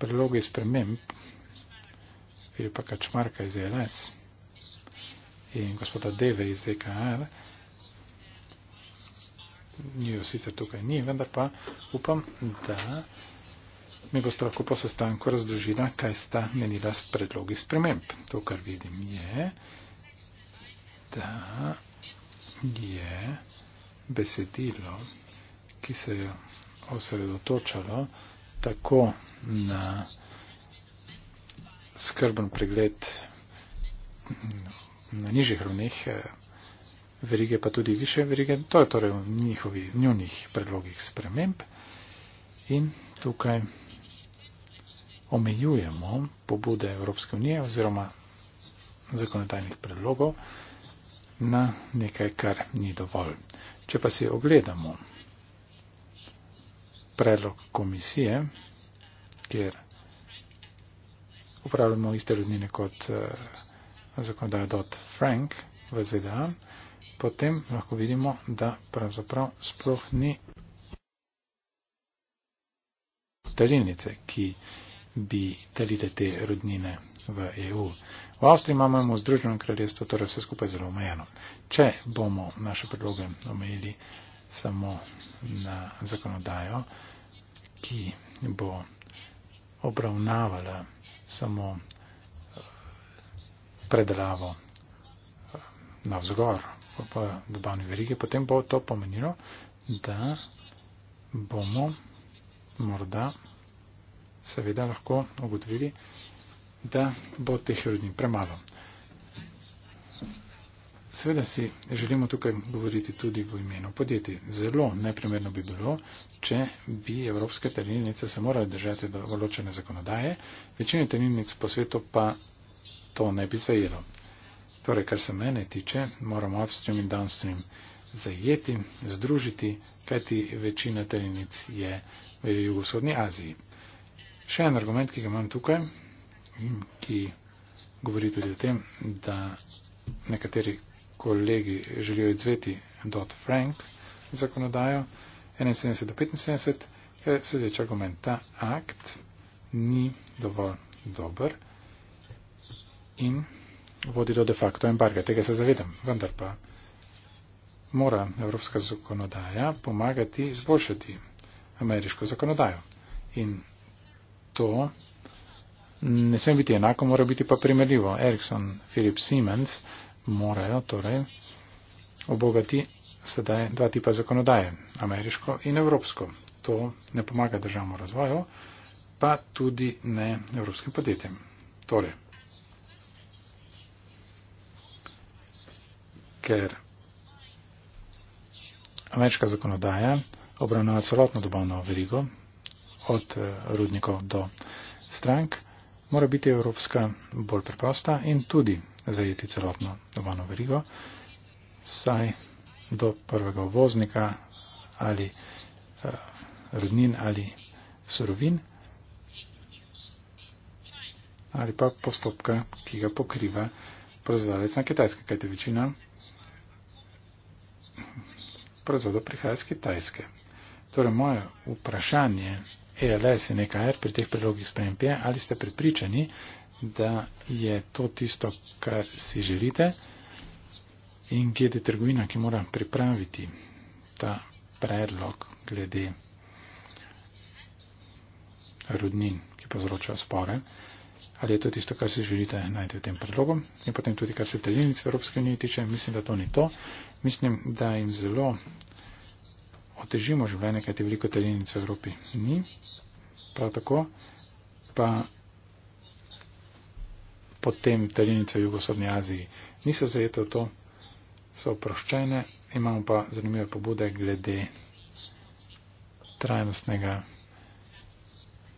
Predloge sprememb ili pa Kačmarka iz e LS in gospoda Deve iz EKR. Njo sicer tukaj ni, vendar pa upam, da mi bo strahko po sestanku razložila, kaj sta menila s predlogi sprememb. To, kar vidim, je, da je besedilo, ki se je osredotočalo tako na skrben pregled na nižjih ravneh eh, verige, pa tudi više verige. To je torej v njihovi, njunih predlogih sprememb. In tukaj omejujemo pobude Evropske unije oziroma zakonodajnih predlogov na nekaj, kar ni dovolj. Če pa si ogledamo predlog komisije, kjer uporabljamo iste rodnine kot uh, zakonodaja .frank v ZDA, potem lahko vidimo, da pravzaprav sploh ni delilnice, ki bi delile te rodnine v EU. V Avstriji imamo v Združenem kraljestvu torej vse skupaj zelo omejeno. Če bomo naše predloge omejili samo na zakonodajo, ki bo obravnavala samo eh, predelavo eh, navzgor v dobavni verigi, potem bo to pomenilo, da bomo morda seveda lahko ugotovili, da bo teh ljudi premalo. Sveda si želimo tukaj govoriti tudi v imenu podjetij. Zelo neprimerno bi bilo, če bi evropske trenilnice se morali držati do določene zakonodaje, večine trenilnic po svetu pa to ne bi zajelo. Torej, kar se mene tiče, moramo upstream in downstream zajeti, združiti, kajti večina trenilnic je v jugovzhodni Aziji. Še en argument, ki ga imam tukaj, ki govori tudi o tem, da nekateri kolegi želijo izvedeti dot Frank zakonodajo 71 do 75, je sledeč argument. Ta akt ni dovolj dober in vodi do de facto embarga. Tega se zavedam, vendar pa mora evropska zakonodaja pomagati izboljšati ameriško zakonodajo. In to ne sme biti enako, mora biti pa primerljivo. Ericsson, Philip Siemens morajo torej obogati sedaj dva tipa zakonodaje, ameriško in evropsko. To ne pomaga državnemu razvoju, pa tudi ne evropskim podjetjem. Torej, ker ameriška zakonodaja obravnava celotno dobavno verigo, od eh, rudnikov do strank, mora biti evropska bolj preprosta in tudi zajeti celotno dobano verigo, saj do prvega voznika ali eh, rodnin ali surovin ali pa postopka, ki ga pokriva proizvodec na kitajske, kajte večina proizvodov prihaja iz kitajske. Torej, moje vprašanje ELS in EKR pri teh predlogih s PMP, ali ste pripričani, da je to tisto, kar si želite in glede trgovina, ki mora pripraviti ta predlog glede rudnin, ki povzročajo spore, ali je to tisto, kar si želite najti v tem predlogu. In potem tudi, kar se trgovinic Evropske unije tiče, mislim, da to ni to. Mislim, da jim zelo otežimo življenje, kajti veliko trgovinic v Evropi ni. Prav tako pa potem talinice v jugosobni Aziji niso zajete v to, so oproščene, imamo pa zanimive pobude glede trajnostnega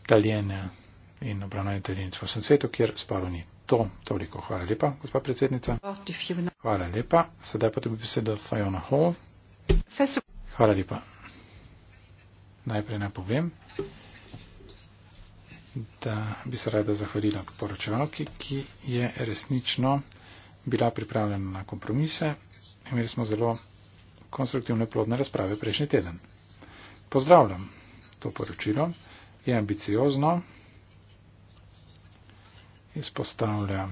taljenja in obravnave talinic v vsem svetu, kjer sporo ni. To, toliko. Hvala lepa, gospa predsednica. Hvala lepa. Sedaj pa dobi besedo Fajona Hall. Hvala lepa. Najprej naj povem da bi se rada zahvalila poročevalki, ki je resnično bila pripravljena na kompromise. Imeli smo zelo konstruktivne plodne razprave prejšnji teden. Pozdravljam to poročilo, je ambiciozno, izpostavlja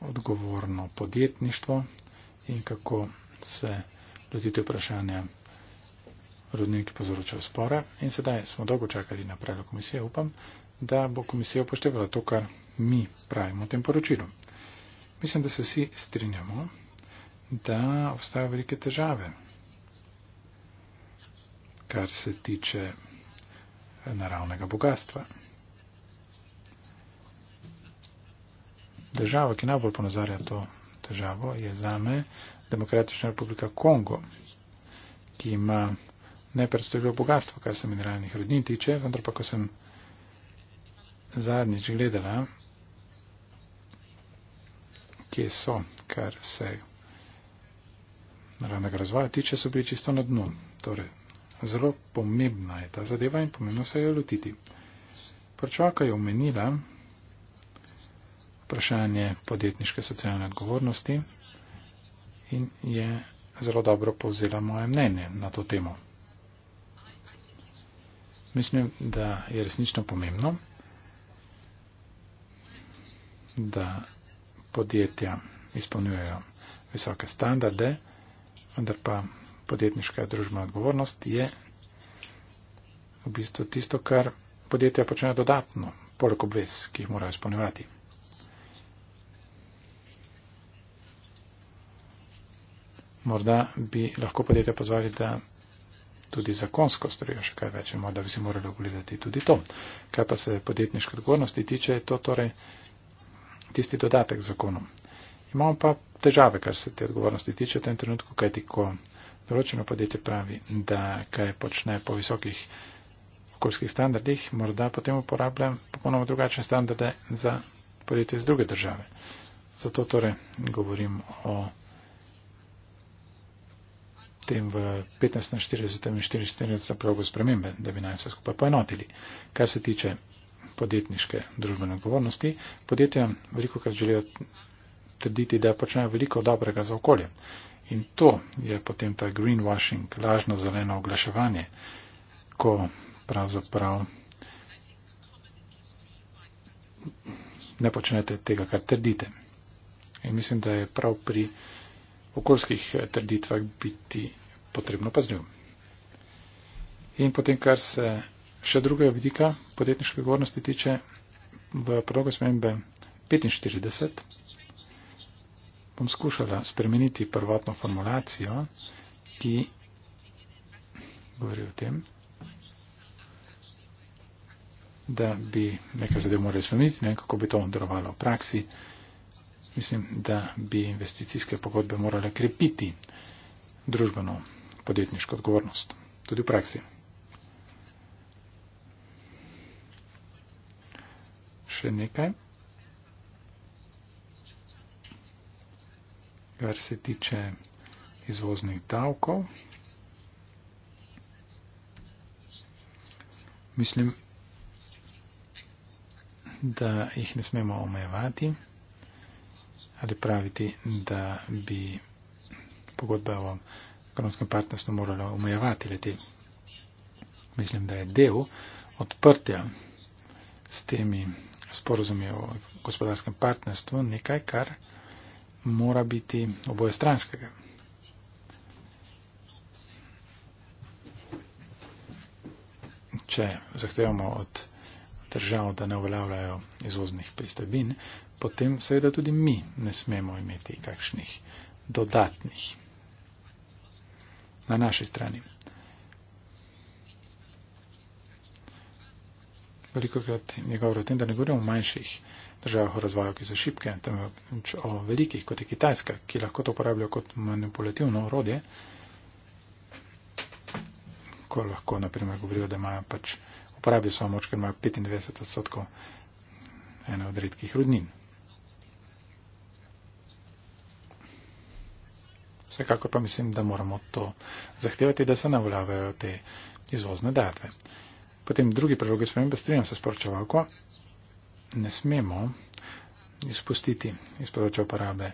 odgovorno podjetništvo in kako se lotiti vprašanja rudnik povzročal spore in sedaj smo dolgo čakali na predlog komisije. Upam, da bo komisija upoštevala to, kar mi pravimo v tem poročilu. Mislim, da se vsi strinjamo, da obstajajo velike težave, kar se tiče naravnega bogatstva. Država, ki najbolj ponazarja to težavo, je zame Demokratična republika Kongo, ki ima ne predstavljajo bogatstvo, kar se mineralnih rodnin tiče, vendar pa, ko sem zadnjič gledala, kje so, kar se naravnega razvoja tiče, so bili čisto na dnu. Torej, zelo pomembna je ta zadeva in pomembno se jo lotiti. Pročvaka je omenila vprašanje podjetniške socialne odgovornosti in je zelo dobro povzela moje mnenje na to temo mislim, da je resnično pomembno, da podjetja izpolnjujejo visoke standarde, vendar pa podjetniška družbena odgovornost je v bistvu tisto, kar podjetja počnejo dodatno, poleg obvez, ki jih morajo izpolnjevati. Morda bi lahko podjetja pozvali, da tudi zakonsko storijo še kaj več in morda bi si morali ogledati tudi to. Kaj pa se podjetniške odgovornosti tiče, je to torej tisti dodatek zakonom. Imamo pa težave, kar se te odgovornosti tiče v tem trenutku, kajti ko določeno podjetje pravi, da kaj počne po visokih okoljskih standardih, morda potem uporablja popolnoma drugačne standarde za podjetje iz druge države. Zato torej govorim o tem v 15, 40 in 40 let zapravo spremembe, da bi naj vse skupaj poenotili. Kar se tiče podjetniške družbene odgovornosti, podjetja veliko krat želijo trditi, da počnejo veliko dobrega za okolje. In to je potem ta greenwashing, lažno zeleno oglaševanje, ko pravzaprav ne počnete tega, kar trdite. In mislim, da je prav pri okoljskih eh, trditvah biti potrebno pazljiv. In potem, kar se še drugega vidika podjetniške odgovornosti tiče, v predlogu spremembe 45 bom skušala spremeniti prvotno formulacijo, ki govori o tem, da bi nekaj zadev morali spremeniti, ne kako bi to delovalo v praksi mislim, da bi investicijske pogodbe morale krepiti družbeno podjetniško odgovornost, tudi v praksi. Še nekaj, kar se tiče izvoznih davkov. Mislim, da jih ne smemo omejevati ali praviti, da bi pogodbe o ekonomskem partnerstvu morala omejevati leti. Mislim, da je del odprtja s temi sporozumi o gospodarskem partnerstvu nekaj, kar mora biti oboje stranskega. Če zahtevamo od držav, da ne uveljavljajo izvoznih pristojbin, potem seveda tudi mi ne smemo imeti kakšnih dodatnih na naši strani. Veliko krat je govor o tem, da ne govorimo o manjših državah v razvoju, ki so šipke, temveč o velikih, kot je Kitajska, ki lahko to uporabljajo kot manipulativno orodje, ko lahko, naprimer, govorijo, da imajo pač uporabijo samo moč, ker imajo 95 odstotkov ene od redkih rudnin. Vsekakor pa mislim, da moramo to zahtevati, da se navljavajo te izvozne datve. Potem drugi predlog, ki smo jim bestrinjali, se sporočeval, ko ne smemo izpustiti iz področja uporabe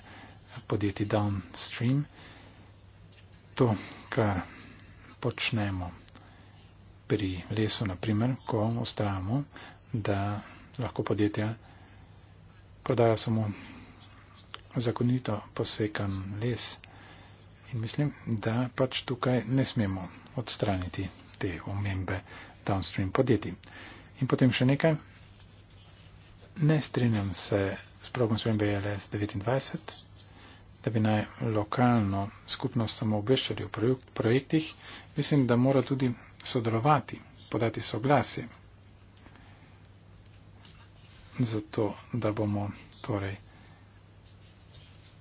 podjetij downstream to, kar počnemo pri lesu, naprimer, ko ostramo, da lahko podjetja prodajo samo zakonito posekan les. In mislim, da pač tukaj ne smemo odstraniti te omembe downstream podjetij. In potem še nekaj. Ne strinjam se s progom svojim BLS 29, da bi naj lokalno skupnost samo obveščali o projektih. Mislim, da mora tudi sodelovati, podati soglasje. Zato, da bomo torej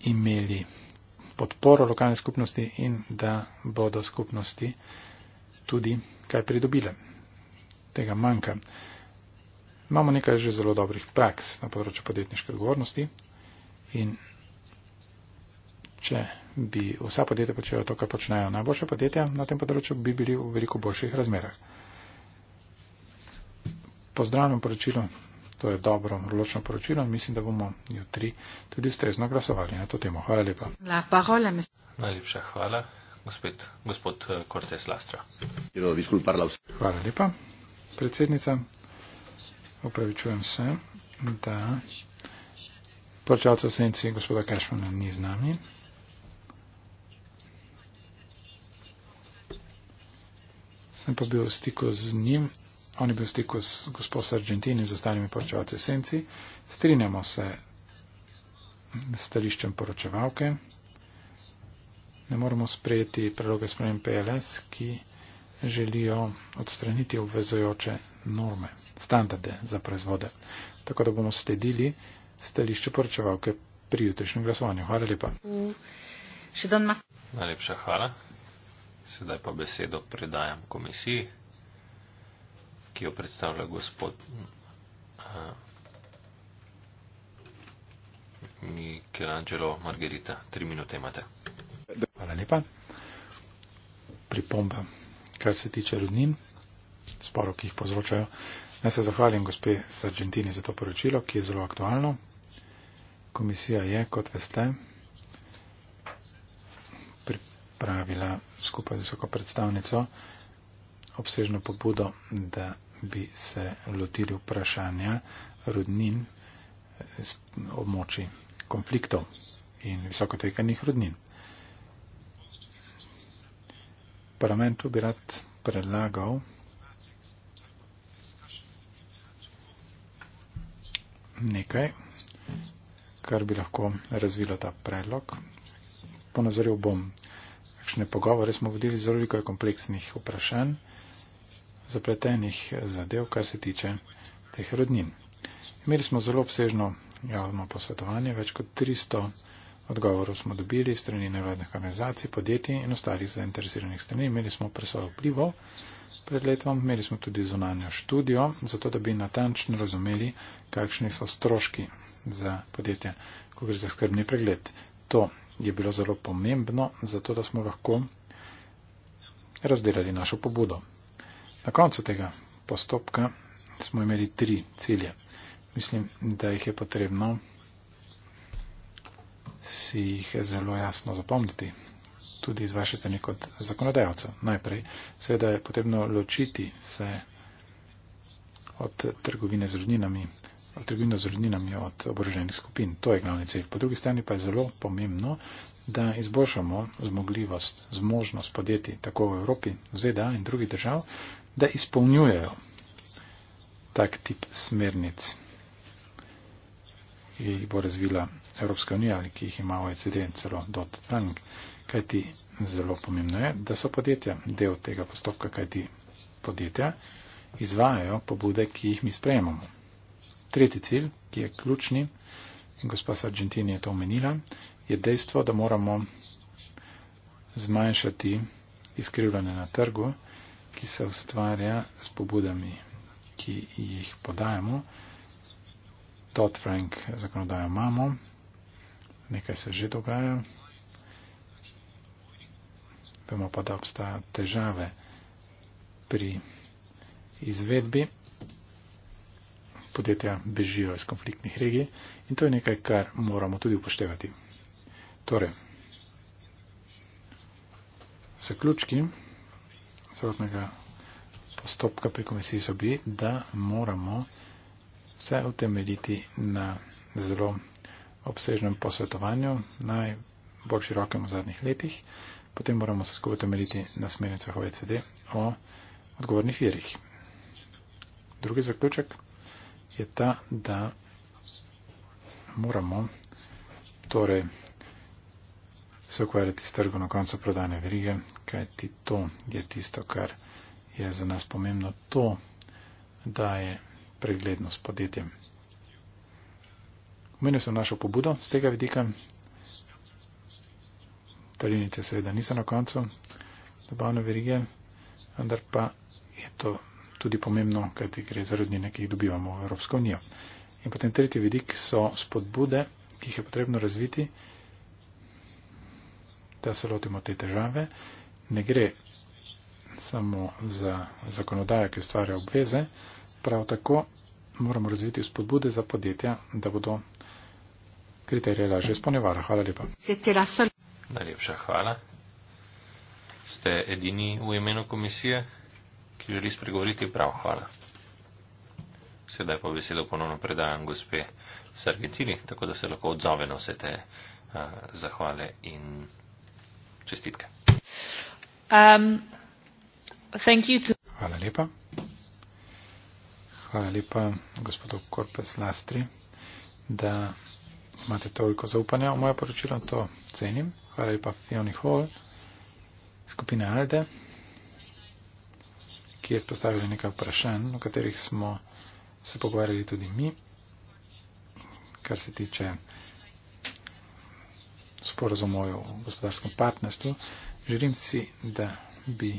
imeli podporo lokalne skupnosti in da bodo skupnosti tudi kaj pridobile. Tega manjka. Imamo nekaj že zelo dobrih praks na področju podjetniške odgovornosti in če bi vsa podjetja počela to, kar počnejo najboljša podjetja na tem področju, bi bili v veliko boljših razmerah. Pozdravljam poročilo To je dobro, odločno poročilo in mislim, da bomo jutri tudi ustrezno glasovali na to temo. Hvala lepa. La Najlepša hvala, gospod, gospod Kortes eh, Lastra. Hvala lepa, predsednica. Upravičujem se, da poročalca senci gospoda Kašmana ni z nami. Sem pa bil v stiku z njim on je bil v stiku s gospod Sargentini z ostalimi poročevalci Senci. Strinjamo se s stališčem poročevalke. Ne moremo sprejeti predloge sprejem PLS, ki želijo odstraniti obvezojoče norme, standarde za proizvode. Tako da bomo sledili stališče poročevalke pri jutrišnjem glasovanju. Hvala lepa. Najlepša hvala. Sedaj pa besedo predajam komisiji ki jo predstavlja gospod eh, Michelangelo Margherita. Tri minute imate. Hvala lepa. Pripomba, kar se tiče rodnin, sporo, ki jih povzročajo. Naj se zahvalim gospe z Argentini za to poročilo, ki je zelo aktualno. Komisija je, kot veste, pripravila skupaj z visoko predstavnico obsežno pobudo, da bi se lotili vprašanja rodnin z območji konfliktov in visokotekanih rodnin. Parlamentu bi rad predlagal nekaj, kar bi lahko razvilo ta predlog. Ponazoril bom, kakšne pogovore smo vodili z veliko kompleksnih vprašanj zapletenih zadev, kar se tiče teh rodnin. Imeli smo zelo obsežno javno posvetovanje, več kot 300 odgovorov smo dobili strani nevladnih organizacij, podjetij in ostalih zainteresiranih strani. Imeli smo presojo vplivov pred letom, imeli smo tudi zunanjo študijo, zato da bi natančno razumeli, kakšni so stroški za podjetje, ko gre za skrbni pregled. To je bilo zelo pomembno, zato da smo lahko razdelali našo pobudo. Na koncu tega postopka smo imeli tri cilje. Mislim, da jih je potrebno si jih zelo jasno zapomniti, tudi iz vaše strani kot zakonodajalca. Najprej, seveda je potrebno ločiti se od trgovine z rodninami, trgovino z rodninami od oboroženih skupin. To je glavni cilj. Po drugi strani pa je zelo pomembno, da izboljšamo zmogljivost, zmožnost podjetij tako v Evropi, v ZDA in drugih držav, da izpolnjujejo tak tip smernic, ki jih bo razvila Evropska unija ali ki jih ima OECD celo dot frank. Kajti zelo pomembno je, da so podjetja del tega postopka, kajti podjetja izvajajo pobude, ki jih mi sprejemamo tretji cilj, ki je ključni, in gospa Sargentini je to omenila, je dejstvo, da moramo zmanjšati izkrivljanje na trgu, ki se ustvarja s pobudami, ki jih podajamo. Dot Frank zakonodajo imamo, nekaj se že dogaja. Vemo pa, da obstajajo težave pri izvedbi podjetja bežijo iz konfliktnih regij in to je nekaj, kar moramo tudi upoštevati. Torej, zaključki celotnega postopka pri komisiji so bili, da moramo vse utemeljiti na zelo obsežnem posvetovanju, najbolj širokem v zadnjih letih, potem moramo se skupaj utemeljiti na smernicah OECD o odgovornih virih. Drugi zaključek je ta, da moramo torej se ukvarjati s trgom na koncu prodane verige, kaj ti to je tisto, kar je za nas pomembno, to daje preglednost podjetjem. Omenil sem našo pobudo z tega vidika. Trinice seveda niso na koncu dobavne verige, vendar pa je to tudi pomembno, kajti gre zaradi njih, ki jih dobivamo v Evropsko unijo. In potem tretji vidik so spodbude, ki jih je potrebno razviti, da se lotimo te težave. Ne gre samo za zakonodajo, ki ustvarja obveze, prav tako moramo razviti spodbude za podjetja, da bodo kriterije lažje spolnevala. Hvala lepa. Najlepša hvala. Ste edini v imenu komisije? ki želi spregovoriti, prav hvala. Sedaj pa besedo ponovno predajam gospe Sargentini, tako da se lahko odzove na vse te a, eh, zahvale in čestitke. Um, to... Hvala lepa. Hvala lepa, gospodu Korpes Lastri, da imate toliko zaupanja v moje poročilo, to cenim. Hvala lepa Fioni Hall, skupina Alde ki je spostavil nekaj vprašanj, o katerih smo se pogovarjali tudi mi, kar se tiče sporozumov o gospodarskem partnerstvu. Želim si, da bi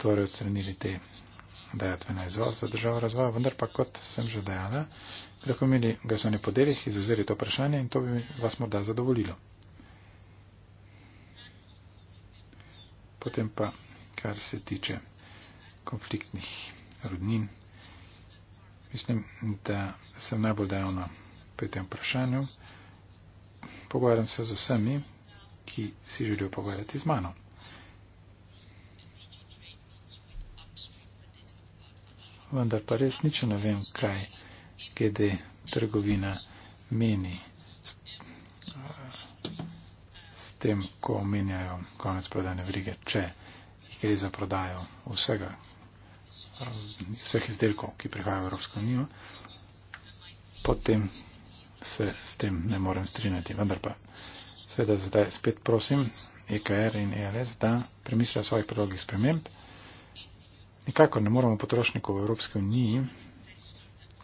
torej ocenili te dajatve na izvoz za državo razvoja, vendar pa kot sem že dejala, lahko imeli ga so ne podelih, izuzeli to vprašanje in to bi vas morda zadovoljilo. Potem pa, kar se tiče konfliktnih rodnin. Mislim, da sem najbolj dejavna pri tem vprašanju. Pogovarjam se z vsemi, ki si želijo pogovarjati z mano. Vendar pa res nič ne vem, kaj GD trgovina meni s, eh, s tem, ko omenjajo konec prodajne vrige, če gre za prodajo vsega, vseh izdelkov, ki prihajajo v Evropsko unijo, potem se s tem ne morem strinjati. Vendar pa seveda zdaj spet prosim EKR in ELS, da premislijo svojih predlogih sprememb. Nikakor ne moramo potrošnikov v Evropski uniji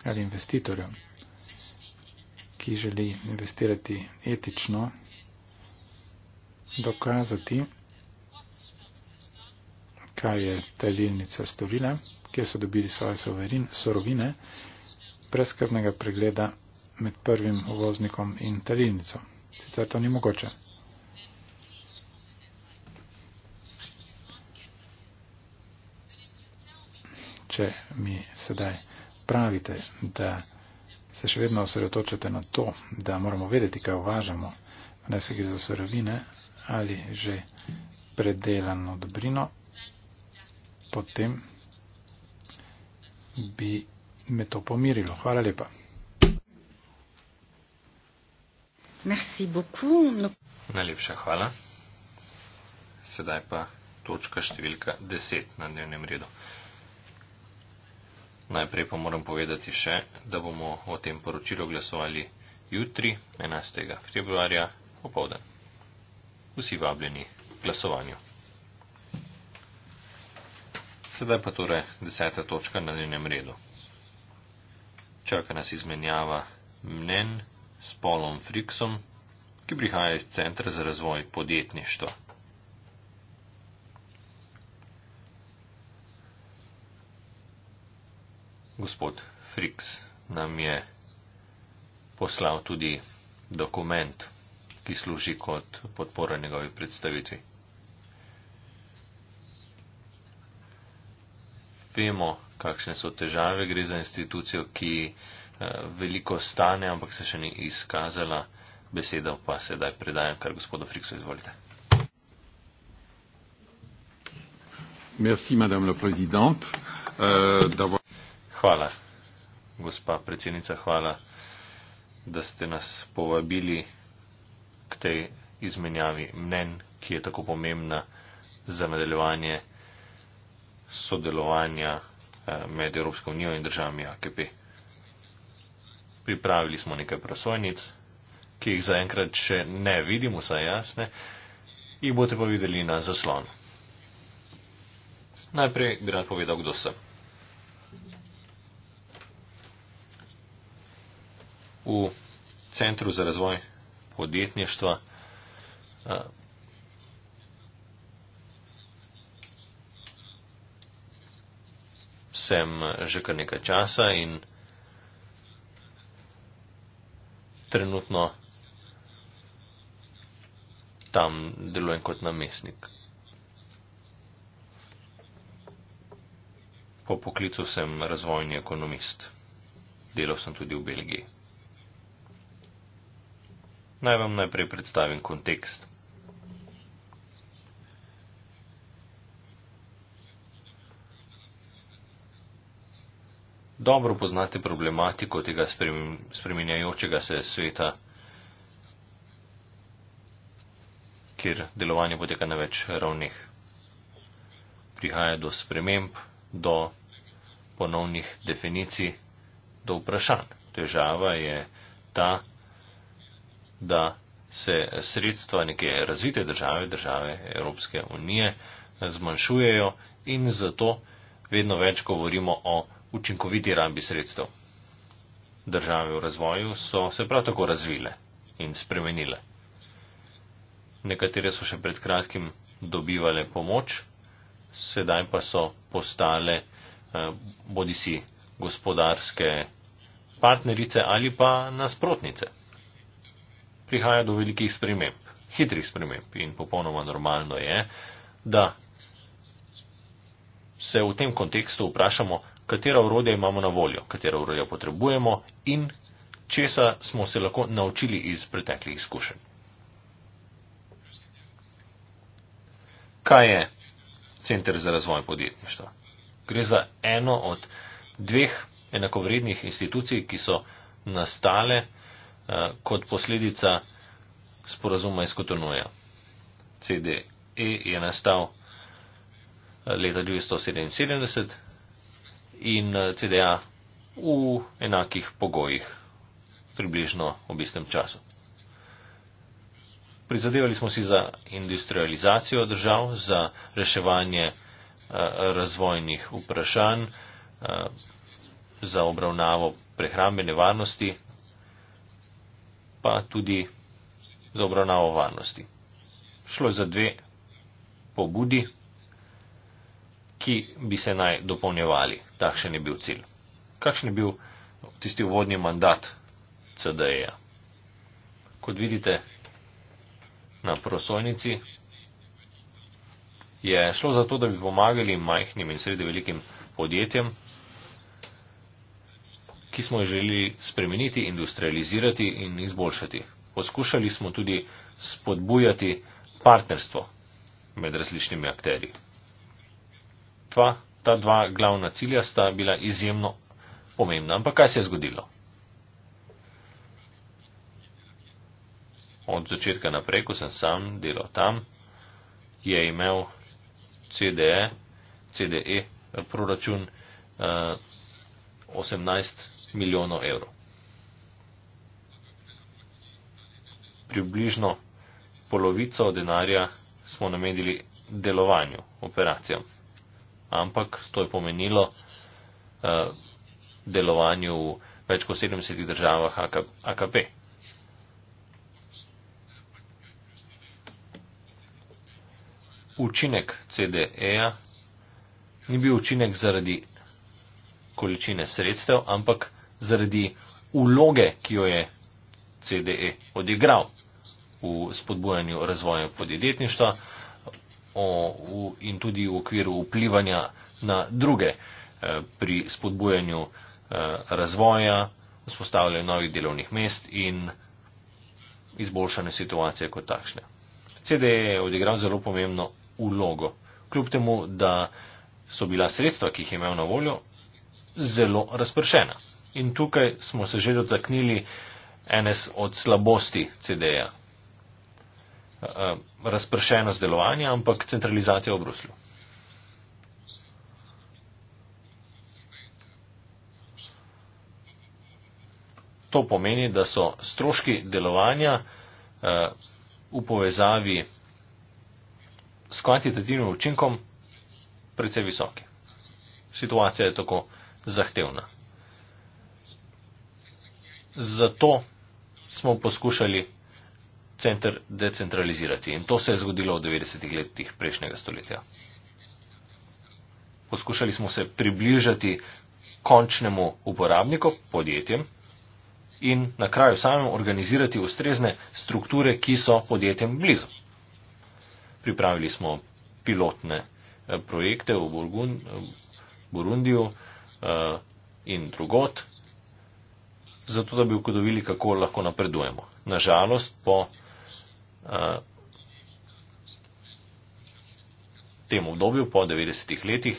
ali investitorjev, ki želi investirati etično, dokazati, kaj je ta delnica storila kje so dobili svoje sorovine, brez skrbnega pregleda med prvim uvoznikom in talilnico. Sicer to ni mogoče. Če mi sedaj pravite, da se še vedno osredotočate na to, da moramo vedeti, kaj uvažamo, da se gre za sorovine ali že predelano dobrino, potem bi me to pomirilo. Hvala lepa. Merci beaucoup. No- Najlepša hvala. Sedaj pa točka številka 10 na dnevnem redu. Najprej pa moram povedati še, da bomo o tem poročilu glasovali jutri, 11. februarja, popovdan. Vsi vabljeni glasovanju. Sedaj pa torej deseta točka na njenem redu. Čaka nas izmenjava mnen s Polom Friksom, ki prihaja iz Centra za razvoj podjetništva. Gospod Friks nam je poslal tudi dokument, ki služi kot podpora njegovi predstavitvi. vemo, kakšne so težave, gre za institucijo, ki eh, veliko stane, ampak se še ni izkazala besedo, pa sedaj predajam, kar gospodo Friksu izvolite. Merci, euh, Hvala, gospa predsednica, hvala, da ste nas povabili k tej izmenjavi mnen, ki je tako pomembna za nadaljevanje sodelovanja eh, med Evropsko unijo in državami AKP. Pripravili smo nekaj prosojnic, ki jih zaenkrat še ne vidimo, saj jasne, jih boste pa videli na zaslon. Najprej bi rad povedal, kdo sem. V Centru za razvoj podjetništva eh, sem že kar nekaj časa in trenutno tam delujem kot namestnik. Po poklicu sem razvojni ekonomist. Delal sem tudi v Belgiji. Naj vam najprej predstavim kontekst. dobro poznate problematiko tega spreminjajočega se sveta, kjer delovanje poteka na več ravneh. Prihaja do sprememb, do ponovnih definicij, do vprašanj. Težava je ta, da se sredstva neke razvite države, države Evropske unije, zmanjšujejo in zato vedno več govorimo o učinkoviti rabi sredstev. Države v razvoju so se prav tako razvile in spremenile. Nekatere so še pred kratkim dobivale pomoč, sedaj pa so postale eh, bodisi gospodarske partnerice ali pa nasprotnice. Prihaja do velikih sprememb, hitrih sprememb in popolnoma normalno je, da se v tem kontekstu vprašamo, katera urodja imamo na voljo, katera urodja potrebujemo in česa smo se lahko naučili iz preteklih izkušenj. Kaj je Center za razvoj podjetništva? Gre za eno od dveh enakovrednih institucij, ki so nastale uh, kot posledica sporazuma iz Kotonoja. CDE je nastal eh, leta 1977 in eh, CDA v enakih pogojih, približno ob istem času. Prizadevali smo si za industrializacijo držav, za reševanje eh, razvojnih vprašanj, eh, za obravnavo prehrambene varnosti, pa tudi za obravnavo varnosti. Šlo je za dve pobudi ki bi se naj dopolnjevali. Takšen je bil cilj. Kakšen je bil tisti uvodni mandat CDE-ja? Kot vidite na prosojnici, je šlo za to, da bi pomagali majhnim in sredi velikim podjetjem, ki smo jih želeli spremeniti, industrializirati in izboljšati. Poskušali smo tudi spodbujati partnerstvo med različnimi akteri dva, ta dva glavna cilja sta bila izjemno pomembna. Ampak kaj se je zgodilo? Od začetka naprej, ko sem sam delal tam, je imel CDE, CDE proračun eh, 18 milijonov evrov. Približno polovico denarja smo namenili delovanju, operacijam ampak to je pomenilo uh, eh, delovanju v več kot 70 državah AKP. Učinek CDE-ja ni bil učinek zaradi količine sredstev, ampak zaradi uloge, ki jo je CDE odigral v spodbujanju razvoja podjetništva o, v, in tudi v okviru vplivanja na druge eh, pri spodbujanju eh, razvoja, vzpostavljanju novih delovnih mest in izboljšanju situacije kot takšne. CDE je odigral zelo pomembno ulogo, kljub temu, da so bila sredstva, ki jih je imel na voljo, zelo razpršena. In tukaj smo se že dotaknili enes od slabosti CDE-ja. Eh, razpršenost delovanja, ampak centralizacija v Bruslju. To pomeni, da so stroški delovanja eh, v povezavi s kvantitativnim učinkom precej visoki. Situacija je tako zahtevna. Zato smo poskušali center decentralizirati. In to se je zgodilo v 90-ih letih prejšnjega stoletja. Poskušali smo se približati končnemu uporabniku, podjetjem, in na kraju samem organizirati ustrezne strukture, ki so podjetjem blizu. Pripravili smo pilotne eh, projekte v Burundiju eh, in drugot, zato da bi ugotovili, kako lahko napredujemo. Nažalost, po tem obdobju, po 90-ih letih,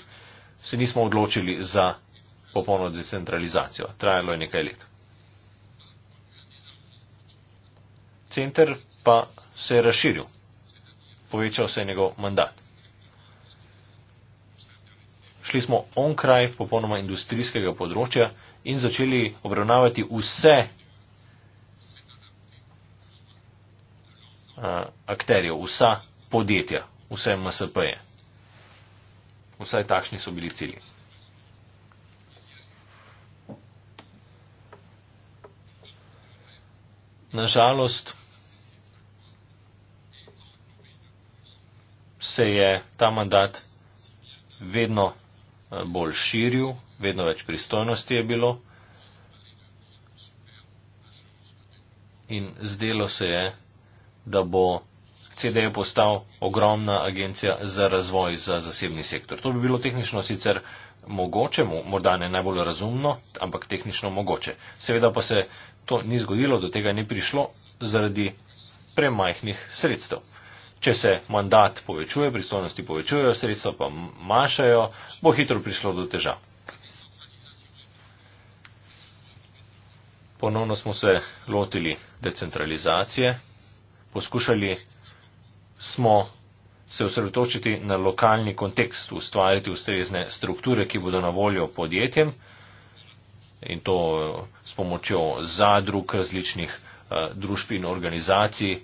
se nismo odločili za popolno decentralizacijo. Trajalo je nekaj let. Center pa se je razširil, povečal se je njegov mandat. Šli smo onkraj popolnoma industrijskega področja in začeli obravnavati vse Eh, akterjev, vsa podjetja, vse MSP-je. Vsaj takšni so bili cilji. Nažalost se je ta mandat vedno eh, bolj širil, vedno več pristojnosti je bilo in zdelo se je, da bo CD postal ogromna agencija za razvoj za zasebni sektor. To bi bilo tehnično sicer mogoče, morda ne najbolj razumno, ampak tehnično mogoče. Seveda pa se to ni zgodilo, do tega ni prišlo zaradi premajhnih sredstev. Če se mandat povečuje, pristojnosti povečujejo, sredstva pa mašajo, bo hitro prišlo do težav. Ponovno smo se lotili decentralizacije, poskušali smo se osredotočiti na lokalni kontekst, ustvariti ustrezne strukture, ki bodo na voljo podjetjem in to eh, s pomočjo zadrug različnih eh, družb in organizacij,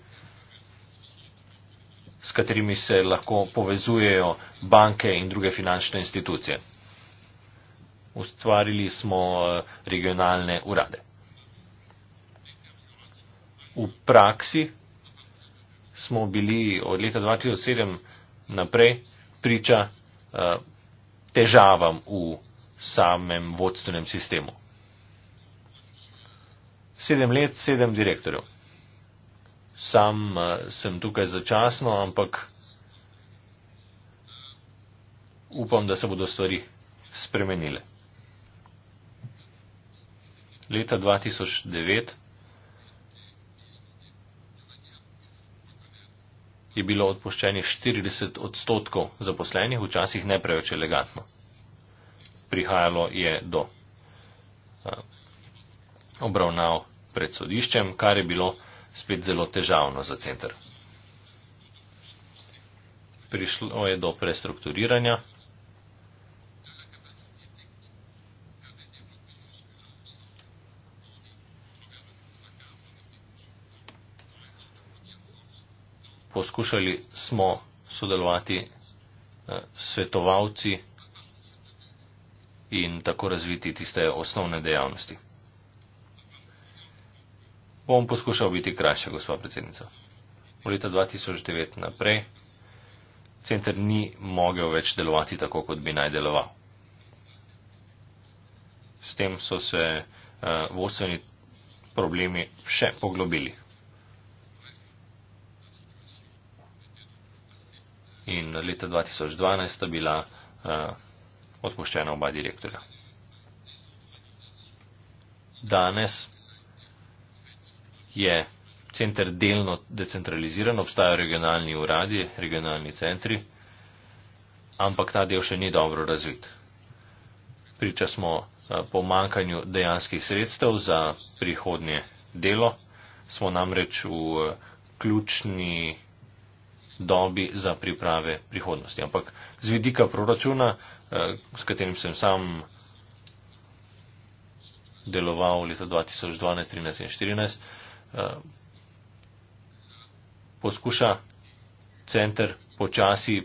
s katerimi se lahko povezujejo banke in druge finančne institucije. Ustvarili smo eh, regionalne urade. V praksi smo bili od leta 2007 naprej priča eh, težavam v samem vodstvenem sistemu. Sedem let, sedem direktorjev. Sam eh, sem tukaj začasno, ampak upam, da se bodo stvari spremenile. Leta 2009 je bilo odpuščenih 40 odstotkov zaposlenih, včasih ne preveč elegantno. Prihajalo je do obravnav pred sodiščem, kar je bilo spet zelo težavno za center. Prišlo je do prestrukturiranja. poskušali smo sodelovati eh, svetovalci in tako razviti tiste osnovne dejavnosti. Bom poskušal biti krajša, gospod predsednica. V leta 2009 naprej center ni mogel več delovati tako, kot bi naj deloval. S tem so se uh, vodstveni problemi še poglobili. in leta 2012 sta bila uh, odpuščena oba direktorja. Danes je center delno decentraliziran, obstajajo regionalni uradi, regionalni centri, ampak ta del še ni dobro razvit. Priča smo eh, pomankanju dejanskih sredstev za prihodnje delo. Smo namreč v eh, ključni dobi za priprave prihodnosti. Ampak z vidika proračuna, eh, s katerim sem sam deloval leta 2012, 2013 in 2014, eh, poskuša center počasi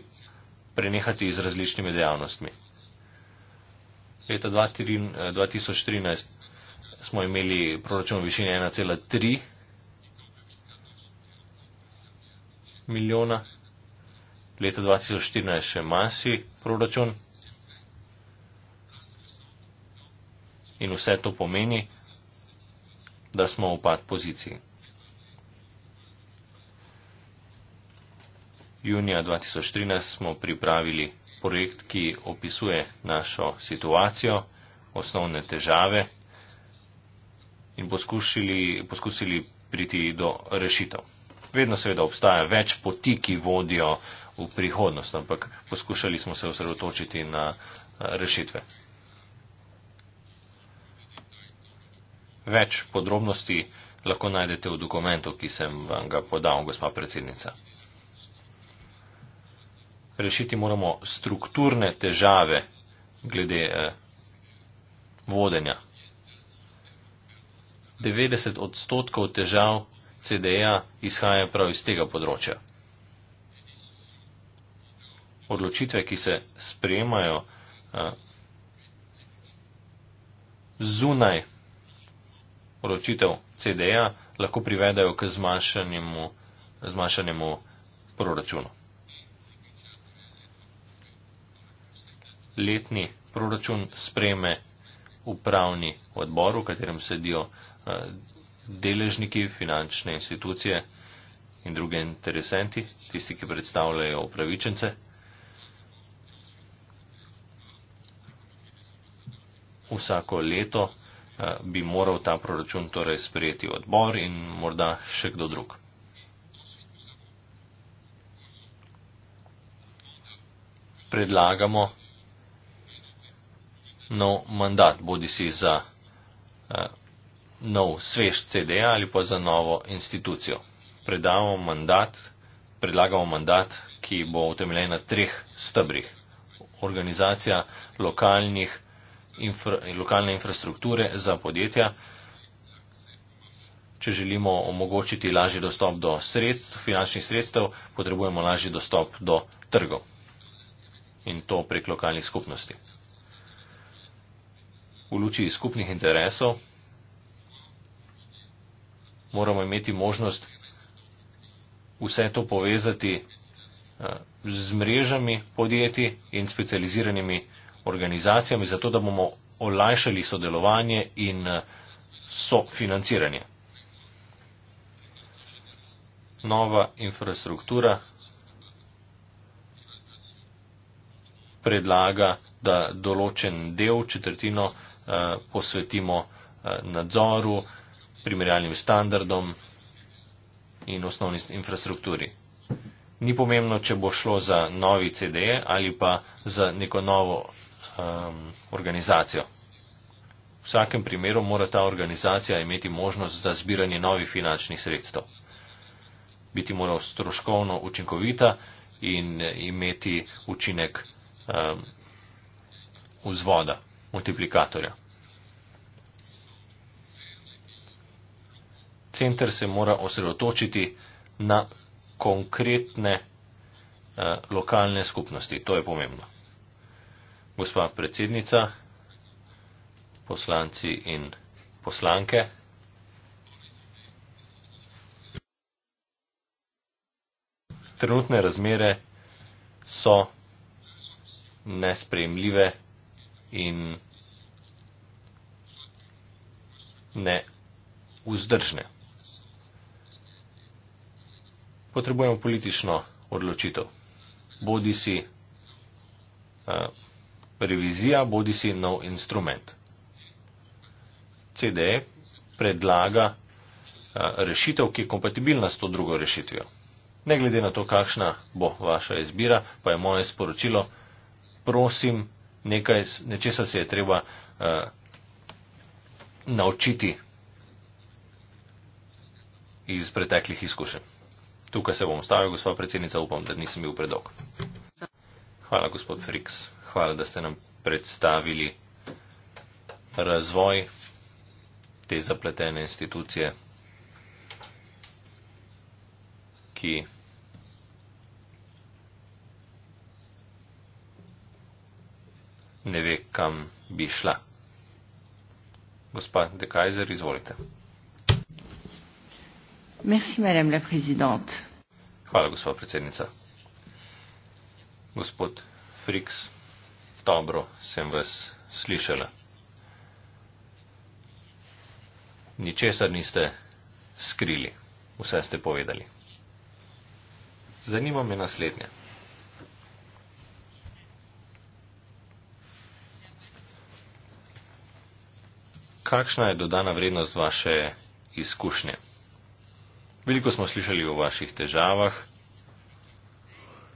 prenehati z različnimi dejavnostmi. Leta 2013 eh, smo imeli proračun v višini 1,3 milijona, leto 2014 še masi proračun. In vse to pomeni, da smo v pad poziciji. Junija 2013 smo pripravili projekt, ki opisuje našo situacijo, osnovne težave in poskusili, poskusili priti do rešitev. Vedno seveda obstaja več poti, ki vodijo v prihodnost, ampak poskušali smo se osredotočiti na eh, rešitve. Več podrobnosti lahko najdete v dokumentu, ki sem vam ga podal, gospa predsednica. Rešiti moramo strukturne težave glede eh, vodenja. 90 odstotkov težav CD-ja izhaja prav iz tega področja. Odločitve, ki se sprejemajo zunaj odločitev CD-ja, lahko privedajo k zmanjšanjemu, zmanjšanjemu proračunu. Letni proračun sprejme upravni odbor, v katerem sedijo deležniki, finančne institucije in druge interesenti, tisti, ki predstavljajo upravičence, vsako leto eh, bi moral ta proračun torej sprejeti odbor in morda še kdo drug. Predlagamo nov mandat, bodi si za eh, nov svež CD ali pa za novo institucijo. Predavamo mandat, predlagamo mandat, ki bo utemeljen na treh stebrih. Organizacija lokalnih, infra, lokalne infrastrukture za podjetja, če želimo omogočiti lažji dostop do sredstv, finančnih sredstev, potrebujemo lažji dostop do trgov in to prek lokalnih skupnosti. V luči skupnih interesov moramo imeti možnost vse to povezati eh, z mrežami podjetij in specializiranimi organizacijami, zato da bomo olajšali sodelovanje in eh, sofinanciranje. Nova infrastruktura predlaga, da določen del, četrtino, eh, posvetimo nadzoru, primerjalnim standardom in osnovni infrastrukturi. Ni pomembno, če bo šlo za novi CD e ali pa za neko novo um, organizacijo. V vsakem primeru mora ta organizacija imeti možnost za zbiranje novih finančnih sredstev. Biti mora stroškovno učinkovita in imeti učinek um, vzvoda, multiplikatorja. center se mora osredotočiti na konkretne eh, lokalne skupnosti. To je pomembno. Gospa predsednica, poslanci in poslanke. Trenutne razmere so nespremljive in neuzdržne potrebujemo politično odločitev. Bodi si uh, revizija, bodi si nov instrument. CDE predlaga uh, rešitev, ki je kompatibilna s to drugo rešitvijo. Ne glede na to, kakšna bo vaša izbira, pa je moje sporočilo, prosim, nekaj, nečesa se je treba uh, naučiti iz preteklih izkušenj. Tukaj se bom stavil, gospod predsednica, upam, da nisem bil predolg. Hvala, gospod Friks. Hvala, da ste nam predstavili razvoj te zapletene institucije, ki ne ve, kam bi šla. Gospod De Kajzer, izvolite. Hvala, gospa predsednica. Gospod Friks, dobro sem vas slišala. Ničesar niste skrili, vse ste povedali. Zanima me naslednje. Kakšna je dodana vrednost vaše izkušnje? Veliko smo slišali o vaših težavah,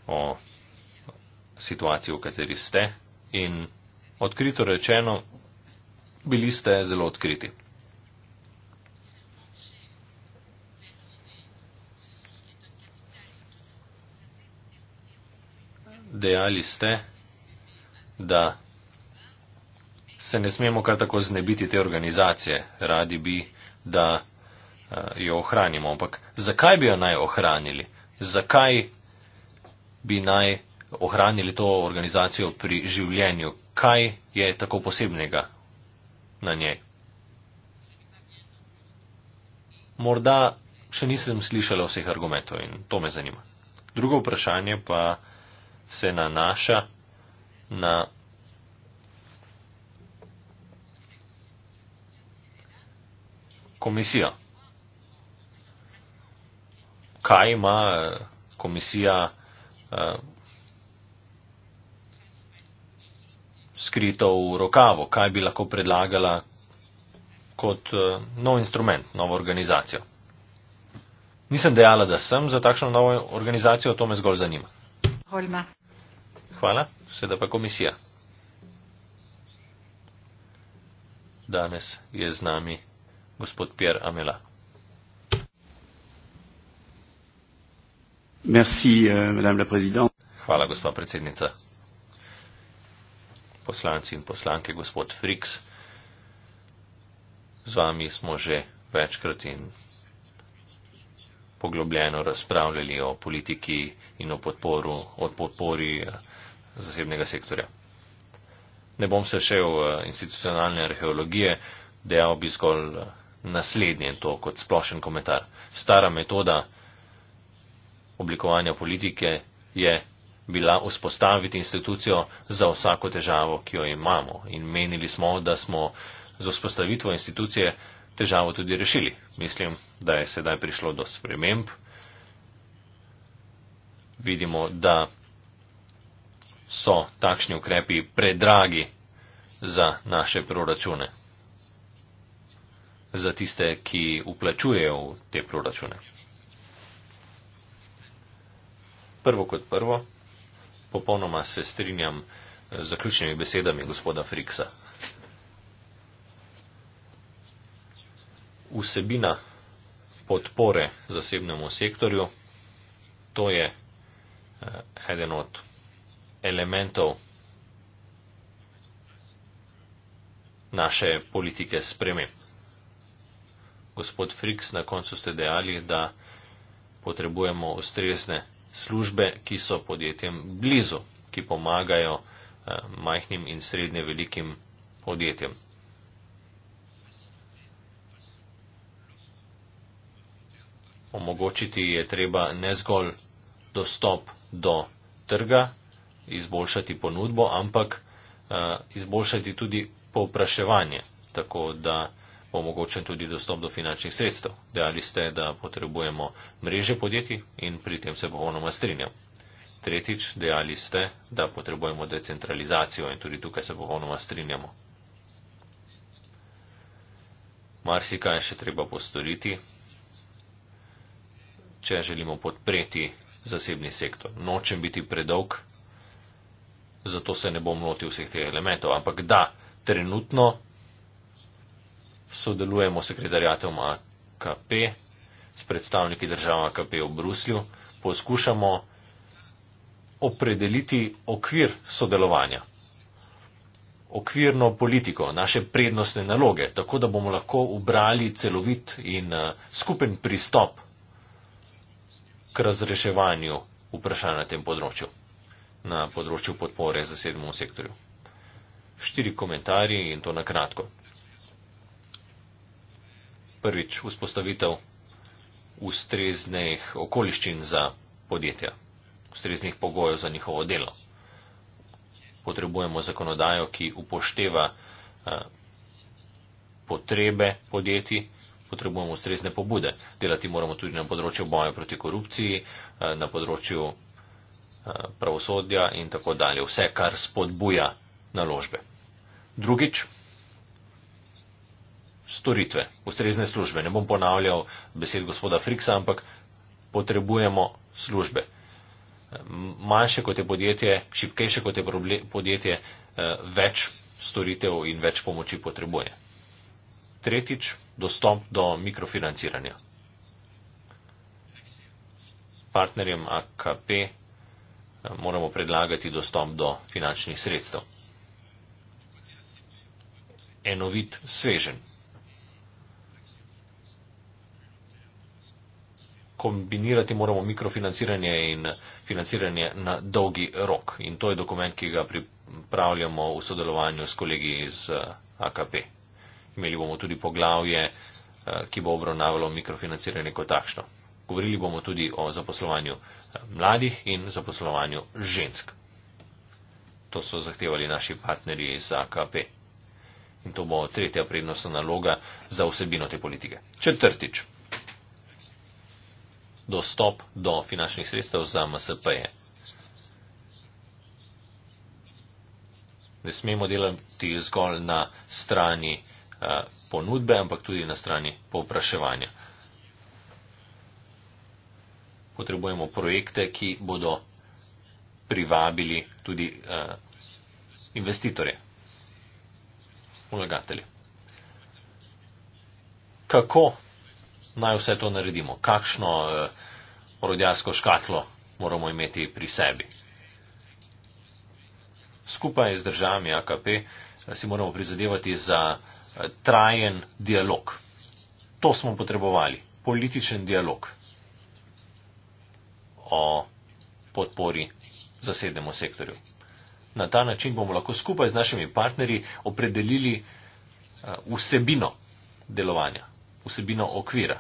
o situaciji, v kateri ste in odkrito rečeno, bili ste zelo odkriti. Dejali ste, da se ne smemo kar tako znebiti te organizacije. Radi bi, da Eh, jo ohranimo. Ampak zakaj bi jo naj ohranili? Zakaj bi naj ohranili to organizacijo pri življenju? Kaj je tako posebnega na njej? Morda še nisem slišala vseh argumentov in to me zanima. Drugo vprašanje pa se nanaša na komisijo kaj ima eh, komisija uh, skrito v rokavo, kaj bi lahko predlagala kot uh, nov instrument, novo organizacijo. Nisem dejala, da sem za takšno novo organizacijo, to me zgolj zanima. Holma. Hvala, sedaj pa komisija. Danes je z nami gospod Pierre Amela. Merci, eh, Hvala, gospa predsednica. Poslanci in poslanke, gospod Friks, z vami smo že večkrat in poglobljeno razpravljali o politiki in o podporu, podpori eh, zasebnega sektorja. Ne bom se šel v eh, institucionalne arheologije, dejal bi zgolj eh, naslednje to kot splošen komentar. Stara metoda oblikovanja politike je bila vzpostaviti institucijo za vsako težavo, ki jo imamo. In menili smo, da smo z vzpostavitvo institucije težavo tudi rešili. Mislim, da je sedaj prišlo do sprememb. Vidimo, da so takšni ukrepi predragi za naše proračune, za tiste, ki uplačujejo te proračune prvo kot prvo, popolnoma se strinjam eh, z zaključnimi besedami gospoda Friksa. Vsebina podpore zasebnemu sektorju, to je eh, eden od elementov naše politike spreme. Gospod Friks, na koncu ste dejali, da potrebujemo ustrezne službe, ki so podjetjem blizu, ki pomagajo eh, majhnim in srednje velikim podjetjem. Omogočiti je treba ne zgolj dostop do trga, izboljšati ponudbo, ampak eh, izboljšati tudi povpraševanje, tako da bo omogočen tudi dostop do finančnih sredstev. Dejali ste, da potrebujemo mreže podjetij in pri tem se popolnoma strinjam. Tretjič, dejali ste, da potrebujemo decentralizacijo in tudi tukaj se popolnoma strinjamo. Marsikaj še treba postoriti, če želimo podpreti zasebni sektor. Nočem biti predolg, zato se ne bom lotil vseh teh elementov, ampak da, trenutno sodelujemo s sekretarjatom AKP, s predstavniki država AKP v Bruslju, poskušamo opredeliti okvir sodelovanja, okvirno politiko, naše prednostne naloge, tako da bomo lahko ubrali celovit in eh, skupen pristop k razreševanju vprašanj na tem področju, na področju podpore zasebnemu sektorju. Štiri komentarje in to na kratko prvič vzpostavitev ustreznih okoliščin za podjetja, ustreznih pogojev za njihovo delo. Potrebujemo zakonodajo, ki upošteva eh, potrebe podjetij, potrebujemo ustrezne pobude. Delati moramo tudi na področju boja proti korupciji, eh, na področju eh, pravosodja in tako dalje. Vse, kar spodbuja naložbe. Drugič, storitve, ustrezne službe. Ne bom ponavljal besed gospoda Friksa, ampak potrebujemo službe. Manjše kot je podjetje, šipkejše kot je podjetje, eh, več storitev in več pomoči potrebuje. Tretjič, dostop do mikrofinanciranja. Partnerjem AKP eh, moramo predlagati dostop do finančnih sredstev. Enovit, svežen. kombinirati moramo mikrofinanciranje in financiranje na dolgi rok. In to je dokument, ki ga pripravljamo v sodelovanju s kolegi iz eh, AKP. Imeli bomo tudi poglavje, eh, ki bo obravnavalo mikrofinanciranje kot takšno. Govorili bomo tudi o zaposlovanju eh, mladih in zaposlovanju žensk. To so zahtevali naši partnerji iz AKP. In to bo tretja prednostna naloga za vsebino te politike. Četrtič dostop do finančnih sredstev za MSP-je. Ne smemo delati zgolj na strani eh, ponudbe, ampak tudi na strani povpraševanja. Potrebujemo projekte, ki bodo privabili tudi eh, investitorje, vlagatelje. Kako naj vse to naredimo, kakšno eh, orodjarsko škatlo moramo imeti pri sebi. Skupaj z državami AKP eh, si moramo prizadevati za eh, trajen dialog. To smo potrebovali, političen dialog o podpori zasednemu sektorju. Na ta način bomo lahko skupaj z našimi partnerji opredelili eh, vsebino delovanja vsebino okvira.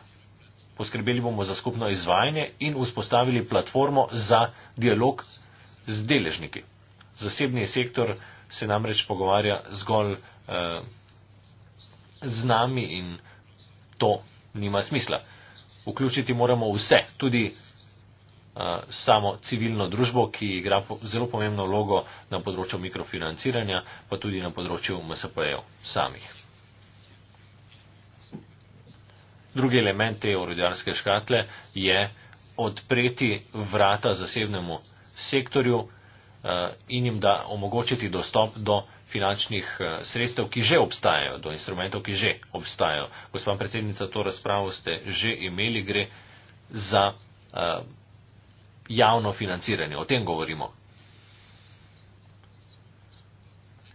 Poskrbeli bomo za skupno izvajanje in vzpostavili platformo za dialog z deležniki. Zasebni sektor se namreč pogovarja zgolj eh, z nami in to nima smisla. Vključiti moramo vse, tudi eh, samo civilno družbo, ki igra zelo pomembno vlogo na področju mikrofinanciranja, pa tudi na področju MSP-jev samih. Drugi element te orodjarske škatle je odpreti vrata zasebnemu sektorju eh, in jim da omogočiti dostop do finančnih eh, sredstev, ki že obstajajo, do instrumentov, ki že obstajajo. Gospod predsednica, to razpravo ste že imeli, gre za eh, javno financiranje. O tem govorimo.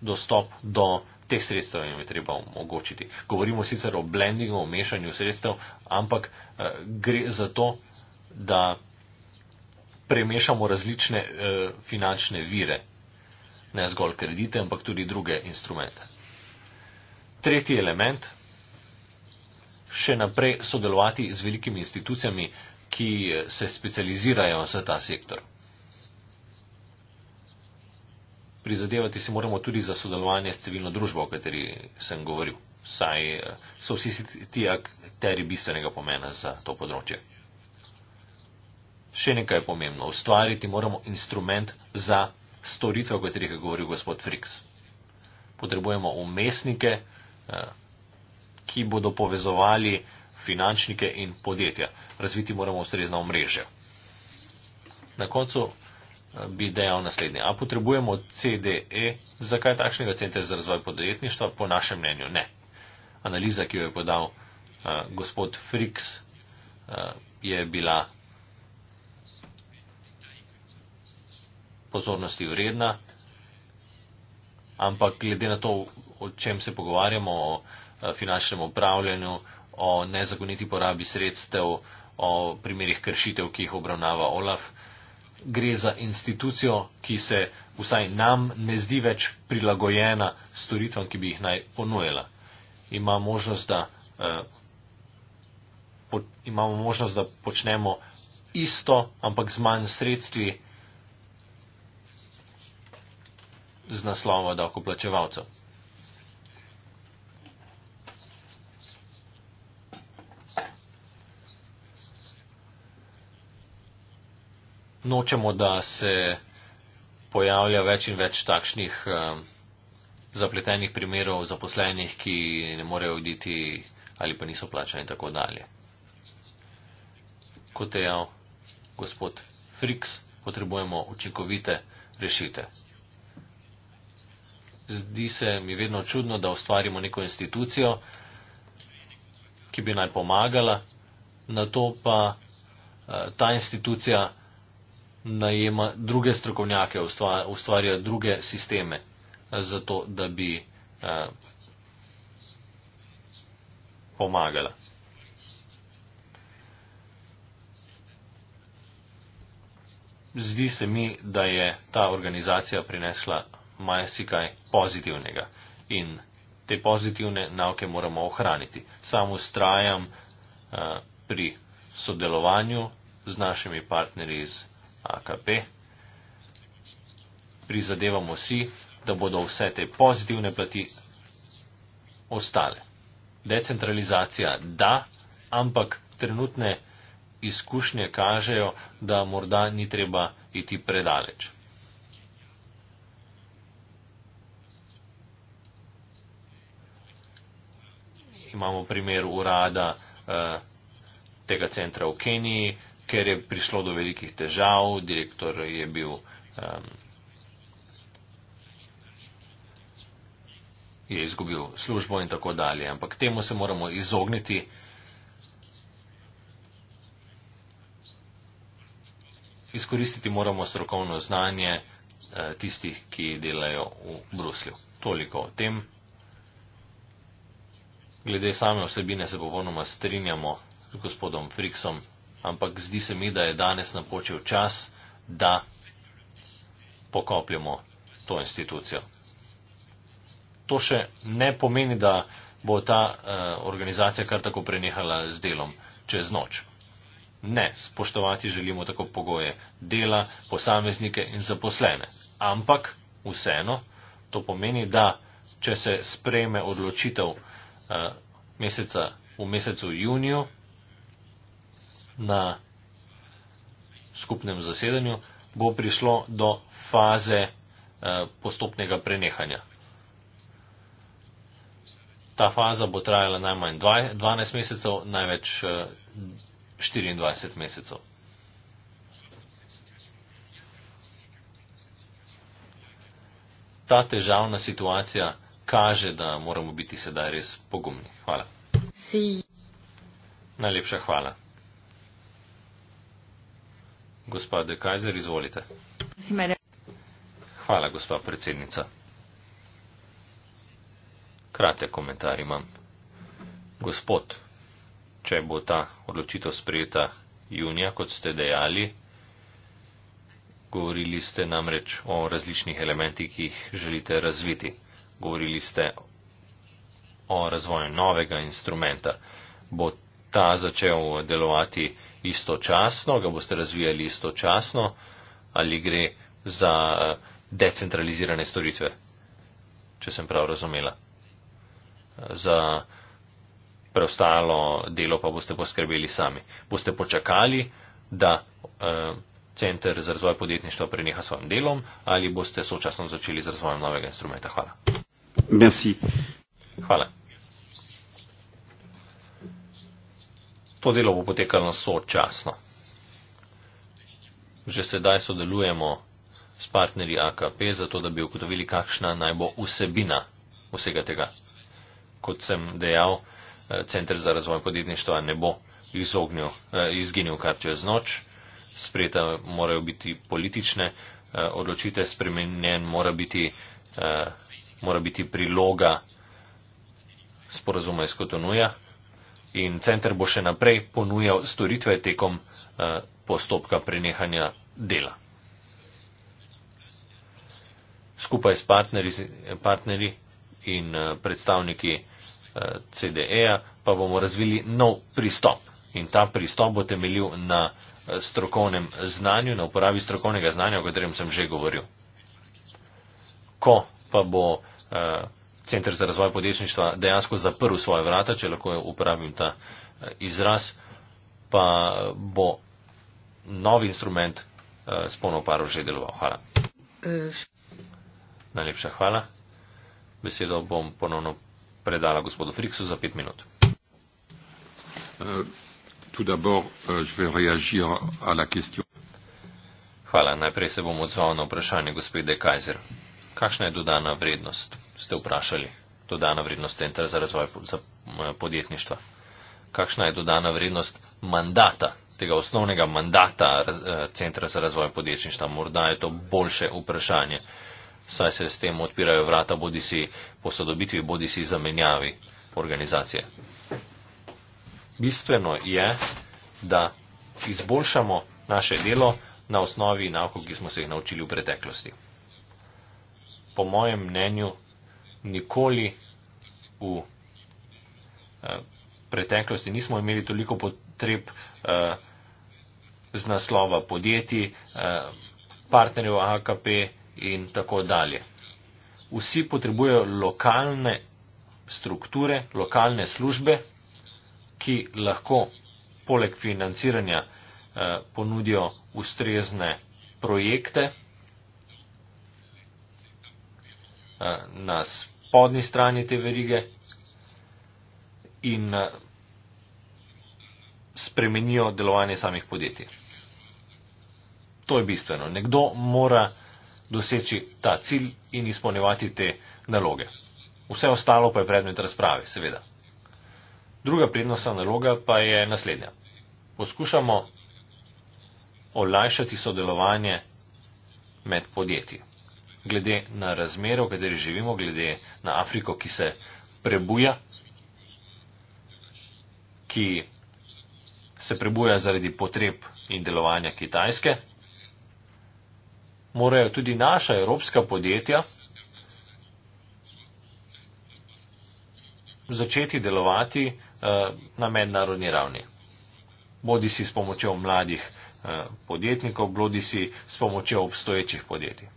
Dostop do teh sredstev jim je treba omogočiti. Govorimo sicer o blendingu, o mešanju sredstev, ampak eh, gre za to, da premešamo različne eh, finančne vire, ne zgolj kredite, ampak tudi druge instrumente. Tretji element, še naprej sodelovati z velikimi institucijami, ki eh, se specializirajo za ta sektor. prizadevati si moramo tudi za sodelovanje s civilno družbo, o kateri sem govoril. Saj eh, so vsi ti akteri bistvenega pomena za to področje. Še nekaj je pomembno. Ustvariti moramo instrument za storitve, o katerih je govoril gospod Friks. Potrebujemo umestnike, eh, ki bodo povezovali finančnike in podjetja. Razviti moramo ustrezna omrežja. Na koncu Eh, bi dejal naslednje. A potrebujemo CDE za kaj takšnega centra za razvoj podjetništva? Po našem mnenju ne. Analiza, ki jo je podal uh, gospod Friks, uh, je bila pozornosti vredna, ampak glede na to, o čem se pogovarjamo, o uh, finančnem upravljanju, o nezakoniti porabi sredstev, o primerih kršitev, ki jih obravnava OLAF, uh, gre za institucijo, ki se vsaj nam ne zdi več prilagojena storitvam, ki bi jih naj ponujala. Ima možnost, da, eh, imamo možnost, da počnemo isto, ampak z manj sredstvi z naslova davkoplačevalcev. nočemo, da se pojavlja več in več takšnih eh, zapletenih primerov zaposlenih, ki ne morejo oditi ali pa niso plačani in tako dalje. Kot je jav gospod Friks, potrebujemo učinkovite rešite. Zdi se mi vedno čudno, da ustvarimo neko institucijo, ki bi naj pomagala, na to pa eh, ta institucija najema druge strokovnjake, ustvarja, ustvarja druge sisteme, eh, zato da bi eh, pomagala. Zdi se mi, da je ta organizacija prinesla majsikaj pozitivnega in te pozitivne nauke moramo ohraniti. Sam ustrajam eh, pri sodelovanju z našimi partnerji iz. AKP. Prizadevamo si, da bodo vse te pozitivne plati ostale. Decentralizacija da, ampak trenutne izkušnje kažejo, da morda ni treba iti predaleč. Imamo primer urada eh, tega centra v Keniji, ker je prišlo do velikih težav, direktor je bil um, je izgubil službo in tako dalje. Ampak temu se moramo izogniti. Izkoristiti moramo strokovno znanje eh, tistih, ki delajo v Bruslju. Toliko o tem. Glede same vsebine se popolnoma strinjamo z gospodom Friksom, ampak zdi se mi, da je danes napočil čas, da pokopljamo to institucijo. To še ne pomeni, da bo ta uh, organizacija kar tako prenehala z delom čez noč. Ne, spoštovati želimo tako pogoje dela, posameznike in zaposlene. Ampak vseeno, to pomeni, da če se sprejme odločitev uh, meseca, v mesecu juniju, na skupnem zasedanju, bo prišlo do faze eh, postopnega prenehanja. Ta faza bo trajala najmanj 12 mesecev, največ 24 eh, mesecev. Ta težavna situacija kaže, da moramo biti sedaj res pogumni. Hvala. Si. Najlepša hvala. Gospod De Kajzer, izvolite. Hvala, gospod predsednica. Kratek komentar imam. Gospod, če bo ta odločitev sprejeta junija, kot ste dejali, govorili ste namreč o različnih elementih, ki jih želite razviti. Govorili ste o razvoju novega instrumenta. Bo ta začel delovati istočasno, ga boste razvijali istočasno ali gre za eh, decentralizirane storitve, če sem prav razumela. Za preostalo delo pa boste poskrbeli sami. Boste počakali, da eh, Center za razvoj podjetništva preneha svojim delom ali boste sočasno začeli z razvojem novega instrumenta. Hvala. Merci. Hvala. to delo bo potekalo sočasno. Že sedaj sodelujemo s partnerji AKP, zato da bi ugotovili, kakšna naj bo vsebina vsega tega. Kot sem dejal, eh, Centr za razvoj podjetništva ne bo izognil, eh, izginil kar čez noč, sprejeta morajo biti politične eh, odločitve, spremenjen mora biti, mora biti priloga sporazuma iz Kotonuja in center bo še naprej ponujal storitve tekom eh, postopka prenehanja dela. Skupaj s partneri, partneri in eh, predstavniki eh, CDE-ja pa bomo razvili nov pristop. In ta pristop bo temeljil na strokovnem znanju, na uporabi strokovnega znanja, o katerem sem že govoril. Ko pa bo Centr za razvoj podjetništva dejansko zaprl svoje vrata, če lahko uporabim ta eh, izraz, pa eh, bo novi instrument eh, spolno paro že deloval. Hvala. Najlepša hvala. Besedo bom ponovno predala gospodu Friksu za pet minut. Hvala. Najprej se bom odzval na vprašanje gospede Kajzer. Kakšna je dodana vrednost, ste vprašali, dodana vrednost centra za razvoj za eh, podjetništva? Kakšna je dodana vrednost mandata, tega osnovnega mandata eh, centra za razvoj podjetništva? Morda je to boljše vprašanje, saj se s tem odpirajo vrata bodi si posodobitvi, bodi si zamenjavi organizacije. Bistveno je, da izboljšamo naše delo na osnovi navkov, ki smo se jih naučili v preteklosti po mojem mnenju, nikoli v eh, preteklosti nismo imeli toliko potreb eh, z naslova podjetij, eh, partnerjev AKP in tako dalje. Vsi potrebujejo lokalne strukture, lokalne službe, ki lahko poleg financiranja ponudijo ustrezne projekte, Eh, na spodnji strani te verige in eh, spremenijo delovanje samih podjetij. To je bistveno. Nekdo mora doseči ta cilj in izpolnjevati te naloge. Vse ostalo pa je predmet razprave, seveda. Druga prednostna naloga pa je naslednja. Poskušamo olajšati sodelovanje med podjetji glede na razmero, v kateri živimo, glede na Afriko, ki se prebuja, ki se prebuja zaradi potreb in delovanja Kitajske, morajo tudi naša evropska podjetja začeti delovati uh, na mednarodni ravni. Bodi si s pomočjo mladih uh, podjetnikov, bodi si s pomočjo obstoječih podjetij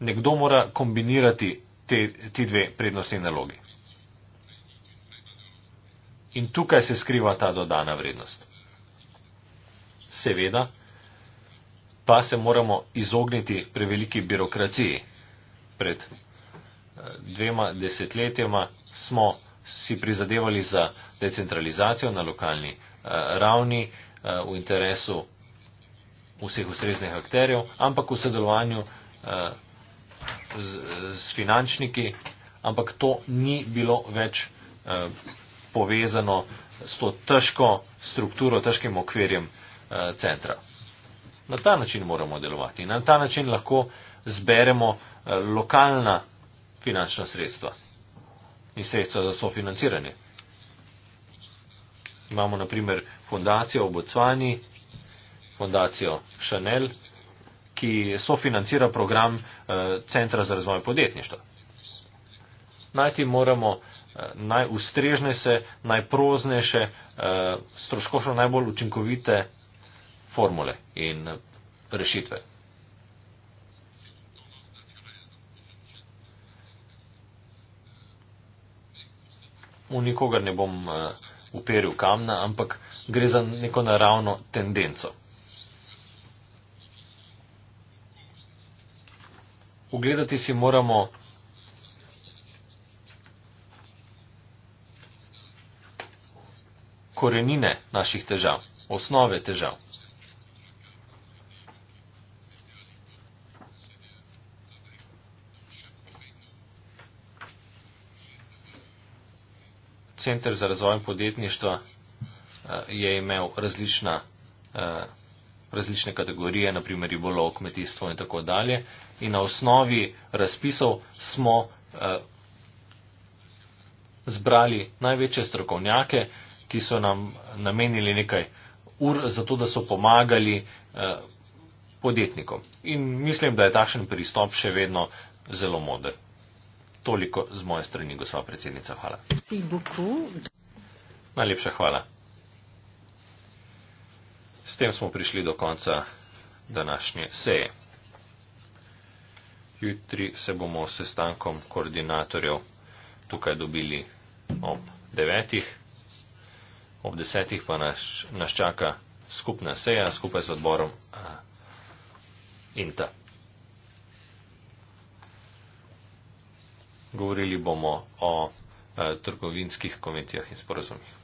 nekdo mora kombinirati te, ti dve prednostni nalogi. In tukaj se skriva ta dodana vrednost. Seveda pa se moramo izogniti preveliki birokraciji. Pred eh, dvema desetletjema smo si prizadevali za decentralizacijo na lokalni eh, ravni eh, v interesu vseh ustreznih akterjev, ampak v sodelovanju z, z finančniki, ampak to ni bilo več eh, povezano s to težko strukturo, težkim okvirjem eh, centra. Na ta način moramo delovati. Na ta način lahko zberemo eh, lokalna finančna sredstva in sredstva za sofinanciranje. Imamo naprimer fundacijo v Bocvani, fundacijo Chanel, ki sofinancira program eh, Centra za razvoj podjetništva. Najti moramo eh, najustrežnejše, najprozneše, eh, stroškošno najbolj učinkovite formule in rešitve. V nikogar ne bom uperil kamna, ampak gre za neko naravno tendenco. ogledati si moramo korenine naših težav, osnove težav. Center za razvoj podjetništva eh, je imel različna eh, različne kategorije, naprimer ribolov, kmetijstvo in tako dalje. In na osnovi razpisov smo eh, zbrali največje strokovnjake, ki so nam namenili nekaj ur za to, da so pomagali eh, podjetnikom. In mislim, da je takšen pristop še vedno zelo moder. Toliko z moje strani, gospa predsednica. Hvala. Najlepša hvala. S tem smo prišli do konca današnje seje. Jutri se bomo s sestankom koordinatorjev tukaj dobili ob devetih, ob desetih pa nas, nas čaka skupna seja skupaj z odborom INTA. Govorili bomo o trgovinskih konvencijah in sporozumih.